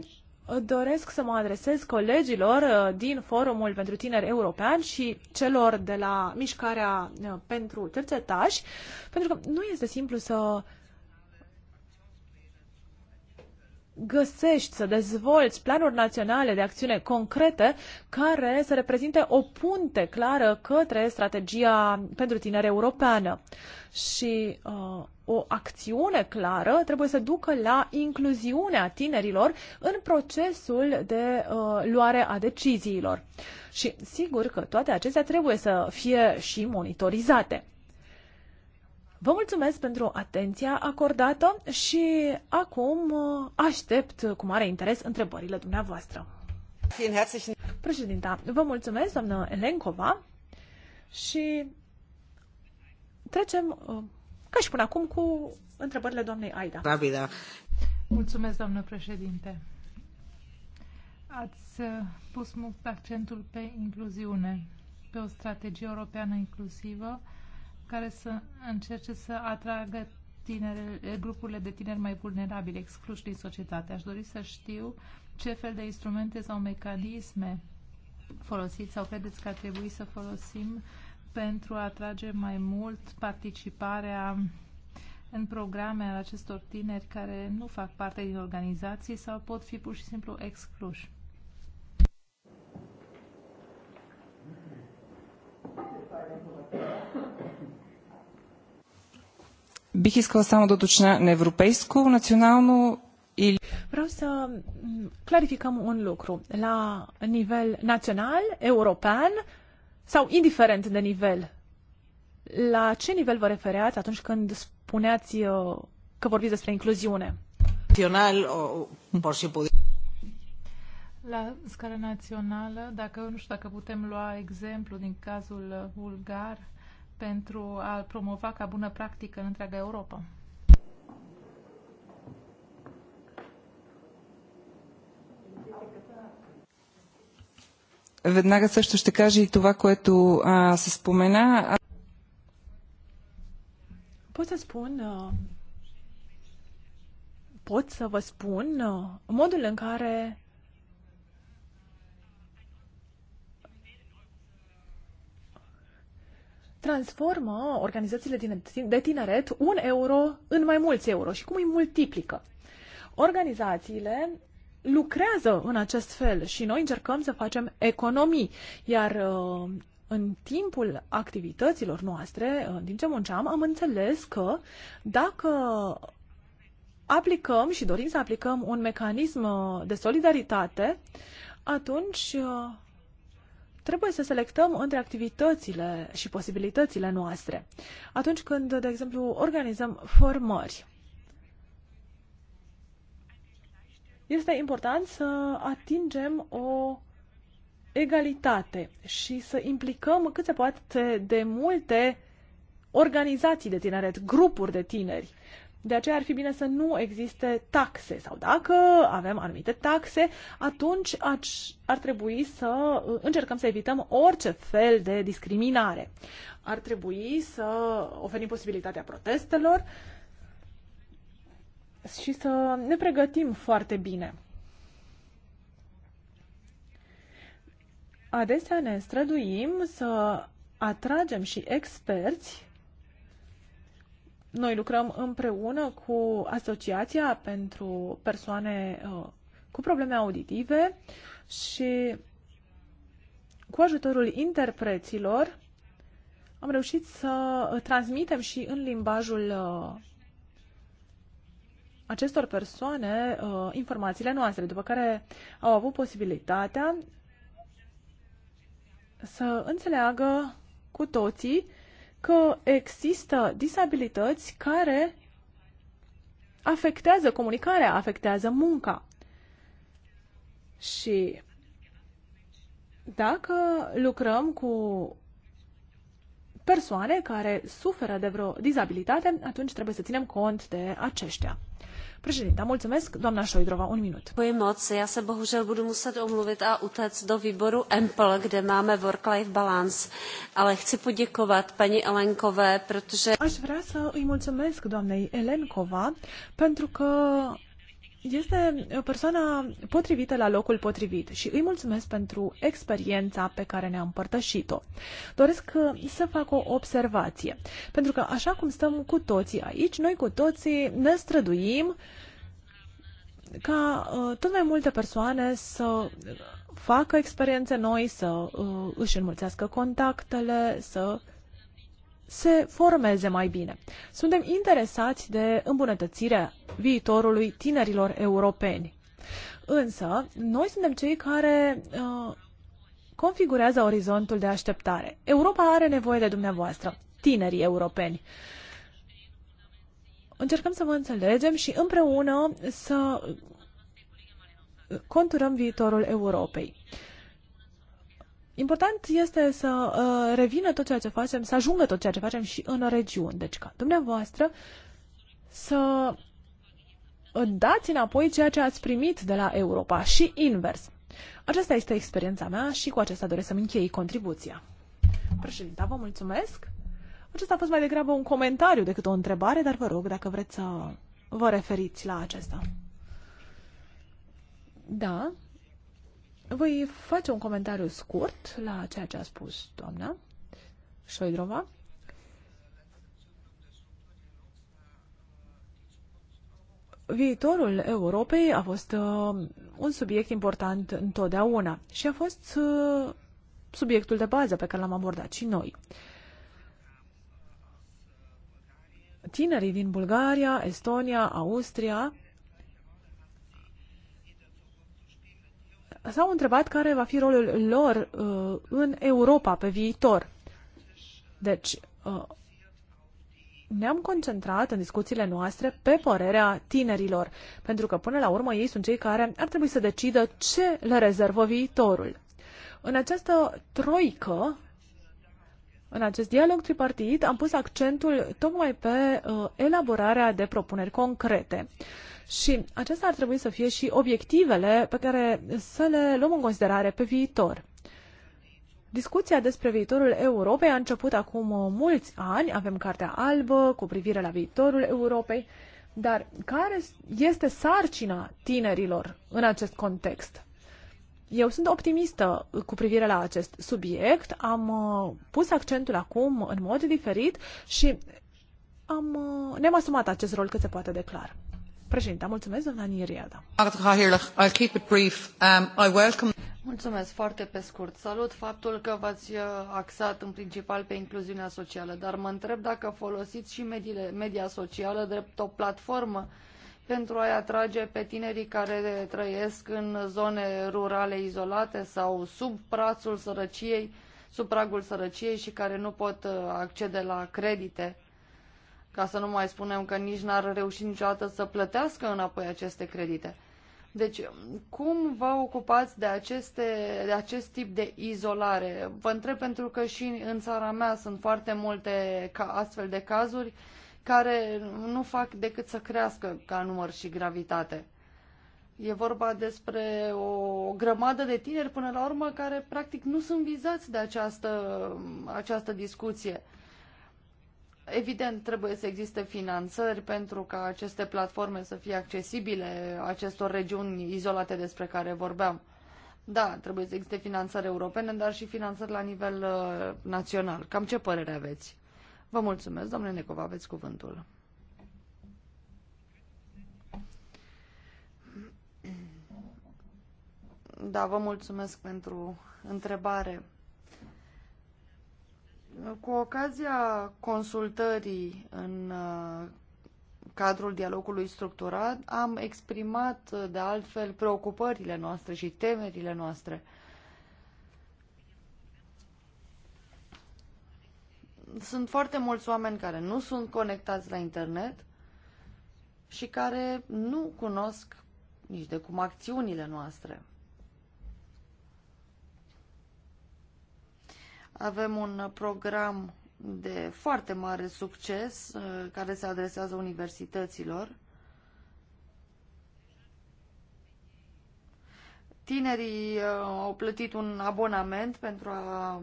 doresc să mă adresez colegilor uh, din Forumul pentru Tineri European și celor de la Mișcarea uh, pentru Cercetași, pentru că nu este simplu să găsești, să dezvolți planuri naționale de acțiune concrete care să reprezinte o punte clară către strategia pentru tineri europeană. Și uh, o acțiune clară trebuie să ducă la incluziunea tinerilor în procesul de uh, luare a deciziilor. Și sigur că toate acestea trebuie să fie și monitorizate. Vă mulțumesc pentru atenția acordată și acum uh, aștept cu mare interes întrebările dumneavoastră. Președinta, vă mulțumesc, doamnă Elencova, și trecem, uh, ca și până acum, cu întrebările doamnei Aida. Rapida. Mulțumesc, doamnă președinte. Ați uh, pus mult accentul pe incluziune, pe o strategie europeană inclusivă, care să încerce să atragă tinere, grupurile de tineri mai vulnerabili, excluși din societate. Aș dori să știu ce fel de instrumente sau mecanisme folosiți sau credeți că ar trebui să folosim pentru a atrage mai mult participarea în programe al acestor tineri care nu fac parte din organizații sau pot fi pur și simplu excluși. Thank you. Бих искала само да уточня на европейско, национално или... Vreau să clarificăm un lucru. La nivel național, european sau indiferent de nivel, la ce nivel vă refereați atunci când spuneați uh, că vorbiți despre incluziune? Național, por si la scară națională, dacă nu știu dacă putem lua exemplu din cazul uh, bulgar, pentru a promova ca bună practică în întreaga Europa. Веднага също ще кажа и това, което а, се спомена. Pot să spun, pot să vă spun modul în care transformă organizațiile de tineret un euro în mai mulți euro și cum îi multiplică. Organizațiile lucrează în acest fel și noi încercăm să facem economii, iar uh, în timpul activităților noastre, în uh, timp ce munceam, am înțeles că dacă aplicăm și dorim să aplicăm un mecanism de solidaritate, atunci uh, Trebuie să selectăm între activitățile și posibilitățile noastre. Atunci când, de exemplu, organizăm formări, este important să atingem o egalitate și să implicăm cât se poate de multe organizații de tineret, grupuri de tineri. De aceea ar fi bine să nu existe taxe sau dacă avem anumite taxe, atunci ar trebui să uh, încercăm să evităm orice fel de discriminare. Ar trebui să oferim posibilitatea protestelor și să ne pregătim foarte bine. Adesea ne străduim să atragem și experți noi lucrăm împreună cu Asociația pentru persoane uh, cu probleme auditive și cu ajutorul interpreților am reușit să transmitem și în limbajul uh, acestor persoane uh, informațiile noastre, după care au avut posibilitatea să înțeleagă cu toții că există disabilități care afectează comunicarea, afectează munca. Și dacă lucrăm cu persoane care suferă de vreo dizabilitate, atunci trebuie să ținem cont de aceștia. Președinta, mulțumesc. Doamna Șoidrova, un minut. Děkuji Já se bohužel budu muset omluvit a utéct do výboru EMPL, kde máme work-life balance. Ale chci poděkovat paní Elenkové, protože... Aș vrea să îi mulțumesc doamnei Elenkova pentru că este o uh, persoană potrivită la locul potrivit și îi mulțumesc pentru experiența pe care ne-a împărtășit-o. Doresc uh, să fac o observație, pentru că așa cum stăm cu toții aici, noi cu toții ne străduim ca uh, tot mai multe persoane să uh, facă experiențe noi, să uh, își înmulțească contactele, să se formeze mai bine. Suntem interesați de îmbunătățirea viitorului tinerilor europeni. Însă, noi suntem cei care uh, configurează orizontul de așteptare. Europa are nevoie de dumneavoastră, tinerii europeni. Încercăm să vă înțelegem și împreună să conturăm viitorul Europei. Important este să uh, revină tot ceea ce facem, să ajungă tot ceea ce facem și în regiuni. Deci ca dumneavoastră să dați înapoi ceea ce ați primit de la Europa și invers. Aceasta este experiența mea și cu acesta doresc să-mi închei contribuția. Președinta, vă mulțumesc. Acesta a fost mai degrabă un comentariu decât o întrebare, dar vă rog dacă vreți să vă referiți la acesta. Da, voi face un comentariu scurt la ceea ce a spus doamna Șoidrova. Viitorul Europei a fost uh, un subiect important întotdeauna și a fost uh, subiectul de bază pe care l-am abordat și noi. Tinerii din Bulgaria, Estonia, Austria s-au întrebat care va fi rolul lor uh, în Europa pe viitor. Deci, uh, ne-am concentrat în discuțiile noastre pe părerea tinerilor, pentru că până la urmă ei sunt cei care ar trebui să decidă ce le rezervă viitorul. În această troică, în acest dialog tripartit, am pus accentul tocmai pe uh, elaborarea de propuneri concrete. Uh, și acestea ar trebui să fie și obiectivele pe care să le luăm în considerare pe viitor. Discuția despre viitorul Europei a început acum mulți ani. Avem Cartea Albă cu privire la viitorul Europei. Dar care este sarcina tinerilor în acest context? Eu sunt optimistă cu privire la acest subiect. Am uh, pus accentul acum în mod diferit și am, uh, ne-am asumat acest rol cât se poate declara. Președinte, mulțumesc, doamna Niriada. keep it brief. Um, I welcome... Mulțumesc foarte pe scurt. Salut faptul că v-ați uh, axat în principal pe incluziunea socială, dar mă întreb dacă folosiți și mediile, media socială drept o platformă pentru a-i atrage pe tinerii care trăiesc în zone rurale izolate sau sub prațul sărăciei, sub pragul sărăciei și care nu pot uh, accede la credite ca să nu mai spunem că nici n-ar reuși niciodată să plătească înapoi aceste credite. Deci, cum vă ocupați de, aceste, de acest tip de izolare? Vă întreb pentru că și în țara mea sunt foarte multe ca astfel de cazuri care nu fac decât să crească ca număr și gravitate. E vorba despre o grămadă de tineri până la urmă care practic nu sunt vizați de această, această discuție. Evident, trebuie să existe finanțări pentru ca aceste platforme să fie accesibile acestor regiuni izolate despre care vorbeam. Da, trebuie să existe finanțări europene, dar și finanțări la nivel uh, național. Cam ce părere aveți? Vă mulțumesc, domnule Necova, aveți cuvântul. Da, vă mulțumesc pentru întrebare. Cu ocazia consultării în uh, cadrul dialogului structurat, am exprimat uh, de altfel preocupările noastre și temerile noastre. Sunt foarte mulți oameni care nu sunt conectați la internet și care nu cunosc nici de cum acțiunile noastre. Avem un program de foarte mare succes uh, care se adresează universităților. Tinerii uh, au plătit un abonament pentru a, um,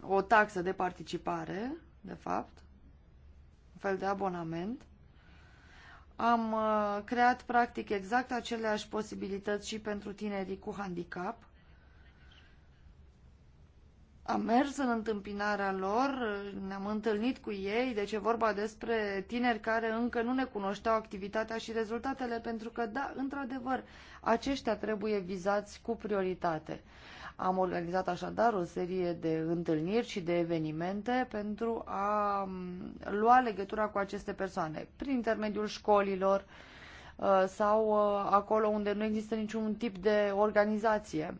o taxă de participare, de fapt, un fel de abonament. Am uh, creat practic exact aceleași posibilități și pentru tinerii cu handicap am mers în întâmpinarea lor, ne-am întâlnit cu ei, deci e vorba despre tineri care încă nu ne cunoșteau activitatea și rezultatele, pentru că, da, într-adevăr, aceștia trebuie vizați cu prioritate. Am organizat așadar o serie de întâlniri și de evenimente pentru a lua legătura cu aceste persoane, prin intermediul școlilor uh, sau uh, acolo unde nu există niciun tip de organizație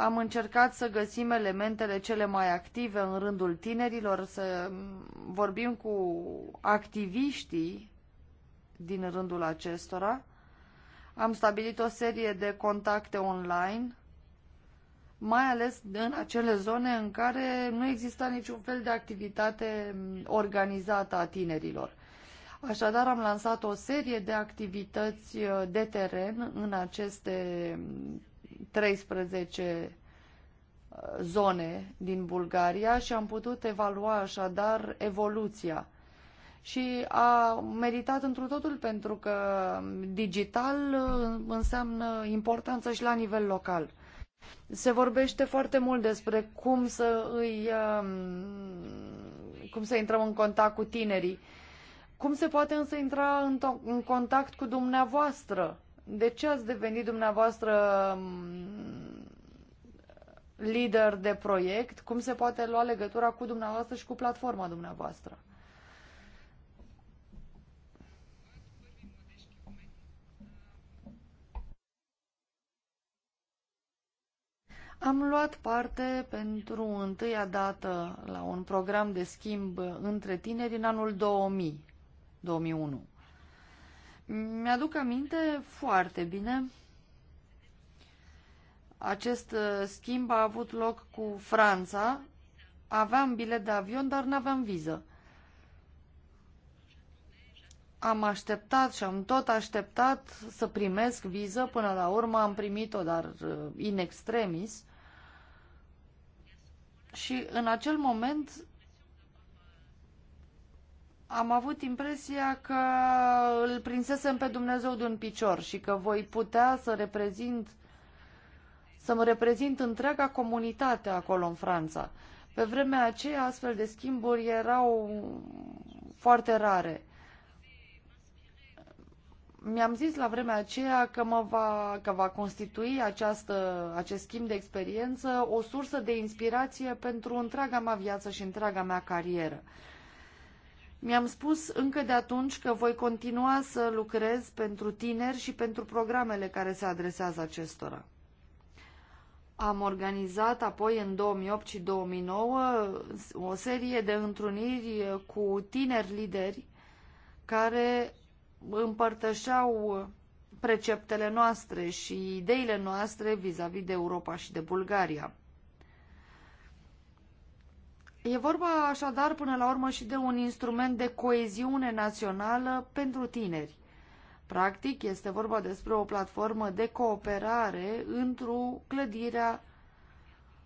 am încercat să găsim elementele cele mai active în rândul tinerilor, să vorbim cu activiștii din rândul acestora. Am stabilit o serie de contacte online, mai ales în acele zone în care nu exista niciun fel de activitate organizată a tinerilor. Așadar, am lansat o serie de activități uh, de teren în aceste 13 uh, zone din Bulgaria și am putut evalua așadar evoluția. Și a meritat întru totul pentru că digital uh, înseamnă importanță și la nivel local. Se vorbește foarte mult despre cum să îi um, cum să intrăm în contact cu tinerii. Cum se poate însă intra în, în contact cu dumneavoastră? de ce ați devenit dumneavoastră mm, lider de proiect? Cum se poate lua legătura cu dumneavoastră și cu platforma dumneavoastră? Am luat parte pentru întâia dată la un program de schimb între tineri în anul 2000, 2001. Mi-aduc aminte foarte bine. Acest uh, schimb a avut loc cu Franța. Aveam bilet de avion, dar n-aveam viză. Am așteptat și am tot așteptat să primesc viză. Până la urmă am primit-o, dar uh, in extremis. Și în acel moment am avut impresia că îl prinsesem pe Dumnezeu de un picior și că voi putea să reprezint să mă reprezint întreaga comunitate acolo în Franța. Pe vremea aceea, astfel de schimburi erau foarte rare. Mi-am zis la vremea aceea că, mă va, că va constitui această, acest schimb de experiență o sursă de inspirație pentru întreaga mea viață și întreaga mea carieră. Mi-am spus încă de atunci că voi continua să lucrez pentru tineri și pentru programele care se adresează acestora. Am organizat apoi în 2008 și 2009 o serie de întruniri cu tineri lideri care împărtășeau preceptele noastre și ideile noastre vis-a-vis -vis de Europa și de Bulgaria. E vorba așadar până la urmă și de un instrument de coeziune națională pentru tineri. Practic, este vorba despre o platformă de cooperare într-o clădirea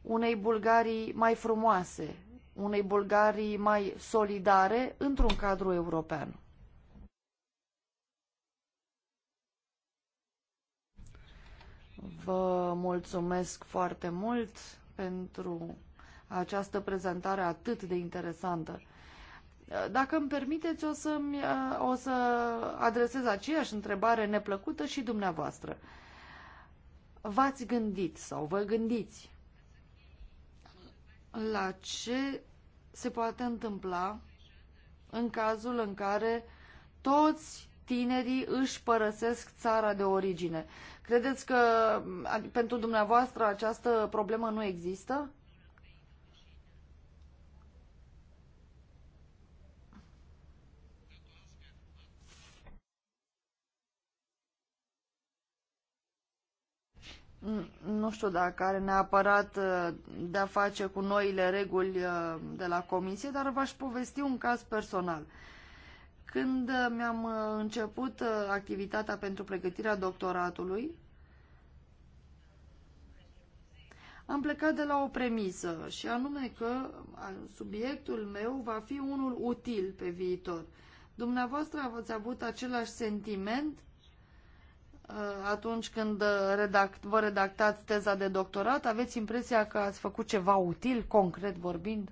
unei Bulgarii mai frumoase, unei Bulgarii mai solidare într-un cadru european. Vă mulțumesc foarte mult pentru această prezentare atât de interesantă. Dacă îmi permiteți, o, să o să adresez aceeași întrebare neplăcută și dumneavoastră. V-ați gândit sau vă gândiți la ce se poate întâmpla în cazul în care toți tinerii își părăsesc țara de origine. Credeți că adică, pentru dumneavoastră această problemă nu există? nu știu dacă are neapărat uh, de-a face cu noile reguli uh, de la comisie, dar v-aș povesti un caz personal. Când uh, mi-am început activitatea pentru pregătirea doctoratului, am plecat de la o premisă și anume că subiectul meu va fi unul util pe viitor. Dumneavoastră ați avut același sentiment Uh, atunci când uh, redact, vă redactați teza de doctorat, aveți impresia că ați făcut ceva util, concret vorbind?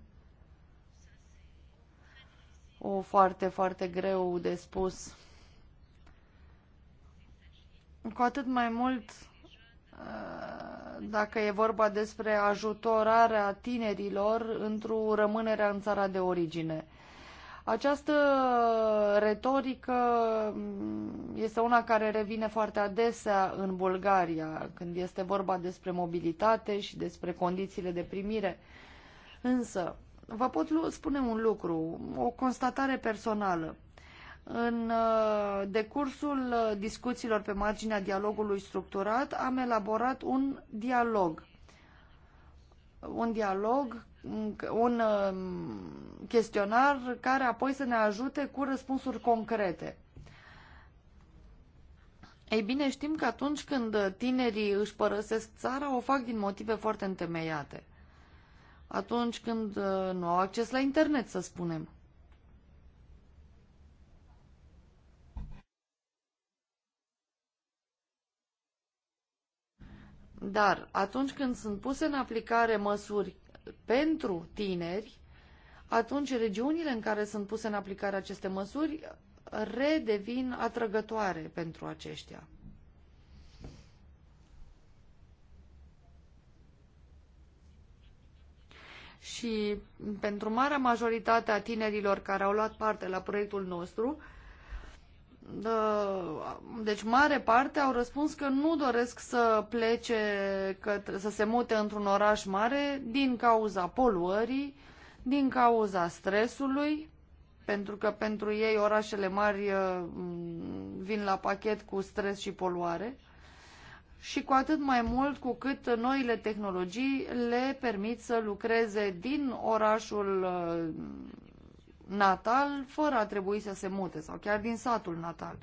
O, foarte, foarte greu de spus. Cu atât mai mult uh, dacă e vorba despre ajutorarea tinerilor într-o rămânere în țara de origine. Această retorică mm, este una care revine foarte adesea în Bulgaria, când este vorba despre mobilitate și despre condițiile de primire. Însă, vă pot spune un lucru, o constatare personală. În uh, decursul uh, discuțiilor pe marginea dialogului structurat, am elaborat un dialog. Un dialog un um, chestionar care apoi să ne ajute cu răspunsuri concrete. Ei bine, știm că atunci când tinerii își părăsesc țara, o fac din motive foarte întemeiate. Atunci când uh, nu au acces la internet, să spunem. Dar atunci când sunt puse în aplicare măsuri pentru tineri, atunci regiunile în care sunt puse în aplicare aceste măsuri redevin atrăgătoare pentru aceștia. Și pentru marea majoritate a tinerilor care au luat parte la proiectul nostru, uh, deci mare parte au răspuns că nu doresc să plece, către, să se mute într-un oraș mare din cauza poluării, din cauza stresului, pentru că pentru ei orașele mari uh, vin la pachet cu stres și poluare și cu atât mai mult cu cât noile tehnologii le permit să lucreze din orașul uh, natal fără a trebui să se mute sau chiar din satul natal.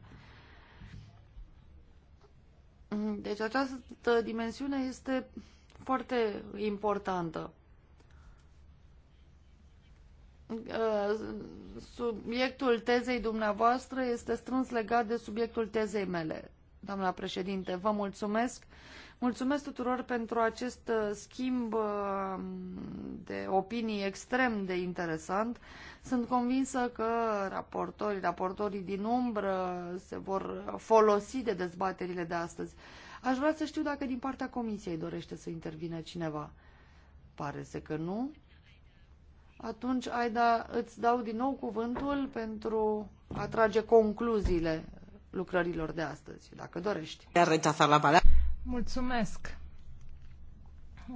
Deci această dimensiune este foarte importantă. Subiectul tezei dumneavoastră este strâns legat de subiectul tezei mele. Doamna președinte, vă mulțumesc Mulțumesc tuturor pentru acest uh, schimb uh, de opinii extrem de interesant. Sunt convinsă că raportorii, raportorii din umbră se vor folosi de dezbaterile de astăzi. Aș vrea să știu dacă din partea comisiei dorește să intervină cineva. Pare să că nu. Atunci, Aida, îți dau din nou cuvântul pentru a trage concluziile lucrărilor de astăzi, dacă dorești. Iar la palabra. Mulțumesc!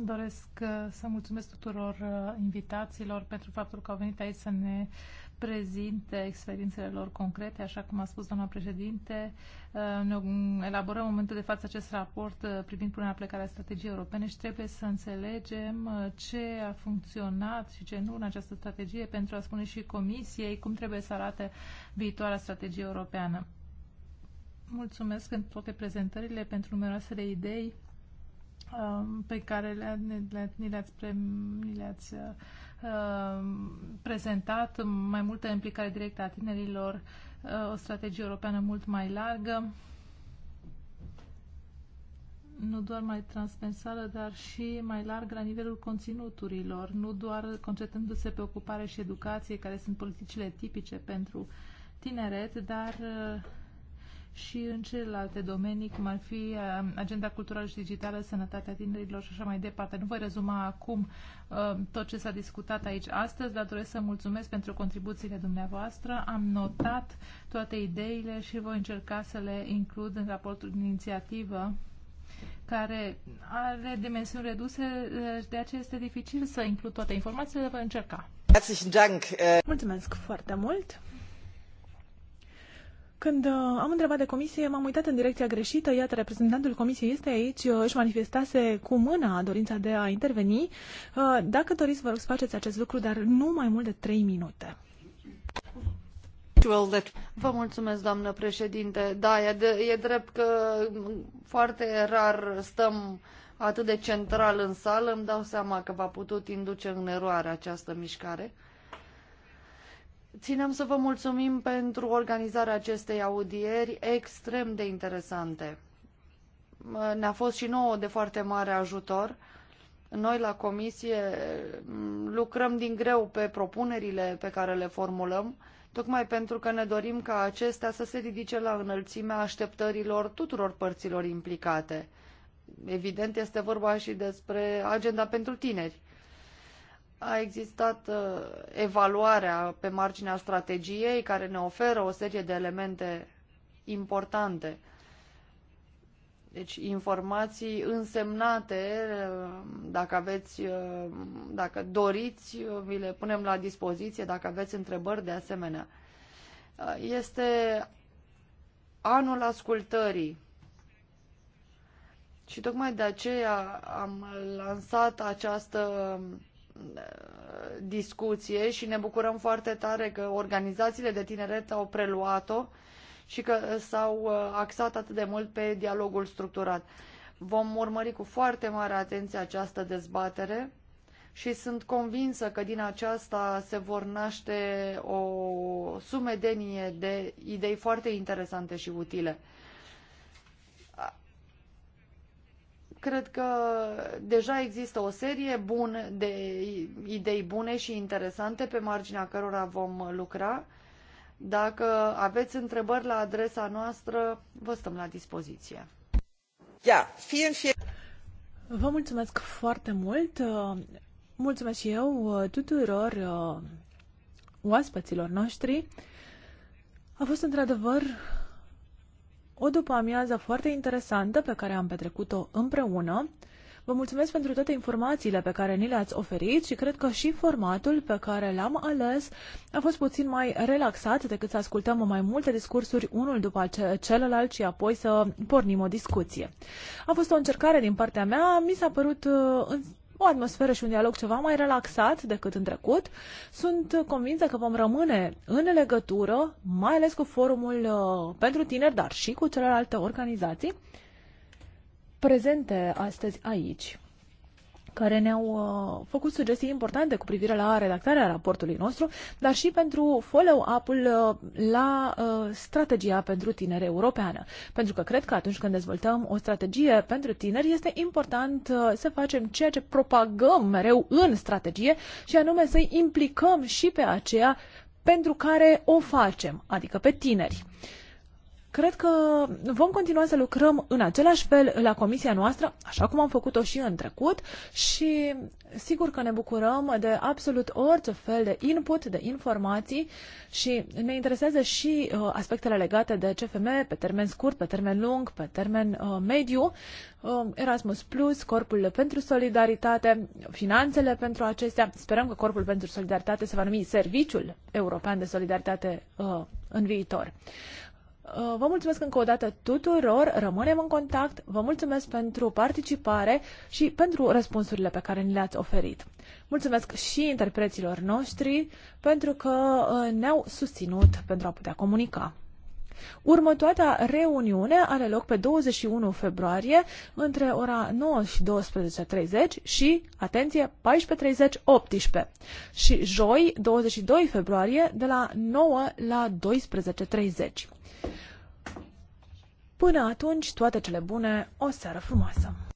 Doresc uh, să mulțumesc tuturor uh, invitațiilor pentru faptul că au venit aici să ne prezinte experiențele lor concrete, așa cum a spus doamna președinte. Uh, ne elaborăm în momentul de față acest raport privind punerea plecarea strategiei europene și trebuie să înțelegem ce a funcționat și ce nu în această strategie pentru a spune și Comisiei cum trebuie să arate viitoarea strategie europeană. Mulțumesc pentru toate prezentările, pentru numeroasele idei um, pe care le, le, ni le-ați, pre, ni le-ați uh, um, prezentat, mai multă implicare directă a tinerilor, uh, o strategie europeană mult mai largă, nu doar mai transversală, dar și mai larg la nivelul conținuturilor, nu doar concentrându-se pe ocupare și educație, care sunt politicile tipice pentru tineret, dar uh, și în celelalte domenii, cum ar fi uh, agenda culturală și digitală, sănătatea tinerilor și așa mai departe. Nu voi rezuma acum uh, tot ce s-a discutat aici astăzi, dar doresc să mulțumesc pentru contribuțiile dumneavoastră. Am notat toate ideile și voi încerca să le includ în raportul din inițiativă care are dimensiuni reduse, deci de aceea este dificil să includ toate informațiile, voi încerca. Uh, mulțumesc foarte mult! Când uh, am întrebat de comisie, m-am uitat în direcția greșită. Iată, reprezentantul comisiei este aici, uh, își manifestase cu mâna dorința de a interveni. Uh, dacă doriți, vă rog să faceți acest lucru, dar nu mai mult de 3 minute. Vă mulțumesc, doamnă președinte. Da, e, de, e drept că foarte rar stăm atât de central în sală. Îmi dau seama că v-a putut induce în eroare această mișcare. Ținem să vă mulțumim pentru organizarea acestei audieri extrem de interesante. Ne-a fost și nouă de foarte mare ajutor. Noi la comisie lucrăm din greu pe propunerile pe care le formulăm, tocmai pentru că ne dorim ca acestea să se ridice la înălțimea așteptărilor tuturor părților implicate. Evident, este vorba și despre agenda pentru tineri a existat uh, evaluarea pe marginea strategiei care ne oferă o serie de elemente importante. Deci informații însemnate, uh, dacă aveți, uh, dacă doriți, vi le punem la dispoziție, dacă aveți întrebări de asemenea. Este anul ascultării. Și tocmai de aceea am lansat această Uh, discuție și ne bucurăm foarte tare că organizațiile de tineret au preluat-o și că s-au uh, axat atât de mult pe dialogul structurat. Vom urmări cu foarte mare atenție această dezbatere și sunt convinsă că din aceasta se vor naște o sumedenie de idei foarte interesante și utile. Cred că deja există o serie bună de idei bune și interesante pe marginea cărora vom lucra. Dacă aveți întrebări la adresa noastră, vă stăm la dispoziție. Ja, vielen, fie. Vă mulțumesc foarte mult. Mulțumesc și eu uh, tuturor uh, oaspeților noștri. A fost într-adevăr o după-amiază foarte interesantă pe care am petrecut-o împreună. Vă mulțumesc pentru toate informațiile pe care ni le-ați oferit și cred că și formatul pe care l-am ales a fost puțin mai relaxat decât să ascultăm mai multe discursuri unul după celălalt și apoi să pornim o discuție. A fost o încercare din partea mea, mi s-a părut uh, o atmosferă și un dialog ceva mai relaxat decât în trecut. Sunt convinsă că vom rămâne în legătură, mai ales cu forumul uh, pentru tineri, dar și cu celelalte organizații prezente astăzi aici care ne-au uh, făcut sugestii importante cu privire la redactarea raportului nostru, dar și pentru follow-up-ul uh, la uh, strategia pentru tineri europeană. Pentru că cred că atunci când dezvoltăm o strategie pentru tineri, este important uh, să facem ceea ce propagăm mereu în strategie și anume să-i implicăm și pe aceea pentru care o facem, adică pe tineri. Cred că vom continua să lucrăm în același fel la comisia noastră, așa cum am făcut-o și în trecut și sigur că ne bucurăm de absolut orice fel de input, de informații și ne interesează și uh, aspectele legate de CFM pe termen scurt, pe termen lung, pe termen uh, mediu, uh, Erasmus Plus, Corpul pentru Solidaritate, finanțele pentru acestea. Sperăm că Corpul pentru Solidaritate se va numi Serviciul European de Solidaritate uh, în viitor. Uh, vă mulțumesc încă o dată tuturor, rămânem în contact, vă mulțumesc pentru participare și pentru răspunsurile pe care ni le-ați oferit. Mulțumesc și interpreților noștri pentru că uh, ne-au susținut pentru a putea comunica. Următoarea reuniune are loc pe 21 februarie între ora 9 și 12.30 și, atenție, 14.30-18 și joi 22 februarie de la 9 la 12.30. Până atunci, toate cele bune, o seară frumoasă!